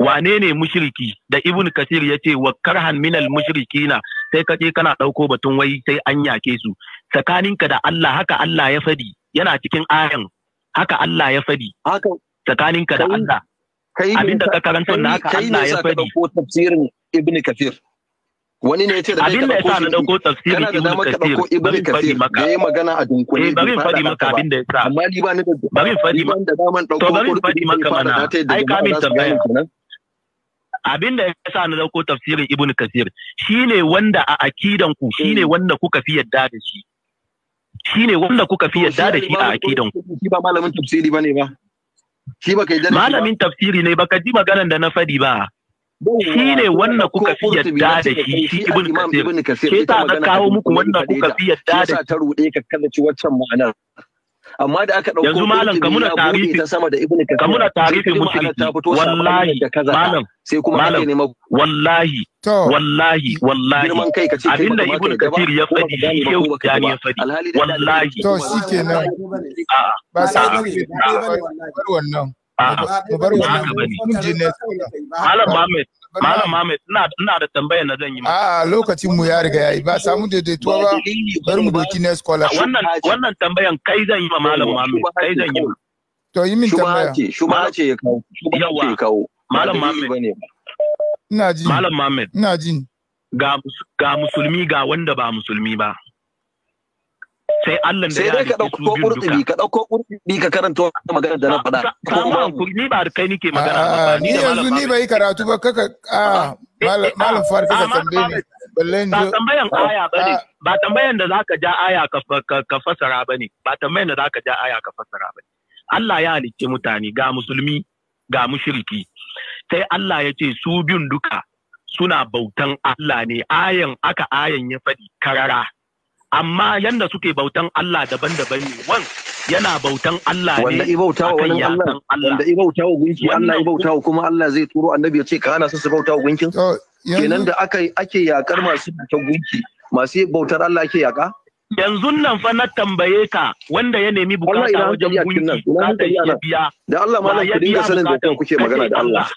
Wane ne mushriki da Ibn kasir ya ce wa karhan minal mushrikina sai ka je kana ɗauko batun wai sai an yake su. Tsakaninka da Allah haka Allah ya fadi yana cikin ayan haka Allah ya fadi. tsakanin ka da Allah Abin da ka na ka Allah ya fadi. kai ne tafsirin Ibn Kathir wani ne yace da abin da yasa na dauko tafsirin Ibn Kathir Ibn Kathir da yayi magana a dunkule eh, bari fadi maka abin da yasa amma ni ba ni da bari faɗi maka to bari faɗi maka mana ai ka min tambaya abin da yasa na dauko tafsirin Ibn Kathir shine wanda a akidan ku shine eh. wanda kuka fi yadda da shi shine wanda kuka fi yadda da shi a akidan ku shi ba malamin tafsiri bane ba Shi baka yadda Malamin tafsiri ne baka ji maganar da na fadi ba. Shi ne wannan kuka fi yadda da shi shi Ibn Kasir. Ke ta aka kawo muku wannan kuka fi yadda da shi. Shi sa ta ruɗe ka kallaci waccan ma'anar. amma da aka dauko yanzu malam ka muna tarihi ta sama da ibn kathir ka muna tarihi mushriki wallahi malam sai kuma malam wallahi wallahi wallahi girman kai ka ce abinda ibn kathir ya fadi shehu jani ya fadi wallahi to shikenan ba sai wannan bar wannan Malam mamet Malam Muhammad ina ina da tambayar na zan yi maka. A lokacin mu ya riga yayi ba samu daidaituwa ba bari mu doki na scholarship. Wannan wannan tambayan kai zan yi ma Malam Muhammad kai zan yi. To yi min tambaya. Shuma ce ya kawo. Yawa. Ya kawo. Malam Muhammad. Ina ji. Malam Muhammad. Ina ji. Ga ga musulmi ga wanda ba musulmi ba. sai Allah da ya ka dauko kurtubi ka dauko kurtubi ka karanta magana da na faɗa ko ma kurni ba kai ke magana ba ni yanzu ni bai karatu ba kaka a eh, malam eh, farfi kaka tambaye ni balle ni ah, ah. ba tambayan aya ne ba tambayan da zaka ja aya ka fasara ne ba tambayan da zaka ja aya ka fasara bane Allah ya halicce mutane ga musulmi ga mushriki sai Allah ya ce su biyun duka suna bautan Allah ne ayan aka ayan ya faɗi karara amma yanda suke bautan Allah daban-daban ne wan yana bautan Allah ne wanda ibauta wa wani Allah wanda ibauta wa gunki Allah ibauta wa kuma Allah zai turo annabi ya ce ka hana su su bauta wa gunkin kenan da aka ake yakar masu bautar gunki masu bautar Allah ake yaka yanzu nan fa na tambaye ka wanda ya nemi bukata wajen gunki bukata ya biya da Allah ma na kudin sanin da kuke magana da Allah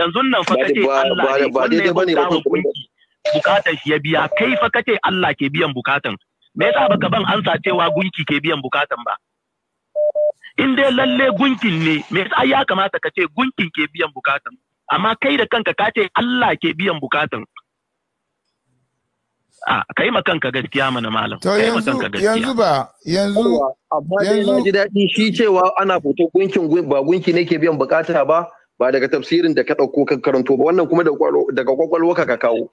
yanzu nan fa kake Allah ne wanda ya bauta gunki bukatar shi ya biya kai fa kace Allah ke biyan bukatan me yasa baka ban ansa cewa gunki ke biyan bukatan ba in dai lalle gunkin ne me yasa ya kamata ka ce gunkin ke biyan bukatan amma kai da kanka ka ce Allah ke biyan bukatan a ah, kai ma kanka gaskiya mana malam to yanzu yanzu ba yanzu yanzu ji dadi shi cewa ana foto gunkin ba gunki ne ke biyan bukata ba ba daga tafsirin da ka ɗauko kan karanto ba wannan kuma daga kwakwalwa ka kawo.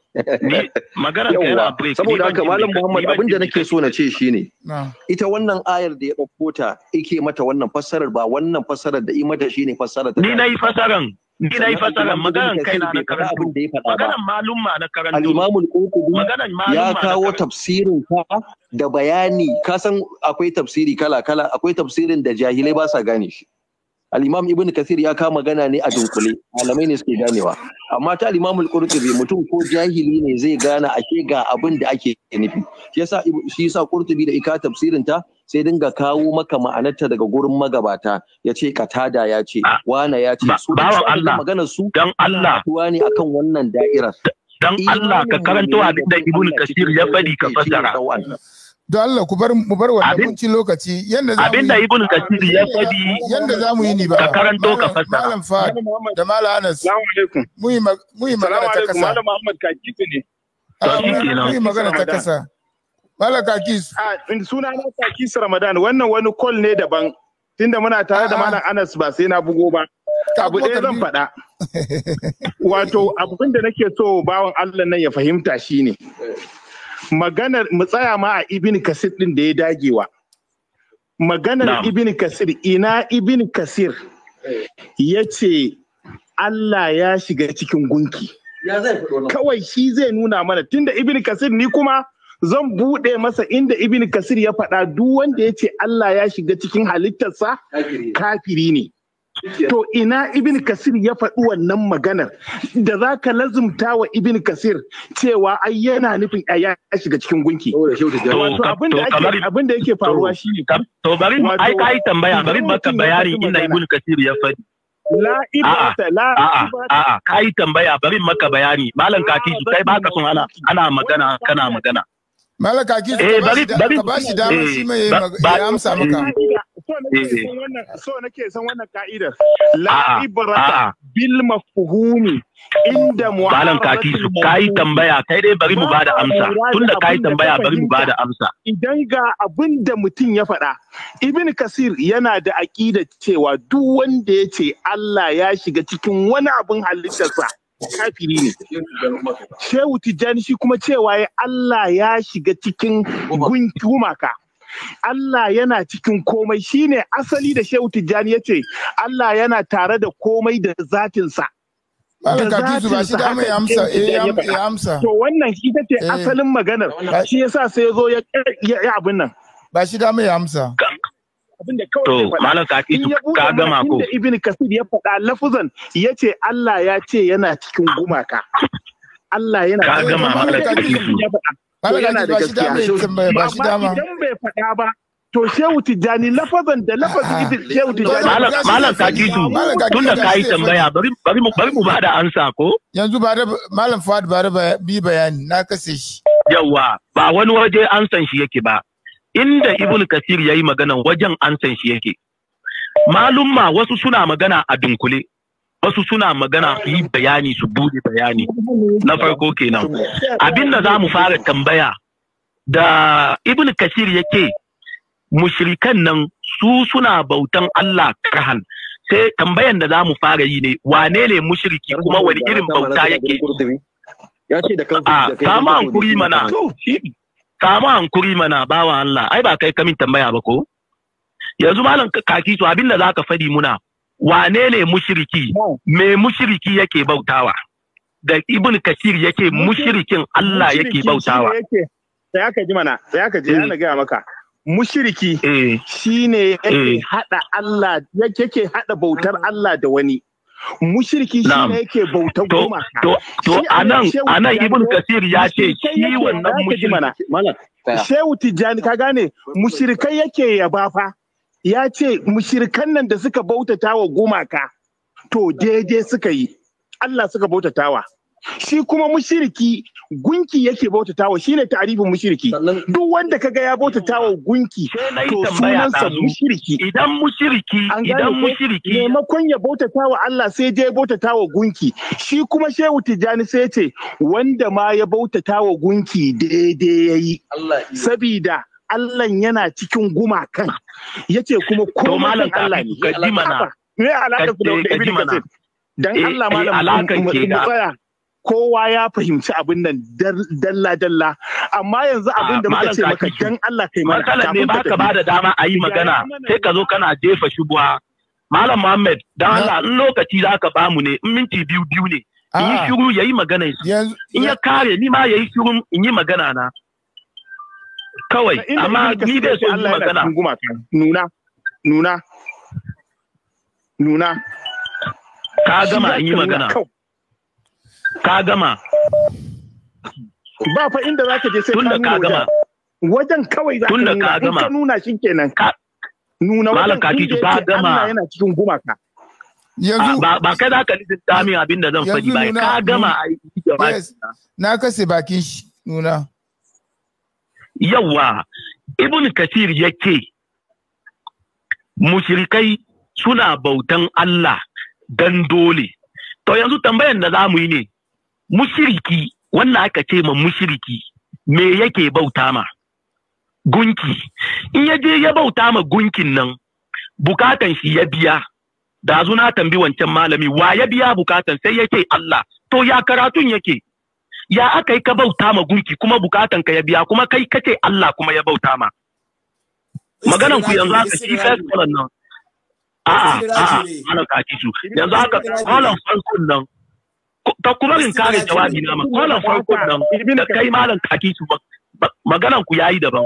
Saboda haka Malam Muhammad abin da nake so na ce shi ne. Ita wannan ayar da ya ɗauko ta ike mata wannan fassarar ba wannan fassarar da imata shi ne fassarar ta. Ni na yi fassarar. Ni na yi fassarar maganar kai na na karanto. Maganar malumma na karanto. Al'imamul Kokobu ya kawo tafsirin ka da bayani. Ka san akwai tafsiri kala-kala akwai tafsirin da jahilai ba sa gane shi. al-imam ibn kathir ya kama magana ne a dunkule malamai ne suke ganewa amma ta al-imam al-qurtubi mutum ko jahili ne zai gana ake ga abin da ake nufi shi yasa shi yasa qurtubi da ika tafsirin ta sai dinga kawo maka ma'anarta daga gurin magabata ya ce katada ya ce ah, wana ya ce su da maganar su dan Allah ne akan wannan da'irar dan Allah ka karanto abin da ibn kathir ya fadi ka fassara don Allah ku bar mu bar wannan kunci lokaci yanda za abinda ibnu kasiri ya fadi yanda za mu yi ni ba ka karanto ka fasa malam fa da malam anas assalamu alaikum mu yi ah, mu yi magana ta kasa malam muhammad kaki ne ah, to shikenan mu yi magana ta kasa malam kaki suna na kaki ramadan wannan wani call ne daban tunda muna tare da ah, malam anas ba sai na bugo ba abu ɗaya zan faɗa wato abin da nake so bawan Allah nan ya fahimta shine maganar mu tsaya ma a ibn kasir din da ya dagewa maganar ibn kasir ina ibn kasir ya ce Allah ya shiga cikin gunki kawai shi zai nuna mana tunda ibn kasir ni kuma zan buɗe masa inda ibn kasir ya faɗa duk wanda ya ce Allah ya shiga cikin halittarsa kafiri ne To ina Ibn Kasir ya faɗi wannan maganar da za ka lazumta wa Ibn Kasir cewa ai yana nufin ya shiga cikin gunki. abin da yake faruwa shi ne. To bari ai ka yi tambaya bari ka bayani inda Ibn Kasir ya faɗi. La ibata la ibata. Ka yi tambaya bari maka bayani. Malam kaki su kai baka son ana ana magana kana magana. Malam kaki eh, ka ba shi dama eh, shi mai ya amsa maka. Eh. so ke eh. san wannan ka'ida la ibrata bil mafhumi inda malam kaki su kai tambaya kai dai bari mu bada amsa tunda kai tambaya bari mu bada amsa idan ga abin da mutum ya faɗa ibn kasir yana da aqida cewa duk wanda ya ce Allah ya shiga cikin wani abin halittarsa kafiri ne shehu tijjani shi kuma cewa Allah ya shiga cikin gunki ka Allah yana cikin komai shine asali da Shehu Tijjani ya ce Allah yana tare da komai da zatinsa. To wannan ita ce eh. asalin maganar shi yasa sai ya zo ya abin nan. Ba shi dama ya amsa. To da kawai faɗa. ka gama ko. Ibn Kasir ya faɗa lafuzan ya ce Allah ya ce yana cikin gumaka. Allah yana. Ka gama malam Katifu. ba yana da gaskiya ba shi dama idan bai faɗa ba to shehu tijjani lafazan da lafazin idil shehu tijjani malam kakitu tun da yi tambaya bari mu ba da ansa ko yanzu ba da malam fuad ba da bi bayani na kasa shi Yawwa, ba wani waje ansan shi yake ba inda ibnu kasir yi maganan wajen ansan shi yake malumma wasu suna magana a dunkule wasu suna magana su yi bayani su bude bayani na farko kenan abin da za mu fara tambaya da ibn ya yake mushrikan nan su suna bautan Allah karhan sai tambayan da za mu fara yi ne wane ne mushriki kuma wani irin bauta yake ya ke? A kanku kama hankuri mana kama hankuri mana bawa Allah ai ba kai kamin tambaya ba ko yanzu malam kaki to abin da ka fadi muna wane ne mushiriki me mushiriki yake bautawa da ibn kashir yake mushirikin Allah yake bautawa sai aka ji mana sai aka ji eh. ana gaya maka mushiriki eh. shine yake eh. hada Allah yake hada bautar Allah da wani mushiriki shi ne yake bautar goma. To, to, anan, anan Ibn Kasir ya ce shi wannan mushiriki. Shehu Tijjani ka gane, mushirikai yake yaba fa. ya ce mushirkan nan da suka bautata wa gumaka to daidai suka yi Allah suka bautatawa shi kuma mushiriki gunki yake bautatawa shine ta'arifin mushiriki duk wanda kaga ya bautatawa gunki to sunansa mushiriki idan mushiriki idan mushiriki maimakon ya bautatawa Allah sai je bautatawa gunki shi kuma Shehu Tijjani sai ce wanda ma ya bautatawa gunki daidai yayi sabida Allahn yana cikin gumakan yace kuma ko malam Allah ne ka ji me alaka ku da ibn kasir dan eh, Allah malam eh, ke da kowa ya fahimci abin nan dalla dalla amma yanzu abin ah, da muka ce maka dan Allah kai mana matsalar ne baka ba da dama a yi magana sai ka zo kana jefa shubuwa malam Muhammad dan Allah in lokaci za zaka bamu ne in minti biyu biyu ne in yi shiru yayi magana in ya kare ni ma yayi shiru in yi magana na kawai amma ni da su magana nuna nuna nuna ka gama in yi magana ka gama ba fa inda zaka je sai ka gama wajen kawai za ka nuna ka gama ka nuna shi kenan nuna wajen ka ji ka gama yana cikin gumaka yanzu ba kai za ka lissin damin abin da zan faɗi ba ka gama a yi na kase bakin shi nuna yawa ibn kasir yake mushrikai suna bautan Allah dan dole to yanzu tambayan da za mu yi ne mushriki wannan aka ce ma mushriki me yake bauta ma gunki in ya je ya bauta ma gunkin nan bukatan shi ya biya da na tambi wancan malami wa ya biya bukatan sai yake Allah to ya karatun yake ya aka yi ka bauta ma gunki kuma bukatan ka ya biya kuma kai kace Allah kuma ya bauta ma maganan ku yanzu aka ci first colon nan a'a a'a ana ka ci su yanzu aka colon farkon nan ta kuma in kare jawabi na ma colon farkon nan da kai malam ka ci su maganan ku yayi daban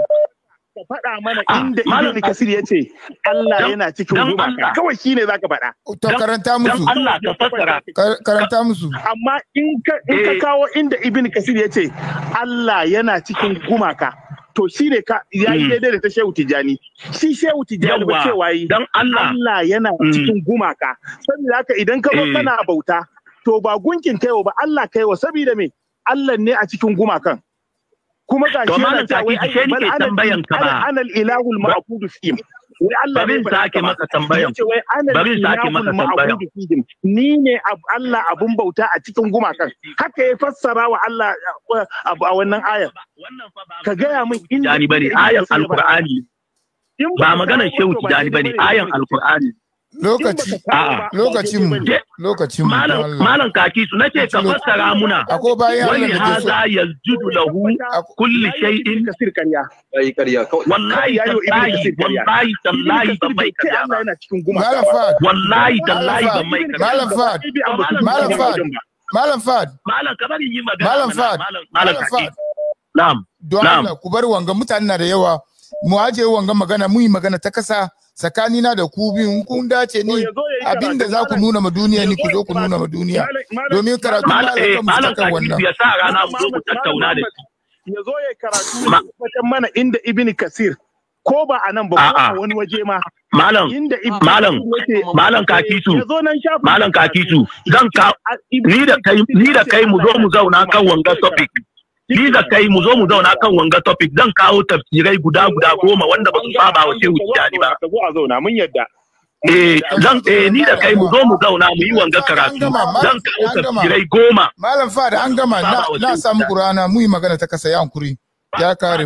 ka faɗa mana ah, inda Ibn Kasir ya ce Allah yana cikin gumaka kawai shine zaka faɗa to karanta musu Allah ka fassara karanta musu amma in ka eh. kawo inda Ibn Kasir ya ce Allah yana cikin gumaka to shi ne ka ya yi hmm. daidai da ta shehu tijani shi shehu tijani ba ce yi dan Allah Allah yana hmm. cikin gumaka saboda haka idan ka eh. kana bauta to ba gunkin kaiwa ba Allah kaiwa saboda me Allah ne a cikin gumakan kuma ga shi nan ta wai shi tambayan ka ba ana ilahul ma'budu fihim wai Allah bai sake maka tambayan ni ne Allah abun bauta a cikin gumakan haka ya fassara wa Allah uh, a wannan ayar ka gaya min inda ni ba maganar shehu tijani bane ayar lokaci lokacin mu lokacin mu malam kaki su nace ka fassara muna ako bayan Allah ne haza yaljudu lahu kulli shay'in kasir kariya ai kariya wallahi tallahi wallahi tallahi ba mai kariya Allah yana cikin guma malam fad wallahi tallahi ba mai kariya malam fad malam fad malam fad malam yi magana malam fad malam na'am ku wanga mutane na da yawa mu aje wanga magana mu yi magana ta kasa tsakanina da ku biyu kun dace ni abinda za ku nuna ma duniya ni ku zo ku nuna ma duniya domin karatu na da mu saka wannan ya sa rana mu zo mu tattauna da shi ya zo ya karatu fatan mana inda ibni kasir ko ba a nan ba ko a wani waje ma malam malam malam kakitu malam kakitu zan ka ni da kai ni da kai mu zo mu zauna kan wanga topic ni da kai mu zo mu zauna kan wanga topic zan kawo tafsirai guda guda goma wanda ba su saba wa shehu tijani ba a zauna mun Eh, zan eh ni da kai mu zo mu zauna mu yi wanga karatu zan kawo tafsirai goma malam fa an gama na samu qur'ana mu yi magana ta kasa ya hankuri ya kare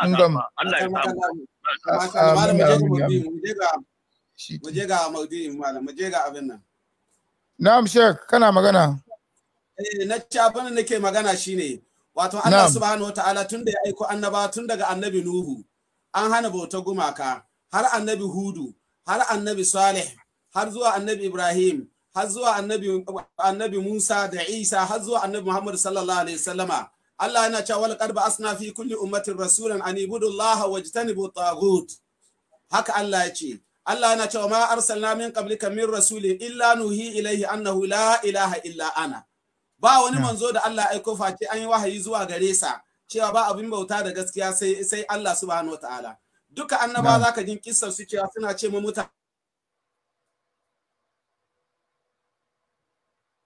An gama Allah ya samu malam mu je ga malam mu je ga abin nan na'am sheikh kana magana eh na ci abin da nake magana shine wato Allah subhanahu wataala tun da ya aiko annaba tun daga annabi Nuhu an hana bauta gumaka har annabi Hudu har annabi Salih har zuwa annabi Ibrahim har zuwa annabi annabi Musa da Isa har zuwa annabi Muhammad sallallahu alaihi wasallama Allah yana cewa wal qad ba'asna fi kulli ummatin rasulan an ibudu Allah wajtanibu taghut haka Allah ya ce Allah yana cewa ma arsalna min qablika min rasulin illa nuhi ilaihi annahu la ilaha illa ana ba wani manzo da Allah aiko face an yi wahayi zuwa gare sa cewa ba abin bauta da gaskiya sai sai Allah subhanahu wataala duka annaba za ka jin kissar su cewa suna ce mu muta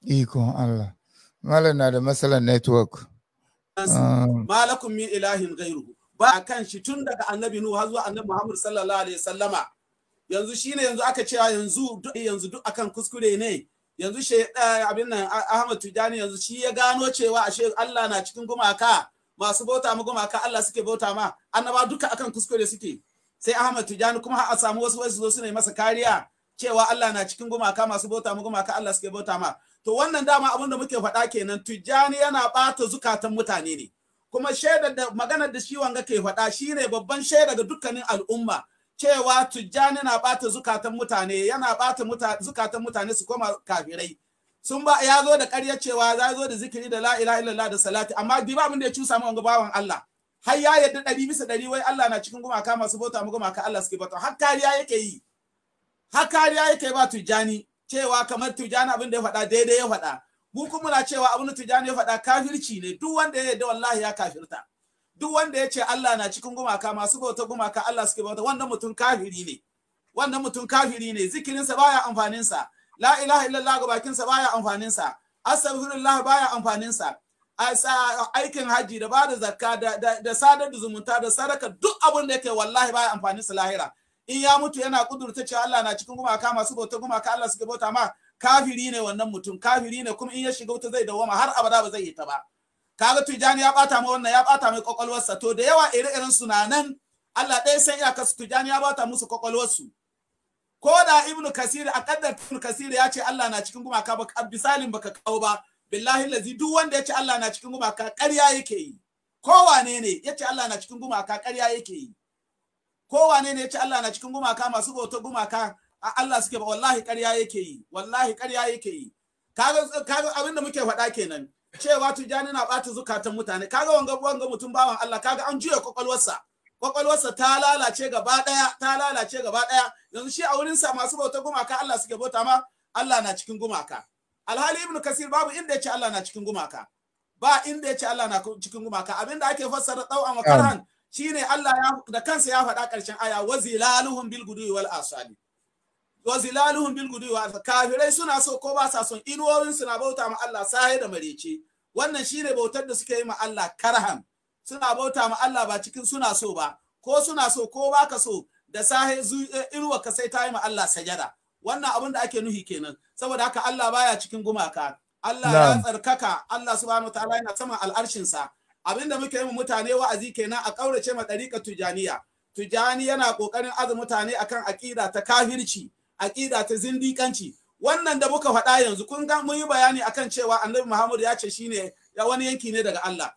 ikon Allah malam na da matsalar network ah. malakum min ilahin ghairuhu ba kan shi tun daga annabi nuhu har zuwa annabi Muhammad sallallahu alaihi wasallama yanzu shine yanzu aka cewa yanzu yanzu duk akan kuskure ne yanzu abin nan Ahmad Tijani yanzu shi ya gano cewa ashe Allah na cikin gumaka masu bauta ma gumaka Allah suke bauta ma annaba duka akan kuskure suke sai Ahmad Tijani kuma a samu wasu wasu zo suna yi masa kariya cewa Allah na cikin gumaka masu bauta ma gumaka Allah suke bauta ma to wannan dama abin da muke faɗa kenan Tijani yana bata zukatan mutane ne kuma shaidar da maganar da shi wanga ke faɗa shine babban shaida ga dukkanin al'umma cewa tujjani na bata zukatan mutane yana bata zukatan mutane su koma kafirai sun ba ya zo da ƙarya cewa za zo da zikiri da la ilaha illallah da salati amma bi ba da ya cusa mu ga bawan Allah har ya yadda ɗari bisa ɗari wai Allah na cikin gumaka masu bauta mu gumaka Allah suke bauta har kariya yake yi har kariya yake ba tujjani cewa kamar tujjani abin da ya faɗa daidai ya faɗa mu kuma na cewa abin da tujjani ya faɗa kafirci ne duk wanda ya yadda wallahi ya kafirta duk wanda ya ce Allah na cikin gumaka masu bauta gumaka Allah suke bauta wannan mutum kafiri ne wannan mutum kafiri ne zikirinsa baya amfaninsa la ilaha illallah ga sa baya amfaninsa astaghfirullah baya amfaninsa aikin haji da bada zakka da sadar da zumunta da sadaka duk abin da yake wallahi baya amfanin sa lahira in ya mutu yana kudurta cewa Allah na cikin gumaka masu bauta gumaka Allah suke bauta ma kafiri ne wannan mutum kafiri ne kuma in ya shiga wuta zai dawoma har abada ba zai yi ta ba kaga tijani ya bata mai wannan ya bata mai sa to da yawa ire-iren su nan Allah ɗaya san iyakar su tijani ya bata musu su ko da ibn kasir a kaddar ibn kasir ya ce Allah na cikin gumaka ba bisalin baka kawo ba billahi lazi duk wanda ya ce Allah na cikin gumaka ƙarya yake yi wane ne ya ce Allah na cikin gumaka ƙarya yake yi wane ne ya ce Allah na cikin gumaka masu bauta gumaka a Allah suke ba wallahi ƙarya yake yi wallahi ƙarya yake yi kaga kaga abinda muke faɗa kenan cewa tijani na bata zukatan mutane kaga wanga wanga mutum bawan Allah kaga an juya kwakwalwarsa kwakwalwarsa ta lalace gaba daya ta lalace gaba daya yanzu shi a wurin sa masu bauta gumaka Allah suke bauta ma Allah na cikin gumaka alhali ibn kasir babu inda yace Allah na cikin gumaka ba inda yace Allah na cikin gumaka abinda ake fassara dau'an wa karhan shine Allah ya da kansa ya faɗa ƙarshen aya wazilaluhum bil gudu wal asali wa zilaluhum bil gudu wa kafirai suna so ko ba sa son inuwoyin suna bauta ma Allah sai da marece wannan shine bautar da suke yi ma Allah karham suna bauta ma Allah ba cikin suna so ba ko suna so ko baka so da sahe eh, irwa ka sai ta yi ma Allah sajada wannan abin da ake nuhi kenan saboda haka Allah baya cikin gumaka Allah ya tsarkaka Allah subhanahu ta'ala yana saman al'arshinsa abinda muke yi mutane wa'azi kenan a kaurace ma dariƙa tujaniya tujani yana kokarin azu mutane akan aƙida ta kafirci aqida ta zindikanci wannan da muka faɗa yanzu kun ga mun yi bayani akan cewa annabi Muhammad ya ce shine ya wani yanki ne daga Allah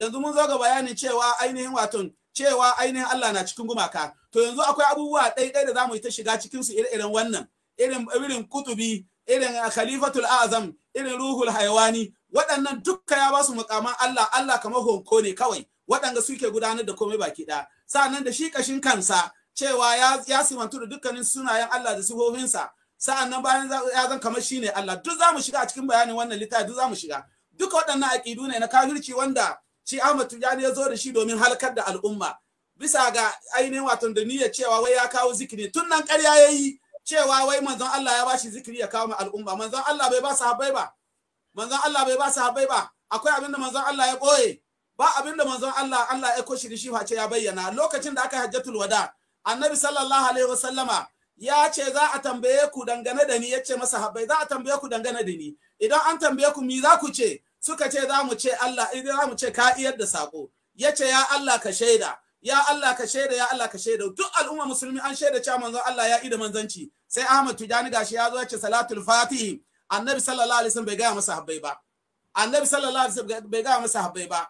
yanzu mun zo ga bayanin cewa ainihin waton cewa ainihin Allah na cikin gumaka to yanzu akwai abubuwa ɗaiɗai da zamu yi ta shiga cikin su irin wannan irin irin kutubi irin khalifatul azam irin ruhul hayawani waɗannan dukka ya ba su mukaman Allah Allah kamar honko ne kawai waɗanda suke gudanar da komai baki ɗaya sa'annan da shi kashin kansa cewa ya ya simantu da dukkanin sunayen Allah da sifofinsa nan bayan ya zan kamar ne Allah duk zamu shiga a cikin bayanin wannan littafi duk zamu shiga duka waɗannan aƙidu ne na kafirci wanda shi Ahmad Tijani ya zo da shi domin halkar da al'umma bisa ga ainihin wato da niyya cewa wai ya kawo zikiri tun nan ƙarya ya yi cewa wai manzon Allah ya bashi zikiri ya kawo al'umma manzon Allah bai ba su habai ba manzon Allah bai ba su habai ba akwai abin da manzon Allah ya ɓoye ba abin da manzon Allah Allah ya koshi da shi face ya bayyana lokacin da aka hajjatul wada annabi sallallahu alaihi wasallama ya ce za a tambaye ku dangane da ni ya ce masa habai za a tambaye ku dangane da ni idan an tambaye ku mi za ku ce suka ce za mu ce Allah idan za mu ce ka iyar da sako ya ce ya Allah ka shaida ya Allah ka shaida ya Allah ka shaida duk al'umma musulmi an shaida cewa manzon Allah ya ida manzanci sai Ahmad Tijani gashi ya zo ya ce salatul fatihi annabi sallallahu alaihi wasallam bai gaya masa habbai ba annabi sallallahu alaihi wasallam bai gaya masa habbai ba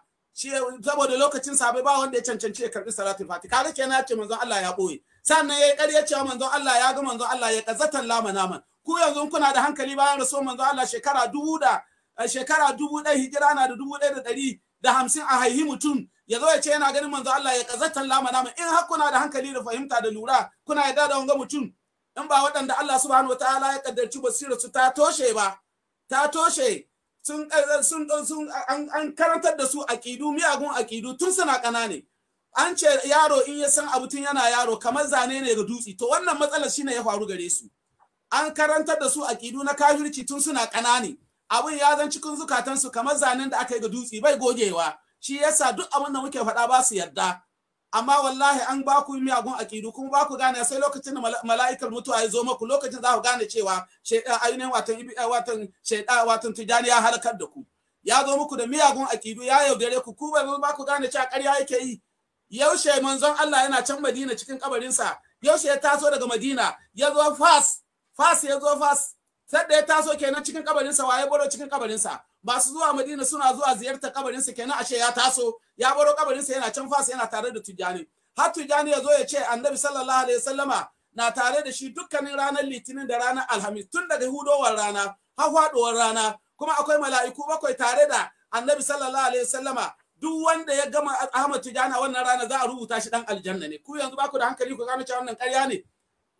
saboda lokacin sabai ba wanda ya cancanci ya karbi salatul fati kaga kenan ya ce manzon Allah ya boye sannan yayi ƙarya cewa manzon Allah ya ga manzon Allah ya kazatan lama ku yanzu kuna da hankali bayan rasu manzon Allah shekara dubu da eh, shekara dubu ɗaya hijira na da dubu ɗaya da ɗari da hamsin a haihi mutum ya zo ya ce yana ganin manzon Allah ya kazatan lama nama! in har kuna da hankali da fahimta da lura kuna yarda da wanga mutum in ba waɗanda Allah subhanahu wataala ya kaddarci basira su ta toshe ba ta toshe sun eh, eh, sun eh, sun an karantar da su aqidu miyagun aqidu tun suna kanane an ce yaro in ya san abu tun yana yaro kamar zane ne ga dutsi, to wannan matsalar shine ya faru gare su an karantar da su aqidu na kafirci tun suna kanane Abun ya zan cikin zukatansu kamar zanen da aka yi ga dutsi bai gogewa shi yasa duk abin da muke faɗa ba su yarda amma wallahi an ba ku miyagun akidu kuma ba ku gane sai lokacin da mala'ikar mutuwa ya zo maku lokacin za ku gane cewa shaidan ainihin watan eh, watan shaidan watan tijani ya halakar da ku ya zo muku da miyagun akidu ya yaudare ku ku ba ba ku gane cewa ƙarya yake yi yaushe manzon Allah yana can Madina cikin kabarinsa yaushe ya taso daga Madina ya zo fas fas ya zo fas sai da ya taso kenan cikin kabarinsa waye boro cikin kabarinsa masu zuwa madina suna zuwa ziyartar kabarinsa kenan ashe ya taso ya baro kabarin sa yana can fasa yana tare da tujani har tujani ya zo ya ce annabi sallallahu alaihi wasallama na tare da shi dukkanin ranar litinin da ranar alhamis tun daga hudowar rana har faduwar rana kuma akwai mala'iku bakwai tare da annabi sallallahu alaihi wasallama duk wanda ya gama Ahmad Tijani a wannan rana za a rubuta shi dan aljanna ne ku yanzu ba da hankali ku gano cewa wannan ƙarya ne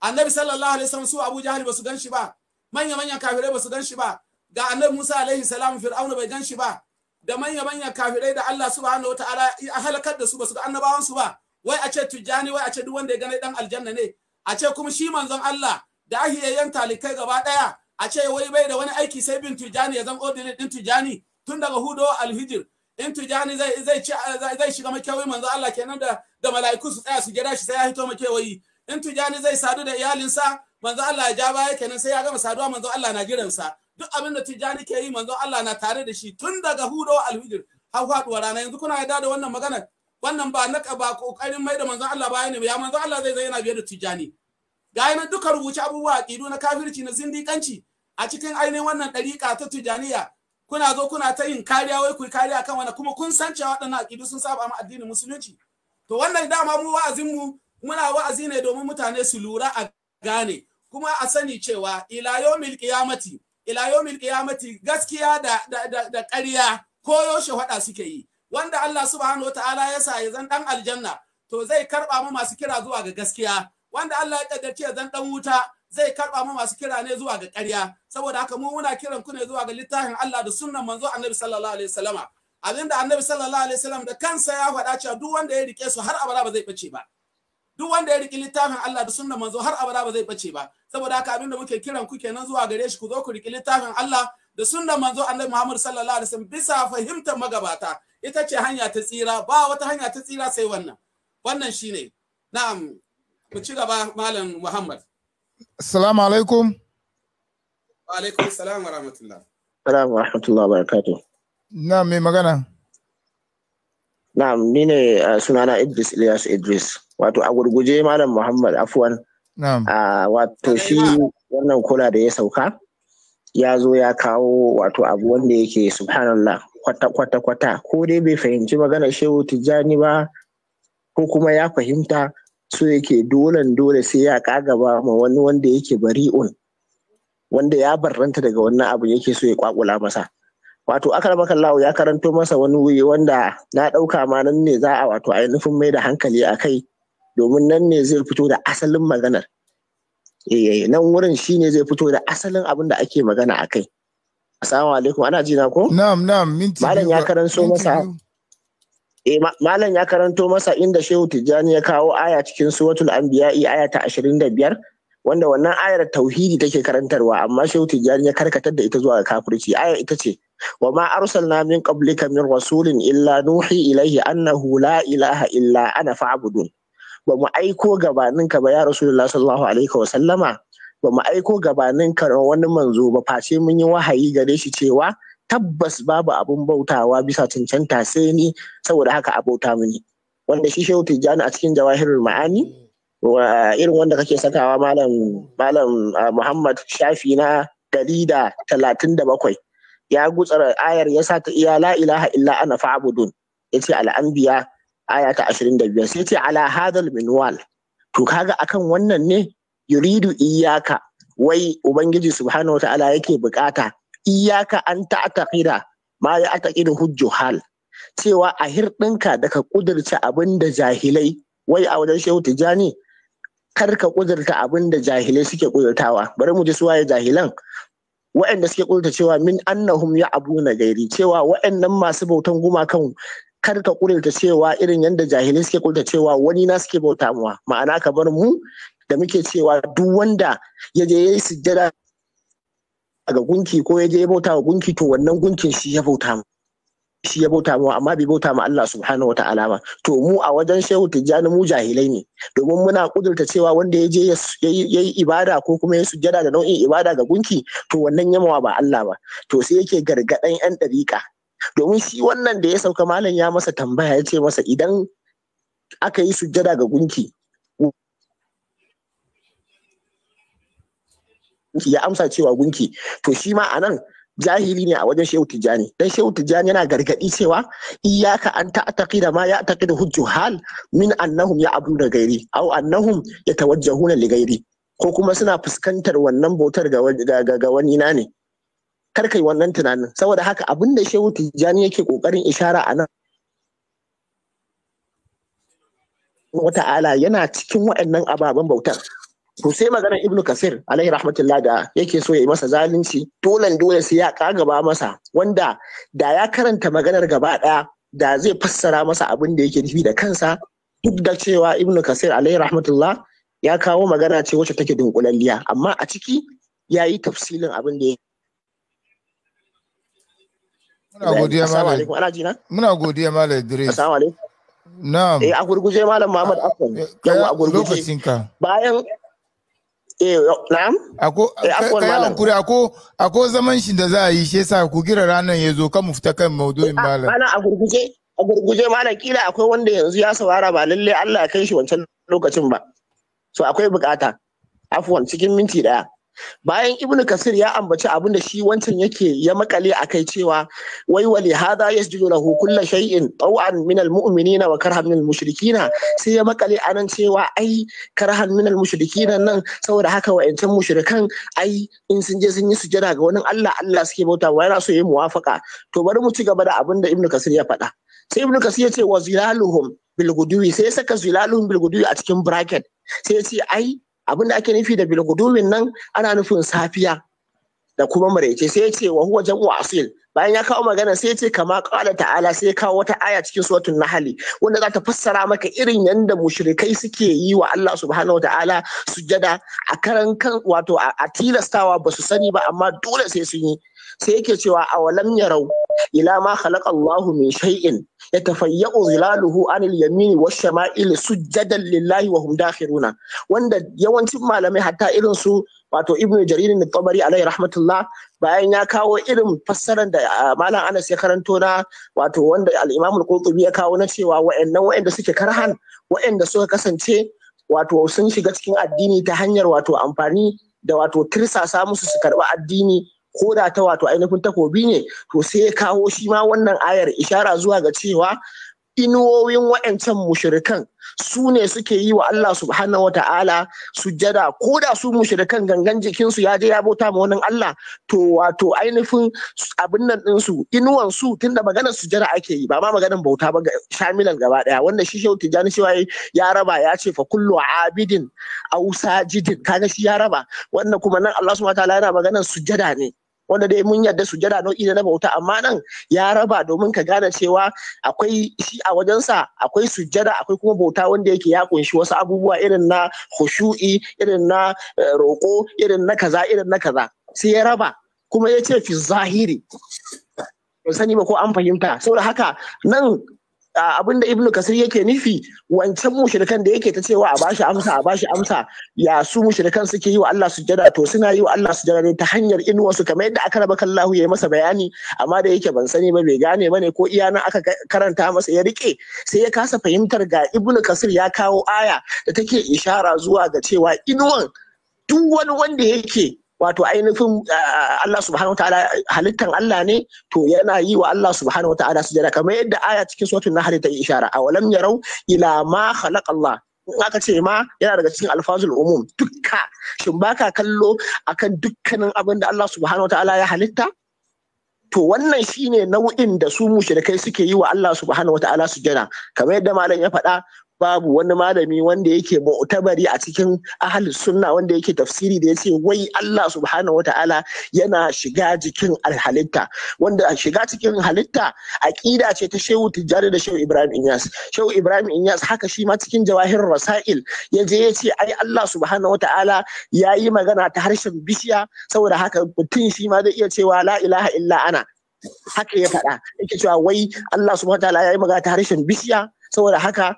annabi sallallahu alaihi wasallam su Abu jahil ba su gan shi ba manya manyan kafirai ba su gan shi ba ga annabi Musa alaihi salam fir'auna bai gan shi ba da manya manya kafirai da Allah subhanahu wataala ya halakar da su ba su ga annabawan su ba wai a ce tujani wai a ce duk wanda ya gane dan aljanna ne a ce kuma shi manzon Allah da ahiyayen talikai gaba daya a ce wai bai da wani aiki sai bin tujani ya zan ordinary din tujani tun daga hudo alhijr in tujani zai zai zai shiga makewayi manzon Allah kenan da da mala'iku su tsaya su gida shi sai ya hito makewayi in tujani zai sadu da iyalinsa manzo Allah ya ja baya kenan sai ya gama saduwa manzon Allah na jiransa duk abin da tijani ke yi manzo Allah na tare da shi tun daga hudo alhijir har faduwa rana yanzu kuna yarda da wannan magana wannan ba naka ba kokarin mai da manzo Allah baya ne ya manzo Allah zai zai yana biyar da Tijani. ga yana duka rubuce abubuwa kidu na kafirci na zindikanci a cikin ainihin wannan dariƙa ta Tijaniya. kuna zo kuna ta yin kariya wai ku kariya kan wani kuma kun san cewa waɗannan aqidu sun saba ma addinin musulunci to wannan dama mu wa'azin mu muna wa'azi ne domin mutane su lura a gane kuma a sani cewa ila yawmil qiyamati ila yomil kiyamati gaskiya da da da ƙarya ko yaushe hada suke yi wanda Allah subhanahu wataala ya sa ya zan dan aljanna to zai karba mu masu kira zuwa ga gaskiya wanda Allah ya kaddace ya zan dan wuta zai karba mu masu kira ne zuwa ga ƙarya saboda haka mu muna kiran ku ne zuwa ga littafin Allah da sunnan manzo Annabi sallallahu alaihi wasallama abinda Annabi sallallahu alaihi wasallam da kansa ya faɗa cewa duk wanda ya rike su har abada ba zai bace ba duk wanda ya riki littafin Allah da sunna manzo har abada ba zai bace ba saboda haka abinda muke kiran ku kenan zuwa gare shi ku zo ku riki littafin Allah da sunna manzo Annabi Muhammad sallallahu alaihi wasallam bisa fahimtar magabata ita ce hanya ta tsira ba wata hanya ta tsira sai wannan wannan shine na'am ku ci gaba malam Muhammad assalamu alaikum wa alaikum assalam wa rahmatullah assalamu wa rahmatullah wa barakatuh na'am mai magana na'am ni ne uh, sunana Idris Ilyas Idris wato a gurguje malam muhammad afwan wato shi wannan kula da ya sauka ya zo ya kawo wato abu wanda yake subhanallah kwata-kwata-kwata ko dai bai fahimci magana shehu tijjani ba ko kuma ya fahimta so yake dolan dole sai ya kagaba ma wani wanda yake bari'un wanda ya barranta daga wannan abu yake so ya kwakula masa wato akal ya karanto masa wani wuyi wanda na ɗauka ma nan ne za a wato ainihin mai da hankali a kai domin nan ne zai fito da asalin maganar eh, eh, nan wurin shi ne zai fito da asalin abin da ake magana a kai assalamu alaikum ana jina ko na'am na'am minti malam ya karanto masa eh, malam ya karanto masa inda shehu tijjani ya kawo aya cikin suratul anbiya'i aya ta biyar. wanda wannan ayar tauhidi take karantarwa amma shehu tijjani ya karkatar da ita zuwa ga kafirci aya ita ce wa ma arsalna min qablika min rasulin illa nuhi ilaihi annahu la ilaha illa ana fa'budun ba mu aiko gabanin ka ba ya rasulullah sallallahu alaihi wa sallama ba mu aiko gabanin ka wani manzo ba face mun yi wahayi gare shi cewa tabbas babu abun bautawa bisa cancanta sai ni saboda haka a bauta mini wanda shi shehu tijjani a cikin jawahirul ma'ani wa irin wanda kake sakawa malam malam ah, muhammad shafi na dalida da talatin da bakwai ya gutsara ayar ya sa ta iya la ilaha illa ana fa'budun yace al anbiya aya ta ashirin da biyar. sai ce ala hadal minwal to kaga akan wannan ne yuridu iyaka wai ubangiji subhanahu ta'ala yake bukata iyaka an ta'taqida ma ya ataqidu hal cewa a hirɗinka da ka kudurta abin da jahilai wai a wajen shehu tijani kar ka kudurta abin da jahilai suke kudurtawa bari mu ji ya jahilan wa'anda suke kudurta cewa min annahum ya abu na gairi cewa wa'annan masu bautan gumakan kar ka kulta cewa irin yadda jahilai suke kulta cewa wani na suke bauta muwa ma'ana ka bar mu da muke cewa duk wanda ya je ya yi sujjada ga gunki ko ya je ya bauta wa gunki to wannan gunkin shi ya bauta mu shi ya bauta mu amma bai bauta mu Allah subhanahu wata'ala ba to mu a wajen shehu tijjani mu jahilai ne domin muna kudurta cewa wanda ya je ya yi ibada ko kuma ya sujjada da nau'in ibada ga gunki to wannan yamawa ba Allah ba to sai yake gargadan yan dariƙa domin shi wannan da ya sauka malam ya masa tambaya ya ce masa idan aka yi sujjada ga gunki ya amsa cewa gunki to shi ma anan jahili ne a wajen shehu tijjani dan shehu tijjani yana gargaɗi cewa iyaka an ta'taqi da ma ya da hujju hal min annahum ya abu da gairi au annahum ya li gairi ko kuma suna fuskantar wannan bautar ga wani na ne kar yi wannan tunanin saboda haka abin da shehu tijjani yake kokarin ishara a nan wata'ala yana cikin waɗannan ababen bautar to sai maganar ibnu kasir alaihi rahmatullah da yake so ya yi masa zalunci Tolan dole sai ya kagaba masa wanda da ya karanta maganar gaba ɗaya da zai fassara masa abin da yake nufi da kansa duk da cewa ibnu kasir alaihi rahmatullah ya kawo magana ce wacce take dunkulalliya amma a ciki ya yi tafsilin abin da ya Muna godiya malam. Ana ji na? Muna godiya malam Idris. Assalamu alaikum. Na'am. Eh a gurguje malam Muhammad Afan. Eh, Yau a gurguje. Lokacin ka. Bayan Eh na'am. Ako eh, kai hankuri ako ako zaman shi da za a yi shi yasa ku gira ranar ya zo ka mu fita kan maudu'in eh, malam. Ana a gurguje a gurguje malam kila akwai wanda yanzu ya saurara ba lalle Allah ya kai shi wancan lokacin ba. So akwai bukata. Afuwan cikin minti daya. bayan ibnu kasir ya ambaci abin da shi wancan yake ya makale a kai cewa wai wali hadha yasjudu lahu kullu shay'in taw'an min almu'minina wa karhan min almushrikina sai ya makale anan cewa ai karhan min almushrikina nan saboda haka wa'ancan mushrikan ai in sun je sun yi sujada ga wani Allah Allah suke bauta wa yana so yi muwafaka to bari mu ci gaba da abin da ibnu kasir ya faɗa sai ibnu kasir ya ce wa zilaluhum bilguduwi sai ya saka zilaluhum bilguduwi a cikin bracket sai ya ce ai abin da ake nufi da bilhudumin nan ana nufin safiya da kuma maraice sai ya ce wa huwa jam'u asil bayan ya kawo magana sai ya ce kama kala ta'ala sai ya kawo wata aya cikin suratul nahli wanda za ta fassara maka irin yanda mushrikai suke yi wa Allah subhanahu ta'ala sujada a karan kan wato a tilastawa ba su sani ba amma dole sai sun yi sai yake cewa awalam yarau ila ma khalaqa Allahu min shay'in yatafayya'u zilaluhu anil yamini wash shama'ili sujjadan lillahi wa hum dakhiruna wanda yawancin malamai hatta irin su wato ibnu jarir ibn tabari alaihi rahmatullah bayan ya kawo irin fassarar da malam Anas ya karanto na wato wanda al-Imam al-Qurtubi ya kawo na cewa wayannan wayanda suke karhan wayanda suka kasance wato sun shiga cikin addini ta hanyar wato amfani da wato tirsasa musu su karba addini ko da ta wato ainihin takobi ne to sai ya kawo shi ma wannan ayar ishara zuwa ga cewa inuwoyin wa'ancan mushirikan su ne suke yi wa Allah subhanahu wa ta'ala sujjada ko da su mushirikan gangan jikinsu ya je ya bauta ma wani Allah to wato ainihin abin nan ɗinsu inuwan su tunda maganar sujjada ake yi ba ma maganar bauta ba ga shamilan gaba daya wanda shi shehu shi cewa ya raba ya ce fa kullu abidin aw sajidin kaga shi ya raba wannan kuma nan Allah subhanahu wa ta'ala yana maganar sujjada ne wanda dai mun yarda su sujada nau'i na bauta amma nan ya raba domin ka gane cewa akwai shi a wajensa akwai sujada akwai kuma bauta wanda yake ya kunshi wasu abubuwa irin na khushu'i irin na eh, roƙo irin na kaza irin na kaza sai ya raba kuma ya ce fi zahiri ban sani ba ko an fahimta saboda haka nan abin da ibnu kasir yake nufi wancan mushrikan da yake ta cewa a bashi amsa a bashi amsa ya su mushrikan suke yi wa Allah sujada to suna yi wa Allah sujada ne ta hanyar inuwa su kamar yadda aka raba kallahu yi masa bayani amma da yake ban sani ba bai gane ba ne? ko iya nan aka karanta masa ya rike sai ya kasa fahimtar ga ibnu kasir ya kawo aya da take ishara zuwa ga cewa inuwan duk wani wanda yake wato ainihin Allah subhanahu wataala halittan Allah ne to yana yi wa Allah subhanahu wataala sujada kamar yadda aya cikin suratul nahl ta yi ishara awalam yarau ila ma khalaqa Allah in aka ce ma yana daga cikin alfazul umum dukka shin baka kallo akan dukkanin abin da Allah subhanahu wataala ya halitta to wannan shine nau'in da su mushrikai suke yi wa Allah subhanahu wataala sujada kamar yadda malam ya faɗa babu wani malami wanda yake mu'tabari a cikin ahalus sunna wanda yake tafsiri da ya ce wai Allah subhanahu wataala yana shiga jikin halitta wanda shiga cikin halitta aqida ce ta Shehu Tijjani da Shehu Ibrahim Inyas Shehu Ibrahim Inyas haka shi ma cikin Jawahir Rasail ya je yace ai Allah subhanahu wataala yayi magana ta harshen bishiya saboda haka mutum shi ma zai iya cewa la ilaha illa ana haka ya faɗa yake cewa wai Allah subhanahu ya yi magana ta harshen bishiya saboda haka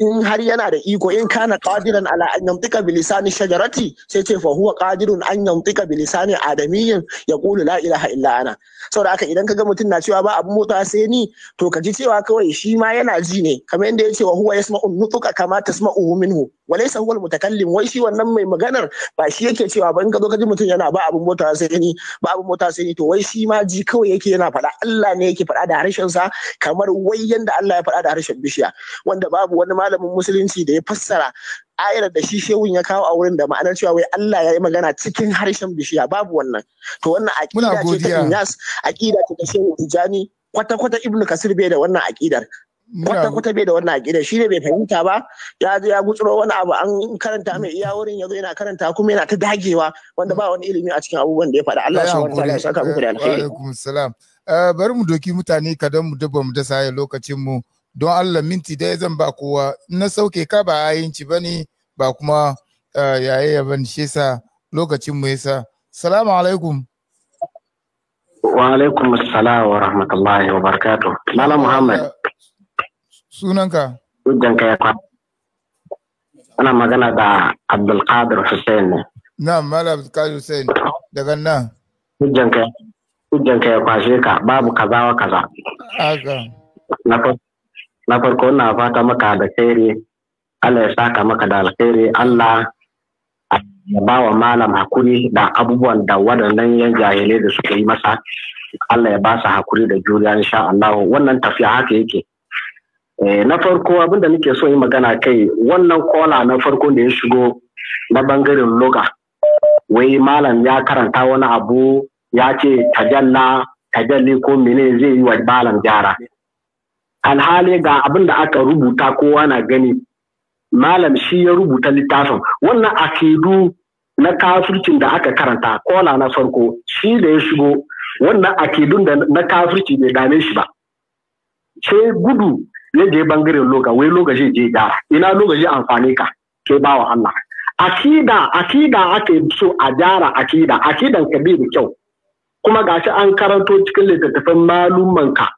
in har yana da iko in kana qadiran ala an yamtika bi lisani shajarati sai ce fa huwa qadirun an yamtika bi lisani adamiyyin yaqulu la ilaha illa ana saboda haka idan kaga mutum na cewa ba abin mota sai ni to ka ji cewa kawai shi ma yana ji ne kamar yadda ya ce wa huwa yasma'u nutuka kama tasma'uhu minhu walaysa huwa almutakallim wai shi wannan mai maganar ba shi yake cewa ba in ka zo ka ji mutum yana ba abin mota sai ni ba abin mota sai ni to wai shi ma ji kawai yake yana faɗa Allah ne yake faɗa da harshen sa kamar wai yanda Allah ya faɗa da harshen bishiya wanda babu wani ma malamin musulunci da ya fassara ayar da shi shehun ya kawo a wurin da ma'anar cewa wai Allah ya yi magana cikin harshen bishiya babu wannan to wannan aqida ce ta Inyas aqida ce ta Shehu Tijani kwata kwata Ibn Kasir bai da wannan aqidar kwata kwata bai da wannan aqidar shi ne bai fahimta ba ya ya gutsuro wani abu an karanta mai iya wurin yazo yana karanta kuma yana ta dagewa wanda ba wani ilimi a cikin abubuwan da ya faɗa Allah shi wanda ya saka muku da alheri eh, bari mu doki mutane kadan mu dabba mu da saye lokacin mu don Allah minti daya zan ba kowa na sauke ka ba ayinci ba ne ba kuma eh, yayaya ban shi sa lokacin mu yasa salamu alaikum wa alaikum assalam wa rahmatullahi wa barakatuh lala muhammad sunanka hujjanka ya kwa ana magana da abdulkadir hussein ne na mala abdulkadir hussein daga nan hujjanka hujjanka ya kwashe ka babu kaza wa kaza na farko na farko na fata maka da khairi Allah ya saka maka da alheri Allah ya ba wa malam hakuri da abubuwan da waɗannan yan jahilai da suka yi masa Allah ya ba su hakuri da juriya insha Allah wannan tafiya haka yake eh, na farko abinda nake so yi magana kai wannan kola na farko da ya shigo na bangaren loga wai malam ya karanta wani abu ya ce tajalla tajalli ko mene zai yi wa malam gyara alhali ga abin da aka rubuta kowa na gani malam shi ya rubuta littafin wannan akidu na kafircin da aka karanta kola na farko shi da ya shigo wannan akidun da na kafirci bai dame shi ba sai gudu ya je bangaren wai lokaci je gyara ina lokaci amfani ka ke bawa Allah akida akida aka yi so a gyara akida akidan ka bai da kyau kuma gashi an karanto cikin littattafan malumanka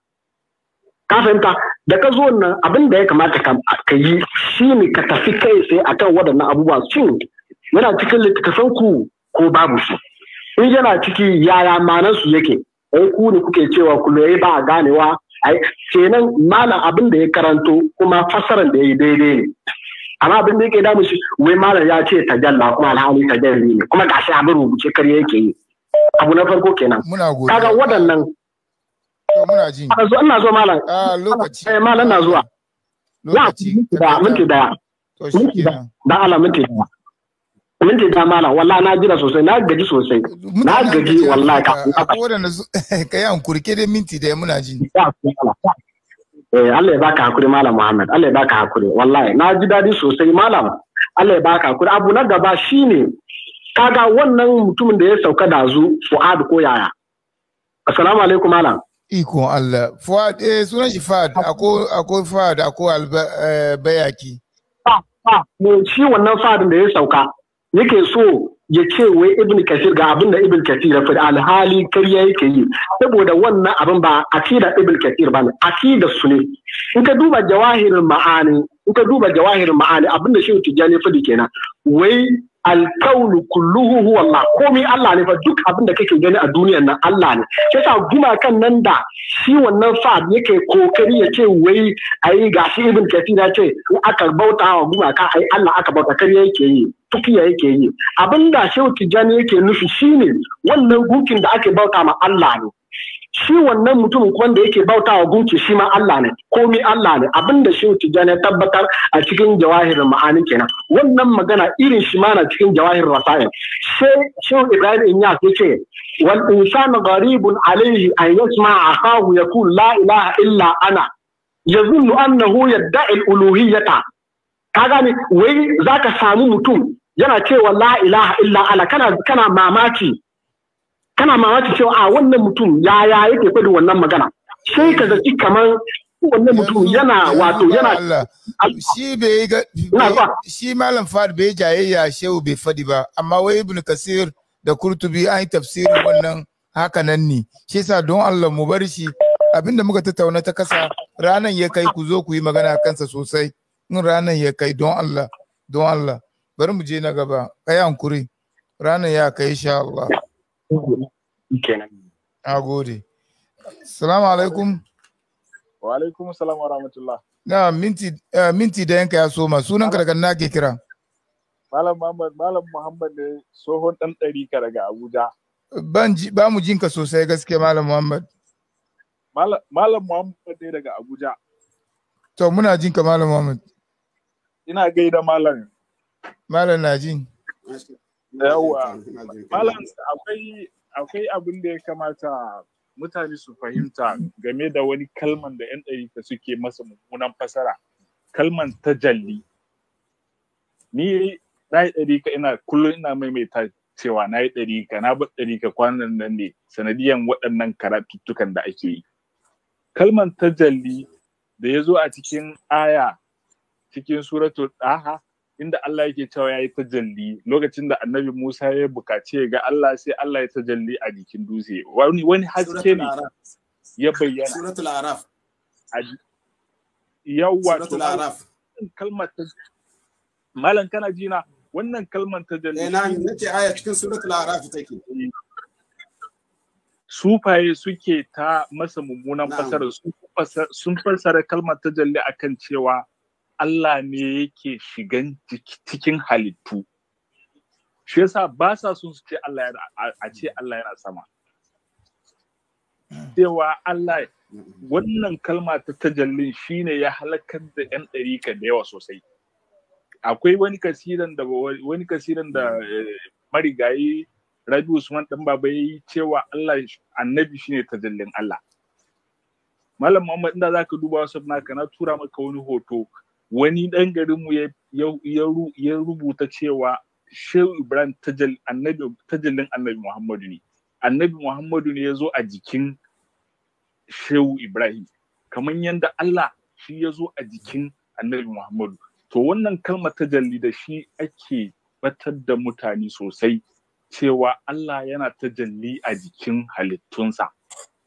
ka fahimta da ka zo nan abin da ya kamata ka yi shi ne ka tafi kai sai a akan waɗannan abubuwa shin yana cikin littattafan ku ko babu su in yana ciki yaya manan su yake ai ku ne kuke cewa ku ba a ganewa ai kenan malam abin da ya karanto kuma fassarar da ya yi daidai ne amma abin da yake damu shi wai malam ya ce ta jalla kuma alhali jalla ne kuma gashi abin rubuce kar yake yi abu na farko kenan kaga waɗannan To muna ji. A zo ina zo malam. A ah, lokaci. Eh malam na zuwa. Lokaci. Da minti daya. To shi kenan. Da Allah minti daya. Minti daya malam wallahi na jira sosai na gaji sosai. Na gaji wallahi ka. Akwai wadanda kai an kurke da minti daya muna ji. Eh Allah ya baka hakuri malam Muhammad. Allah ya baka hakuri wallahi na ji dadi sosai malam. Allah ya baka hakuri abu na gaba shine kaga wannan mutumin da ya sauka dazu Fuad ko yaya. Assalamu alaikum malam. Iko Allah. Fuad, eh, sunan shi Fuad, ah. akwai Fuad, akwai eh, bayaki. Ha, ah, ah, ha, ne shi wannan Fuad da ya sauka, yake so ya ce wai Ibn Kathir ga abin da Ibn Kathir ya alhali karya yake yi, saboda wannan abin ba akida Ibn Kathir ba ne, akida su ne. In ka duba jawahirin ma'ani, in ka duba jawahirin ma'ani abin da shi Tijjani faɗi kenan, wai alkaunu kulluhu huwa Allah komai Allah ne fa duk abin da kake gani a duniyar nan Allah ne sai sa kan nan da shi wannan fa yake kokari ya ce wai ayi gashi ibn kathir ya ce in aka bauta wa ka ai Allah aka bauta kariya yake yi tukiya yake yi abin da shehu yake nufi shine wannan gukin da ake bauta ma Allah ne shi wannan mutumin wanda yake bauta wa gunki shi ma Allah ne komi Allah ne abinda shi ya tabbatar a cikin jawahirin ma'ani kenan wannan magana irin shi ma na cikin jawahirin rasayin sai shi ibrahim inyas ya ce wal insanu gharibun alaihi an yasma akahu yaqul la ilaha illa ana yazunnu annahu yad'i al-uluhiyyata ka gane wai zaka samu mutum yana cewa la ilaha illa ana kana kana mamaki kana mamaki cewa a wannan mutum ya ya yake faɗin wannan magana sai ka zaci kamar wannan mutum yana wato yana shi bai ga shi malam fad bai jayayya shehu bai fadi ba amma wai ibn kasir da kurtubi an yi tafsirin wannan hakanan ne shi yasa don Allah mu bar shi abinda muka tattauna ta kasa ranan ya kai ku zo ku yi magana kansa sosai in ranan ya kai don Allah don Allah bari mu je na gaba kai hankuri ranan ya kai insha Allah kenan a gode salamu alaikum wa alaikum salam wa rahmatullah na minti eh, minti da yanka ya soma sunan ka daga nake kira malam muhammad malam muhammad ne tsohon dan dari ka daga abuja ban ji ba mu jinka sosai gaske malam muhammad malam muhammad ne daga abuja to muna jinka malam muhammad ina gaida malam malam na jin yawa malam akwai akwai abin da ya kamata mutane su fahimta game da wani kalman da 'yan ɗarika suke masa mummunan fasara kalman tajalli ni na yi ɗarika ina kullum ina maimaita cewa na yi ɗarika na bar ɗarika kwanan nan ne sanadiyan waɗannan karatuttukan da ake yi kalman tajalli da ya zo a cikin aya cikin suratul ɗaha inda Allah yake cewa ya yi tajalli lokacin da annabi Musa ya bukaci ga Allah sai Allah ya tajalli a jikin dutse wani wani haske ne ya bayyana suratul araf yawwa suratul araf kalmar malam kana jina wannan kalmar ta Jalli na nace eh, aya cikin suratul araf take sufaye suke ta masa mummunan fasara sun fasara kalmar ta jalli akan cewa Allah ne yake shigan cikin halittu shi yasa ba sa son su ce Allah a ce Allah yana sama cewa Allah wannan kalma ta tajallin ne ya halakar da yan ɗarika da yawa sosai akwai wani kasiran da wani kasiran da eh, marigayi Rabi Usman ɗan baba ya yi cewa Allah annabi ne tajallin Allah Malam Muhammad inda ka duba wasu naka na tura maka wani hoto wani ɗan garinmu ya rubuta cewa shehu ibrahim tajallin annabi muhammadu ne annabi muhammadu ne ya zo a jikin shehu ibrahim kamar yadda allah shi ya zo a jikin annabi muhammadu to wannan kalma tajalli da shi ake batar da mutane sosai cewa allah yana tajalli a jikin halittunsa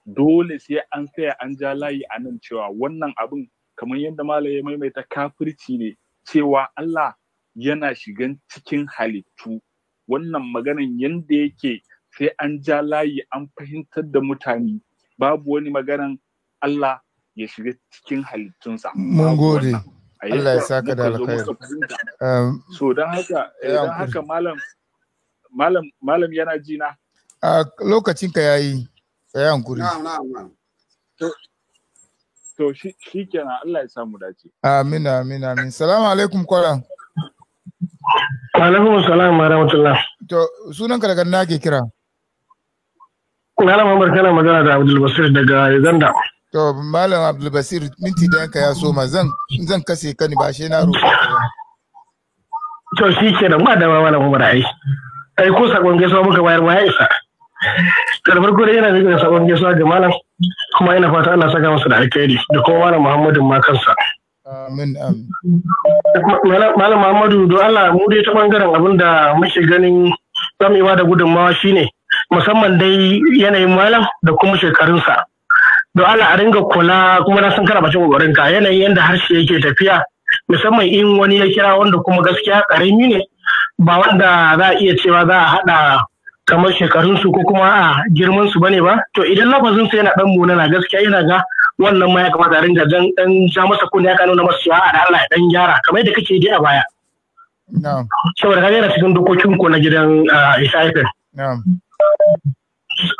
dole sai an tsaya an ja layi a nan cewa wannan abin kamar yadda malam ya maimaita kafirci ne cewa Allah yana shigan cikin halittu wannan maganan yadda yake sai an ja layi an fahimtar da mutane babu wani maganan Allah ya shiga cikin halittunsa. Mun gode. Allah ya saka da alkhairi. Um, so don haka don haka malam malam malam yana jina. A lokacin ka yayi tsaya hankuri. Na'am na'am. To shi kenan Allah ya samu dace. Amin amin amin. Salamu alaikum kwara. Alaikum salam wa rahmatullah. To sunan ka daga na ke kira. Malam Amar kana magana da Abdul Basir daga Uganda. To Malam Abdul Basir minti da yanka ya soma zan zan kase ka ni ba shi na roƙa. To shi kenan ba da Malam Umar ai. Ai ko sakon gaisuwa muka bayar ba ya isa. Karbar gore yana da sakon gaisuwa ga malam. kuma ina fata ana saka masa da alkhairi da kuma malam Muhammadu ma kansa amin amin malam Muhammadu don Allah mu dai ta bangaren abin da muke ganin zamewa da gudunmawa shine musamman dai yanayin malam da kuma shekarunsa don Allah a ringa kula kuma na san kana bacin kokarinka yanayin yadda harshe yake tafiya musamman in wani ya kira wanda kuma gaskiya karami ne ba wanda za a iya cewa za a haɗa kamar shekarunsu ko kuma a girman su bane ba to idan lafazin sai yana dan na gaskiya yana ga wannan ma ya kamata ringa dan dan ja masa kunya ya nuna masa cewa a Allah ya dan gyara kamar yadda kake dai a baya saboda kaga yana cikin dokokin ku na gidan na'am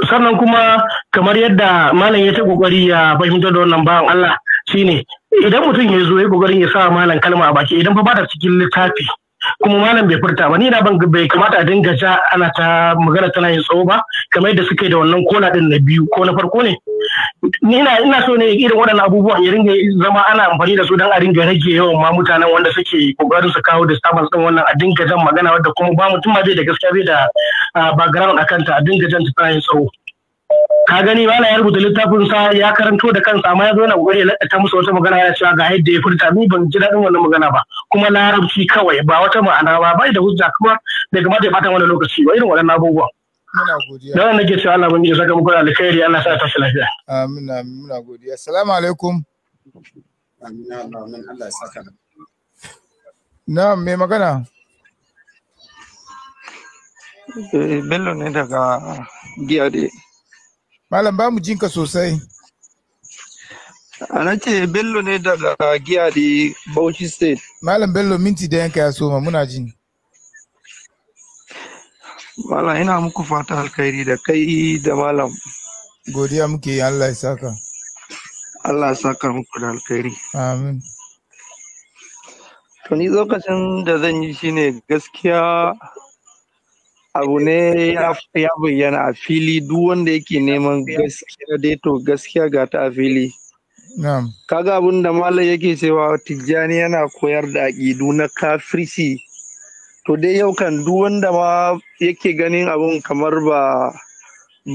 sannan kuma kamar yadda malam ya ta kokari ya fahimtar da wannan bawan Allah shine idan mutum ya zo ya kokarin ya sa malam kalma a baki idan fa ba da cikin littafi kuma malam bai furta ba ni na ban bai kamata a dinga ja ana ta magana tana yin tsawo ba kamar yadda suke da wannan kola din na biyu ko na farko ne ni ina ina so ne irin waɗannan abubuwan ya ringa zama ana amfani da su dan a ringa rage yawan ma mutanen wanda suke kokarin su kawo disturbance din wannan a dinga jan magana wadda kuma ba mutum ma bai da gaskiya bai da ah, background akan ta a dinga jan ta tana yin tsawo ka gani mala ya rubuta littafin sa ya karanto da kansa amma ya zo na kokari ya ta musu wata magana ya cewa ga yadda ya furta ni ban ji daɗin wannan magana ba kuma larabci kawai ba wata ma'ana ba bai da hujja kuma bai kamata ya bata wani lokaci ba irin waɗannan abubuwan muna godiya da nake cewa Allah bani ya saka muku alkhairi Allah sa ta lafiya amin amin muna godiya assalamu alaikum amin amin Allah ya saka na me magana eh, Bello ne daga Giyade. Malam ba mu jinka sosai. A ce Bello ne daga da Bauchi State. Malam Bello minti da yanka ya soma muna jin. wala ina muku fata alkhairi da kai da malam. Godiya muke yi Allah ya saka. Allah ya saka muku da alkhairi. Amin. To ni lokacin da zan yi shine gaskiya abu ne ya bayyana a fili duk wanda yake neman gaskiya dai to gaskiya ga ta a fili kaga abunda da malam yake cewa tijjani yana koyar da aƙidu na kafirci to dai yau kan duk wanda ma yake ganin abun kamar ba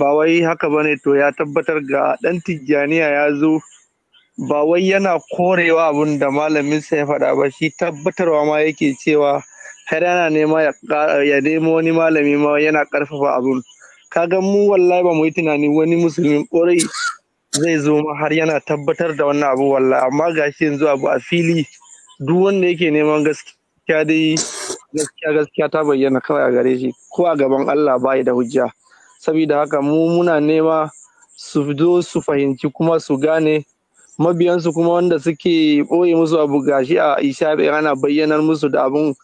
ba wai haka ba to ya tabbatar ga ɗan tijjaniya ya zo ba wai yana korewa abun da malaminsa ya faɗa ba shi tabbatarwa ma yake cewa har yana nema ya nemo wani malami ma yana karfafa abun kaga mu wallahi ba mu yi tunani wani musulmin ƙorai zai zo ma har yana tabbatar da wannan abu wallahi amma gashi yanzu abu a fili duk wanda yake neman gaskiya dai gaskiya gaskiya ta bayyana kawai a gare shi ko a gaban Allah bai da hujja saboda haka mu muna nema su zo su fahimci kuma su gane mabiyansu kuma wanda suke ɓoye musu abu gashi a isha ana bayyanar musu da abun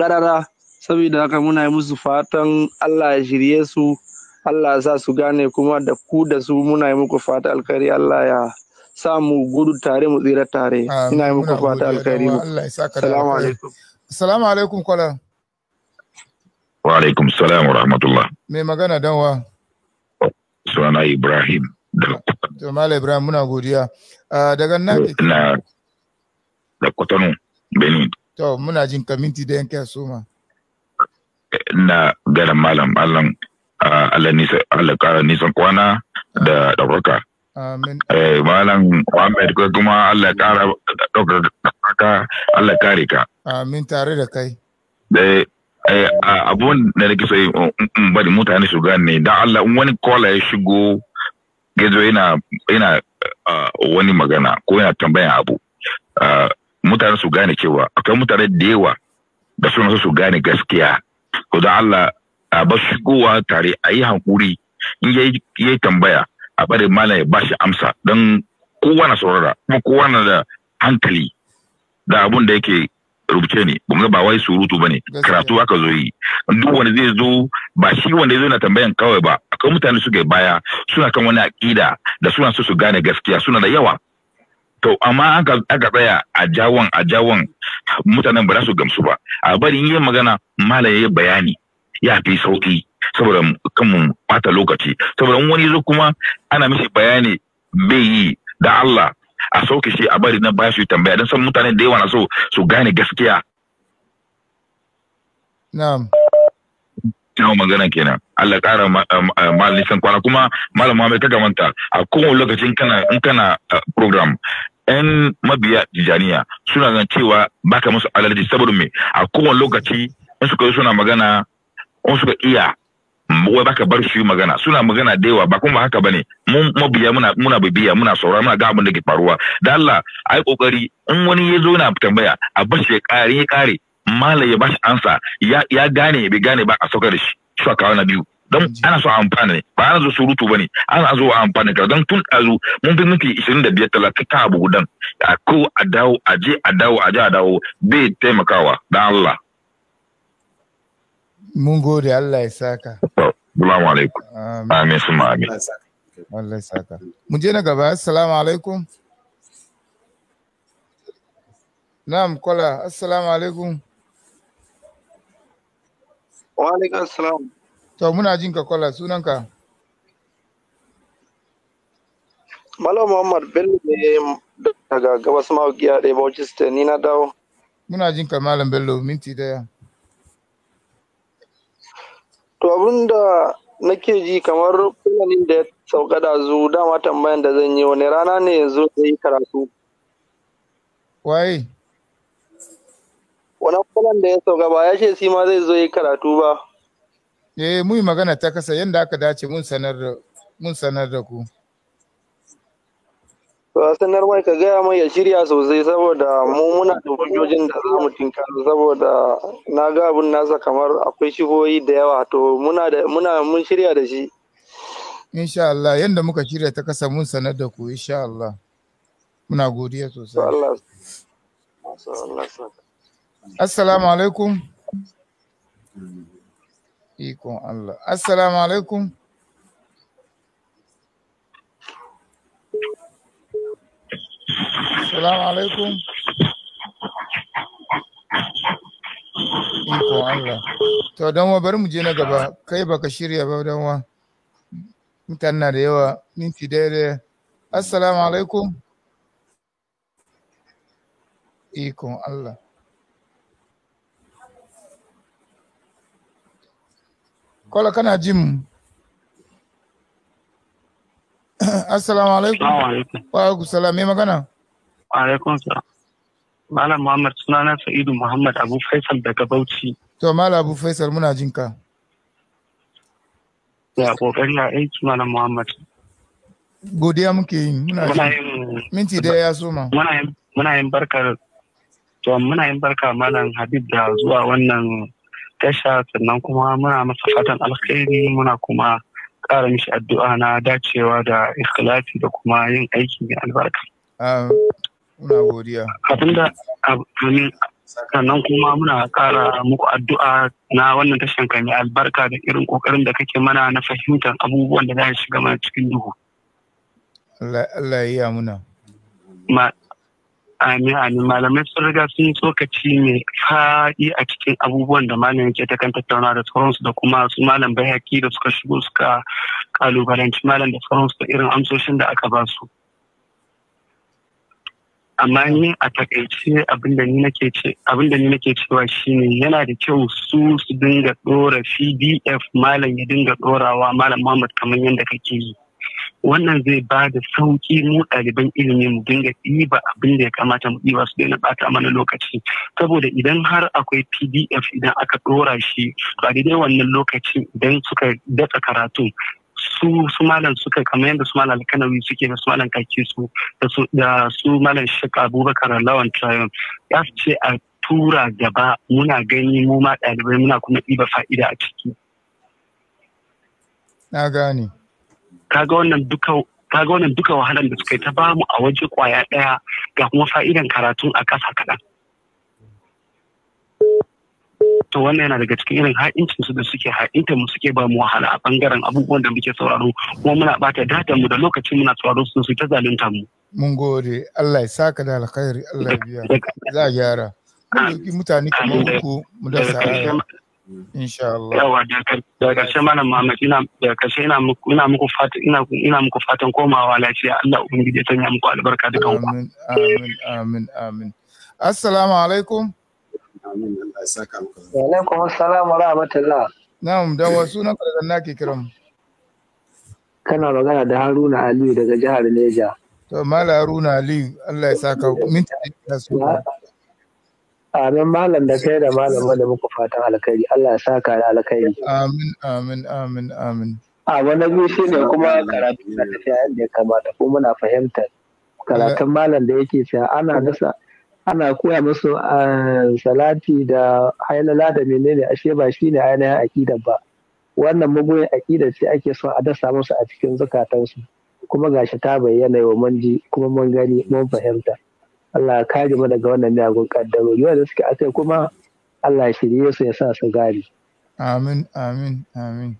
ƙarara saboda haka muna yi musu fatan Allah ya shirye su Allah ya sa su gane kuma da ku da su muna yi muku fata alkari Allah ya sa mu gudu tare mu tsira tare ina yi muku fata alkari salamu alaikum salamu alaikum kwala wa alaikum salam wa rahmatullah mai magana danwa sunana ibrahim Jamal Ibrahim muna godiya. Ah, daga nan? Na da kwatano Benin. To muna jin ka minti da yanke ma. Na ganin malam Allah Allah nisa Allah kara nisan kwana da ɗaukaka. Eh malam Muhammad ko kuma Allah kara ɗaukaka Allah kare ka. Amin tare da kai. Eh, eh abun da nake so in bari mutane su gane dan Allah in wani kola ya shigo gezo yana wani magana ko yana tambayan abu. mutane su gane cewa akwai mutane da yawa da suna su gane gaskiya ko da Allah a ba su kowa tare a yi hankuri in yayi tambaya a bare mana ya bashi amsa don kowa na saurara kuma kowa na da hankali da abun da yake rubuce ne kuma ba wai surutu bane karatu aka zo yi duk wanda zai zo ba shi wanda zai zo na tambayan kawai ba akwai mutane suke baya suna kan wani aƙida da suna so su gane gaskiya suna da yawa To amma aka tsaya a jawon a jawon mutanen ba za su gamsu ba. A bari yi magana malam ya bayani ya fi sauki saboda kanmu bata lokaci. Saboda wani zo kuma ana mishi bayani bai yi da Allah a sauki shi a bari na ba su yi tambaya don san mutane da yawa na so su gane gaskiya. Na'am. na magana kenan Allah ƙara mal eh, eh, nisan kwana kuma malam Muhammad kaga manta a kowane lokacin kana in kana eh, program yan mabiya jijaniya suna zan cewa baka musu alalaji saboda me a kowane lokaci in suka yi suna magana in suka iya wai baka bar shi magana suna magana da yawa ba kuma haka bane mun mabiya muna muna bibiya muna saurara muna ga abin da ke faruwa da Allah ai kokari in wani ya zo yana tambaya a bar shi ya kare ya kare malam ya bashi ansa ya ya gane bai gane ba a sauka da shi shi kawo na biyu don ana so amfana ne ba ana zo surutu ba ne ana zo a amfana ka don tun ɗazu mun fi minti ishirin da biyar talatin ta abu gudan a ko a dawo a je a dawo a je a dawo bai taimakawa da Allah. Mun gode Allah ya saka. Salamu alaikum. Amin su amin. Allah ya saka. Mun je na gaba. Assalamu alaikum. Na'am kola. Assalamu alaikum. Wa alaikum To muna jin ka sunanka. Malam Muhammad Bello ne daga gabas mawukiya ɗaya Bauchi State ni na dawo. Muna jin ka Malam Bello minti daya. To abinda nake ji kamar kulanin da ya sauka da zu dama tambayan da zan yi wani rana ne yanzu da yi karatu. Waye? Wani kwanan da ya sauka ba ya ce shi ma zai zo yi karatu ba eh mun magana ta kasa yadda aka dace mun sanar da mun sanar da ku to a sanar mai ka gaya mai ya shirya sosai saboda mu muna da hujjojin da za mu tinkaro saboda na ga abin nasa kamar akwai shigoyi da yawa to muna da muna mun shirya da shi insha Allah yanda muka shirya ta kasa mun sanar da ku insha Allah muna godiya sosai Allah Allah Assalamu alaikum. Ikon Allah. Assalamu alaikum. Assalamu alaikum. Ikon Allah. To, don wa bari mu je na gaba, kai baka shirya ba don wa. Mutane da yawa, minti daidai. Assalamu alaikum. Ikon Allah. kola kana jin mu assalamu alaikum wa alaikum salam me magana wa alaikum salam malam muhammad sunana sa'idu muhammad abu faisal daga bauchi to malam abu faisal muna jin ka ya kokari a aiki malam muhammad godiya muke yi muna yin minti da ya soma muna yin barkar to muna yin barka malam habib da zuwa wannan tasha sannan kuma muna masa fatan alkhairi muna kuma ƙara mishi addu'a na dacewa da ikhlasi da kuma yin aiki mai albarka. Muna godiya. sannan kuma muna ƙara muku addu'a na wannan tashan ka mai albarka da irin ƙoƙarin da kake mana na fahimtar abubuwan da za a shiga mana cikin duhu. Allah ya muna. Amin amin malamai sun riga sun yi tsokaci mai faɗi a cikin abubuwan da malam yake ta kan tattauna da sauransu da kuma su malam bayaki da suka shigo suka kalubalanci malam da sauransu da irin amsoshin da aka ba su. Amma ni a takaice abinda ni nake cewa shine yana da kyau su su dinga ɗora C.D.F, malam ya dinga ɗorawa malam Muhammad kamar yadda kake yi. wannan zai ba da sauƙi mu ɗaliban ilimi mu dinga ɗiba abin da ya kamata mu ɗiba su daina ɓata mana lokaci saboda idan har akwai pdf idan aka ɗora shi ba daidai wannan lokaci idan suka datsa karatu su su malam suka kamar yadda su malam alkanawi suke da su malam kaki su da su malam shek abubakar lawan trayon ya ce a tura gaba muna gani mu ma ɗalibai muna kuma ɗiba fa'ida a ciki. Na gane. kaga wannan duka kaga wannan duka wahalar da suka yi ta bamu a waje kwaya ɗaya ga kuma fa'idan karatu a ƙasa kaɗan to wannan yana daga cikin irin ha'incin su da suke ha'inta mu suke ba mu wahala a bangaren abubuwan da muke sauraro kuma muna bata data mu da lokacin muna sauraro su su ta zalunta mu mun gode Allah ya saka da alkhairi Allah ya biya za a gyara mutane kamar ku mu da sa'a insha Allah yawa da karshe malam Muhammad ina da karshe ina muku ina muku fatan ina ina muku fatan komawa lafiya Allah ubangiji ya sanya muku albarka dukan ku amin amin amin amin assalamu alaikum amin Allah ya saka muku wa alaikum assalam wa rahmatullah na'am da wasu na karkan nake kiran kana magana da Haruna Aliyu daga jihar Neja to mala Haruna Aliyu Allah ya saka minti da su Amin malam da kai da malam da muku fatan alkhairi. Allah ya saka da alkhairi. Amin amin amin amin. A wani biyu shine kuma karatu na tafiya yadda ya kamata ko muna fahimtar karatun malam da yake cewa ana nasa ana koya musu salati da hailala da menene ashe ba shine ainihin akida ba. Wannan mugun akida ce ake so a dasa musu a cikin zukatansu kuma gashi ta bayyana wa mun ji kuma mun gani mun fahimta. Allah ya kare mu daga wannan miyagun kaddarori wanda suke ake kuma Allah ya shirye su ya sa su gari. amin amin amin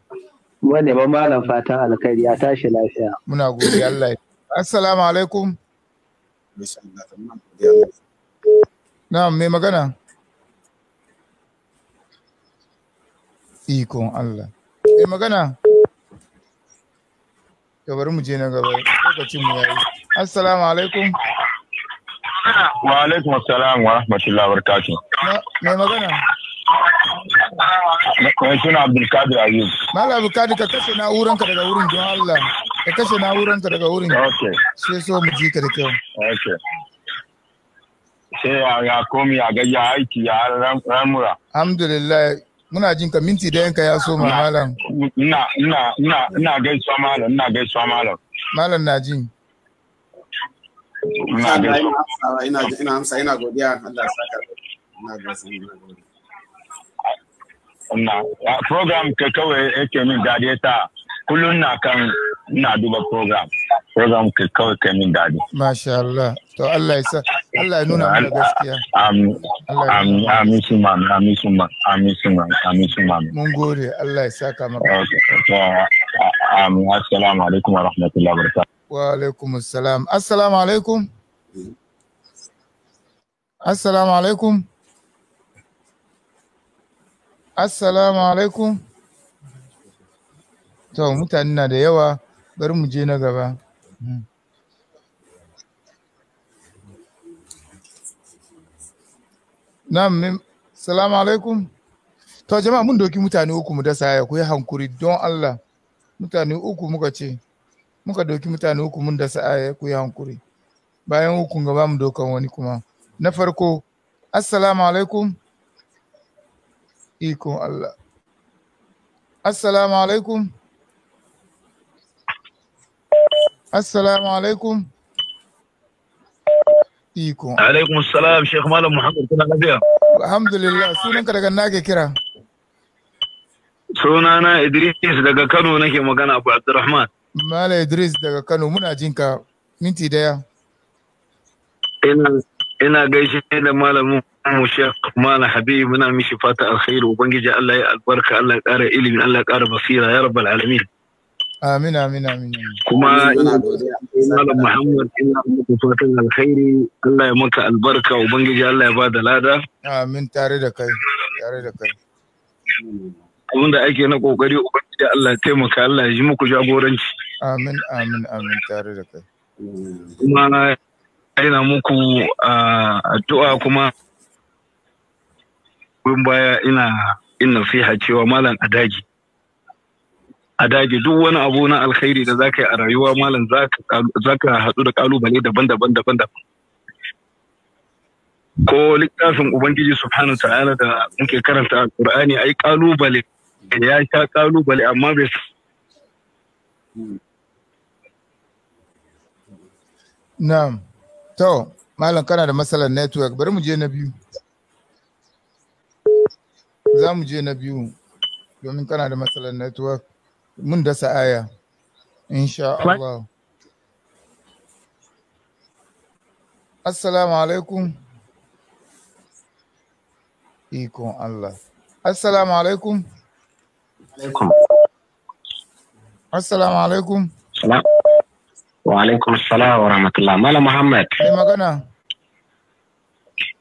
mu ne ba malam fatan alkhairi ya tashi lafiya muna gode Allah assalamu alaikum na'am me magana ikon Allah me magana Ya bari mu je na gaba lokacin mu yayi assalamu alaikum Wa alaikum assalam wa rahmatullahi wa barakatuh. mai magana? Mai suna Abdulkadir Ayub. Mala Abdulkadir ka kashe na'uranka daga wurin don Allah. Ka kashe na'uranka daga wurin. Okay. Sai so mu ji ka da kyau. Okay. Sai ya ya komi ya ga ya aiki ya ramura. Alhamdulillah. Muna jin ka minti da yanka ya so malam. Ina ina ina ina gaisuwa malam ina gaisuwa malam. Malam na jin. na program ke kawai yake min dadi ta sa kullum na kan na duba program program ke kawai ke min dadi masha Allah to Allah ya sa Allah ya nuna mana gaskiya amin amin amin su ma amin su ma amin su ma amin su ma mun gode Allah ya saka maka to amin assalamu alaikum wa rahmatullahi wa barakatuh Wa alaikum salam. Assalamu alaikum. Assalamu alaikum. Assalamu alaikum. To mutane na da yawa bari mu je na gaba. Hmm. Na'am, salamu alaikum. To jama'a mun doki mutane uku mu dasa ya ku yi hankuri don Allah. Mutane uku muka ce. muka ɗauki mutane uku mun da sa'a ku yi hankuri bayan uku gaba mu dokan wani kuma na farko assalamu alaikum ikon Allah assalamu alaikum assalamu alaikum ikon alaikum salam sheikh malam muhammad kuna lafiya alhamdulillah sunan ka daga nake kira sunana idris daga kano nake magana abu abdurrahman Mala Idris daga Kano muna jin ka minti daya. Ina ina gaishe da malamin mu Sheikh Mala Habib muna mishi fata alkhairi ubangiji Allah ya albarka Allah ya ƙara ilimi Allah ya ƙara basira ya rabbal alamin. Amin amin amin. Kuma ina Malam Muhammad ina muku fatan alkhairi Allah ya maka albarka ubangiji Allah ya bada lada. Amin tare da kai tare da kai. abinda da ake na kokari ubangiji Allah taimaka Allah ya ji muku jagoranci amin amin amin tare da kai kuma ina muku addu'a kuma gun baya ina in nasiha cewa malam a dage a duk wani abu na alkhairi da zaka yi a rayuwa malam zaka haɗu da kalubale daban-daban daban-daban ko littafin ubangiji subhanahu ta'ala da muke karanta alqur'ani ai kalubale ya sha kalubale amma bai Na'am. To, malam kana da matsalar network, bari mu je na biyu. Za mu je na biyu domin kana da matsalar network. Mun dasa aya. Insha Allah. Assalamu alaikum. Ikon Allah. Assalamu alaikum. alaikum. Assalamu alaikum. Wa alaikum salam wa rahmatullah. Mala Muhammad. Mai magana.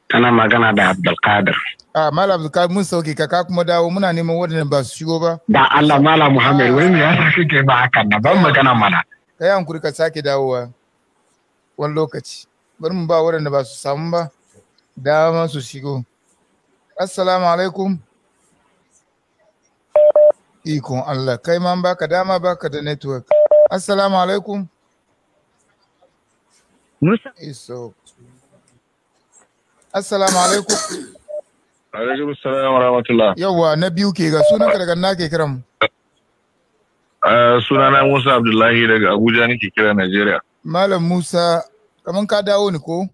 Kana magana da Abdulkadir. A ah, Malam Abdulkadir mun sauke ka ka kuma dawo muna neman waɗanda ba su shigo ba. Da Allah Mala Muhammad wai me yasa kike ba hakan da ban magana mana. Kai an ka sake dawowa wani lokaci. Bari mu ba waɗanda ba su samu ba dama su shigo. Assalamu alaikum. Ikon Allah, kai ma baka dama baka da network. Assalamu alaikum. Musa. Iso. Assalamu alaikum. Alaikum assalamu rahmatullah. Yawwa na biyu ke ga sunanka daga na ke kiran. Ah, na Musa Abdullahi daga Abuja nake kira Najeriya. Malam Musa, kaman ka dawo ni ko?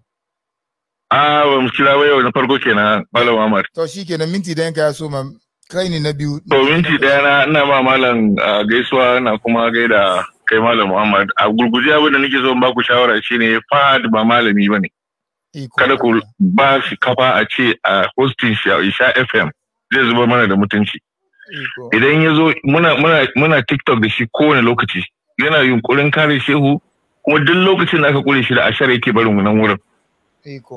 Ah, ba mu kira ba yau na farko kenan, Malam Ahmad. To shi kenan minti da yanka ya so ma kai ne na biyu to minti daya na ina ma malam gaisuwa na kuma gaida kai malam Muhammad a gurguje abin da nake so in baku shawara shine Fahad ba malami bane kada ku ba shi kafa a ce a hosting shi a Isha FM zai zuba mana da mutunci idan ya zo muna TikTok da shi kowane lokaci yana yunkurin kare shehu kuma duk lokacin da aka kure shi da ashar yake barin nan wurin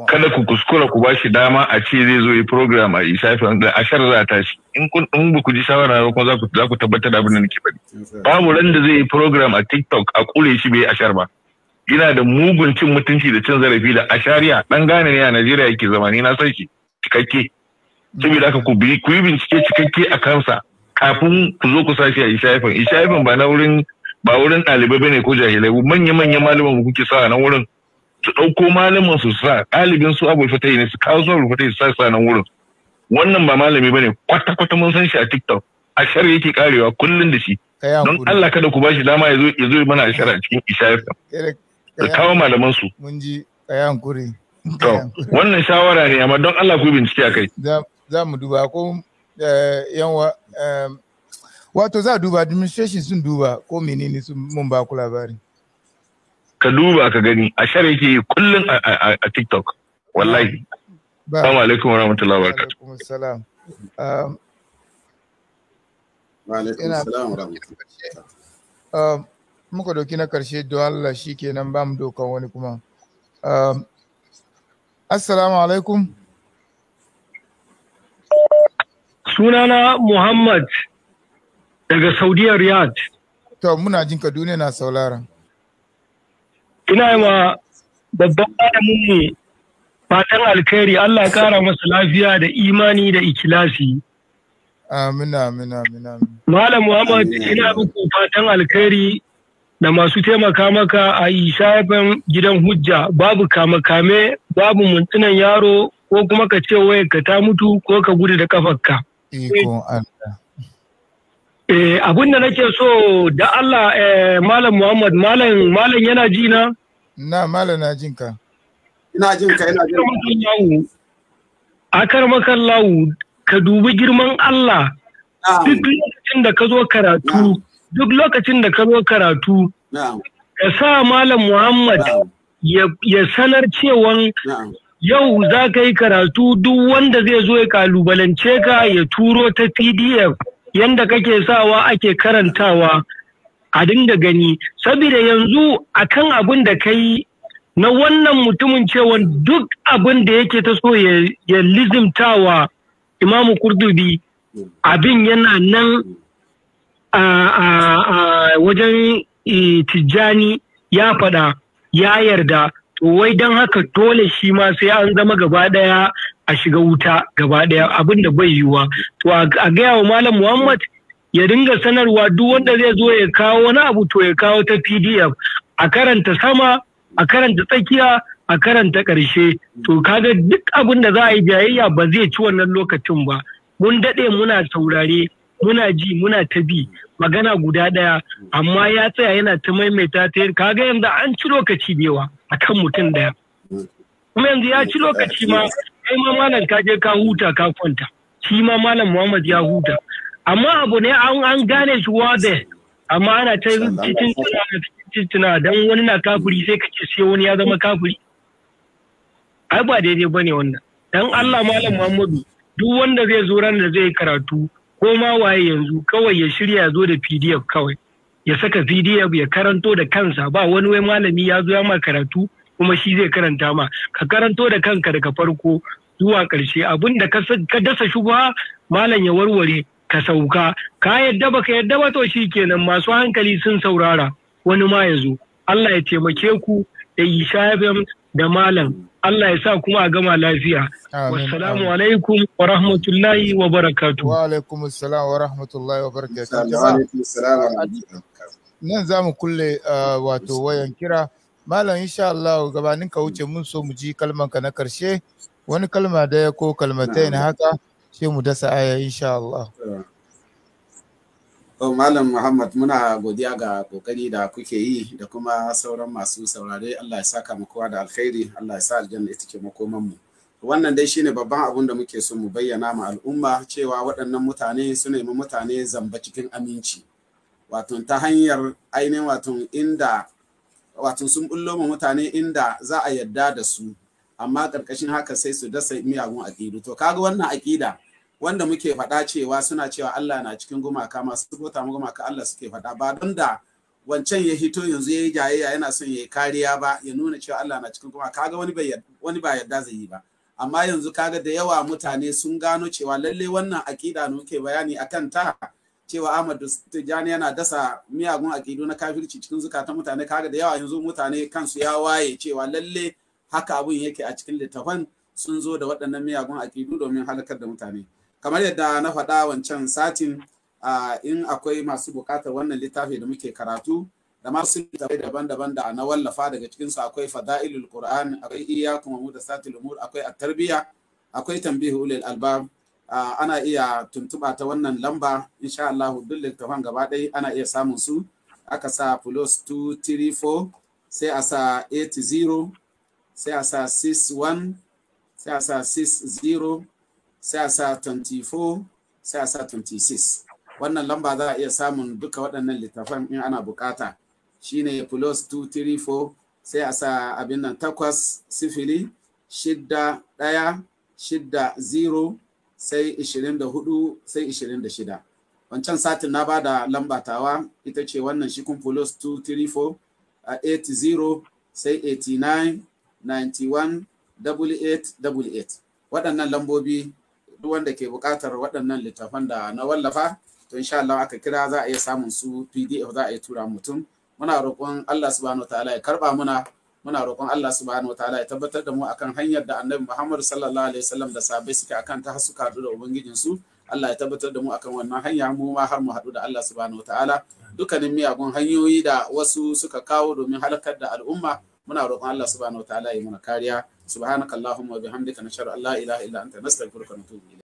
kada ku kuskura ku ba shi dama a ce zai zo yi program a isafin da a sharra ta shi in kun in ba ku ji shawara ba kuma za ku tabbatar abin da nake faɗi babu ran da zai yi program a TikTok a kure shi bai ashar ba yana da mugun cin mutunci da cin zarafi da ashariya dan gane ne a Najeriya yake zamani na san shi cikakke saboda haka ku bi ku yi bincike cikakke a kansa kafin ku zo ku sashi a isafin isafin ba na wurin ba wurin ɗalibai bane ko jahilai manya-manya malaman ku kuke sa nan wurin su ɗauko malamin su sa ɗalibin su abu fatai ne su kawo su abu fatai su sa sa nan wurin wannan ba malami bane kwata kwata mun san shi a TikTok a shar yake karewa kullun da shi don Allah kada ku bashi dama yazo yazo mana a shar a cikin Isha da kawo malaman su mun ji kai hankuri to wannan shawara ne amma don Allah ku bincike kai za mu duba ko eh, yanwa eh, wato za duba administration sun duba ko menene sun mun ba ku labarin ka duba ka gani a share yake kullum a tiktok wallahi assalamu alaikum warahmatullahi wabarakatuh wa alaikum assalam um, um, muka doki na karshe don Allah shi kenan ba mu dokan wani kuma. Um, assalamu alaikum. Sunana Muhammad daga Saudiya Riyadh. To muna jin ka duniya na saulara. ina ma babban ne fatan alkhairi Allah ya kara masa lafiya da imani da ikilasi amin amin amin malam Muhammad ina muku fatan alkhairi da masu taimaka maka a ishafin gidan hujja babu kame-kame babu muntunan yaro ko kuma ka ce waya ka ta mutu ko ka gudu da kafarka. Iko Eh, abin da nake so da Allah eh, Malam Muhammad Malam Malam yana ji na? Na Malam na jin ka. Ina jin ka ina jin ka. Akar ka dubi girman Allah duk lokacin da ka zo karatu duk lokacin da ka zo karatu ka sa Malam Muhammad ya sanar cewan yau za ka yi karatu duk wanda zai zo ya kalubalance ka ya turo ta PDF. yanda kake sawa ake karantawa a dinga gani saboda yanzu akan abin da ka na wannan mutumin cewa duk abin da yake ta so ya lizimtawa imamu kurdubi abin yana nan a wajen e, tijjani ya faɗa ya yarda wai don haka dole shi ma sai an zama gaba ɗaya a shiga wuta gaba ɗaya abin da bai yiwuwa to a gaya wa malam muhammad ya dinga sanarwa duk wanda zai zo ya kawo wani abu to ya kawo ta pdf a karanta sama a karanta tsakiya a karanta ƙarshe to kaga duk abin da za a yi jayayya ba zai ci wannan lokacin ba mun daɗe muna saurare muna ji muna ta bi magana guda ɗaya amma ya tsaya yana ta maimaita ta kaga yanzu an ci lokaci da yawa akan mutum ɗaya kuma yanzu ya ci lokaci ma kai ma malam ka je ka huta ka kwanta shi ma malam Muhammad ya huta amma abu ne an gane shi wabe amma ana ta cikin tuna dan wani na kafiri sai kace sai wani ya zama kafiri ai ba daidai bane wannan dan Allah malam Muhammadu duk wanda zai zo ran da zai karatu ko ma waye yanzu kawai ya shirya ya zo da PDF kawai ya saka PDF ya karanto da kansa ba wani wai malami ya zo ya ma karatu kuma shi zai karanta ma ka karanto da kanka daga farko zuwa ƙarshe abin da ka dasa shubha malam ya warware ka sauka ka yadda ba ka yadda ba to shi kenan masu hankali sun saurara wani ma ya zo Allah ya taimake ku da ishafin da malam Allah ya sa kuma a gama lafiya wassalamu alaikum wa rahmatullahi wa barakatu wa alaikum assalam wa rahmatullahi wa barakatu nan za kulle ah, wato wayan kira malam insha Allah gabanin ka wuce mun so mu ji kalmar ka na karshe wani kalma ya ko kalmatai na haka sai mu dasa aya insha Allah Oh, Malam Muhammad muna godiya ga kokari da kuke yi da kuma sauran masu saurare Allah ya saka mu kowa da alkhairi Allah ya sa aljanna ita ke makoman mu. Wannan dai shine babban abun da muke so mu bayyana ma al'umma cewa waɗannan mutane su mutane zamba cikin aminci. Wato ta hanyar ainihin wato inda wato sun bullo ma mutane inda za a yarda da su amma ƙarƙashin haka sai su dasa miyagun aƙidu to kaga wannan aƙida wanda muke faɗa cewa suna cewa Allah na cikin gumaka masu bota mu gumaka Allah suke faɗa ba don da wancan ya hito yanzu ya yi jayayya yana son ya yi kariya ba ya nuna cewa Allah na cikin gumaka kaga wani bai wani ba yarda zai yi ba amma yanzu kaga da yawa mutane sun gano cewa lalle wannan aƙida ne muke bayani akan ta cewa Ahmad Tijjani yana dasa miyagun akidu na kafirci cikin zukatan mutane kaga da yawa yanzu mutane kansu ya waye cewa lalle haka abun yake a cikin littafan sun zo da waɗannan miyagun akidu domin halakar da mutane kamar yadda na faɗa wancan satin in akwai masu buƙatar wannan littafi da muke karatu da masu littafi daban-daban da na wallafa daga cikinsu akwai fada'ilul qur'an akwai iyakum da satin umur akwai at-tarbiya akwai tanbihul albab Ah, ana iya tuntuɓa ta wannan lamba insha Allah duk littafan gaba ɗaya ana iya samun su aka sa plus 234 sai a sa 80 sai a sa 61 sai a sa 60 sai a sa 24 sai a sa 26 wannan lamba za a iya samun duka waɗannan littafan in ana bukata shine plus 234 sai a sa abin nan takwas sifili shidda ɗaya shidda zero sai 24 sai 26 wancan satin na bada lamba tawa ita ce wannan shi kun 234 a 80 sai 89 91 88 waɗannan lambobi duk wanda ke buƙatar waɗannan littafan da na wallafa to insha Allah aka kira za a iya samun su PDF za a yi tura mutum muna roƙon Allah subhanahu wa ta'ala ya karba muna muna roƙon Allah subhanahu wataala ya tabbatar da mu akan hanyar da Annabi Muhammad sallallahu alaihi wasallam da sahabbai suke akan ta har suka haɗu da ubangijin su Allah ya tabbatar da mu akan wannan hanya mu ma har mu haɗu da Allah subhanahu wataala dukkanin miyagun hanyoyi da wasu suka kawo domin halakar da al'umma muna roƙon Allah subhanahu wataala ya muna kariya subhanakallahumma wa bihamdika nashhadu an la ilaha illa anta nastaghfiruka wa natubu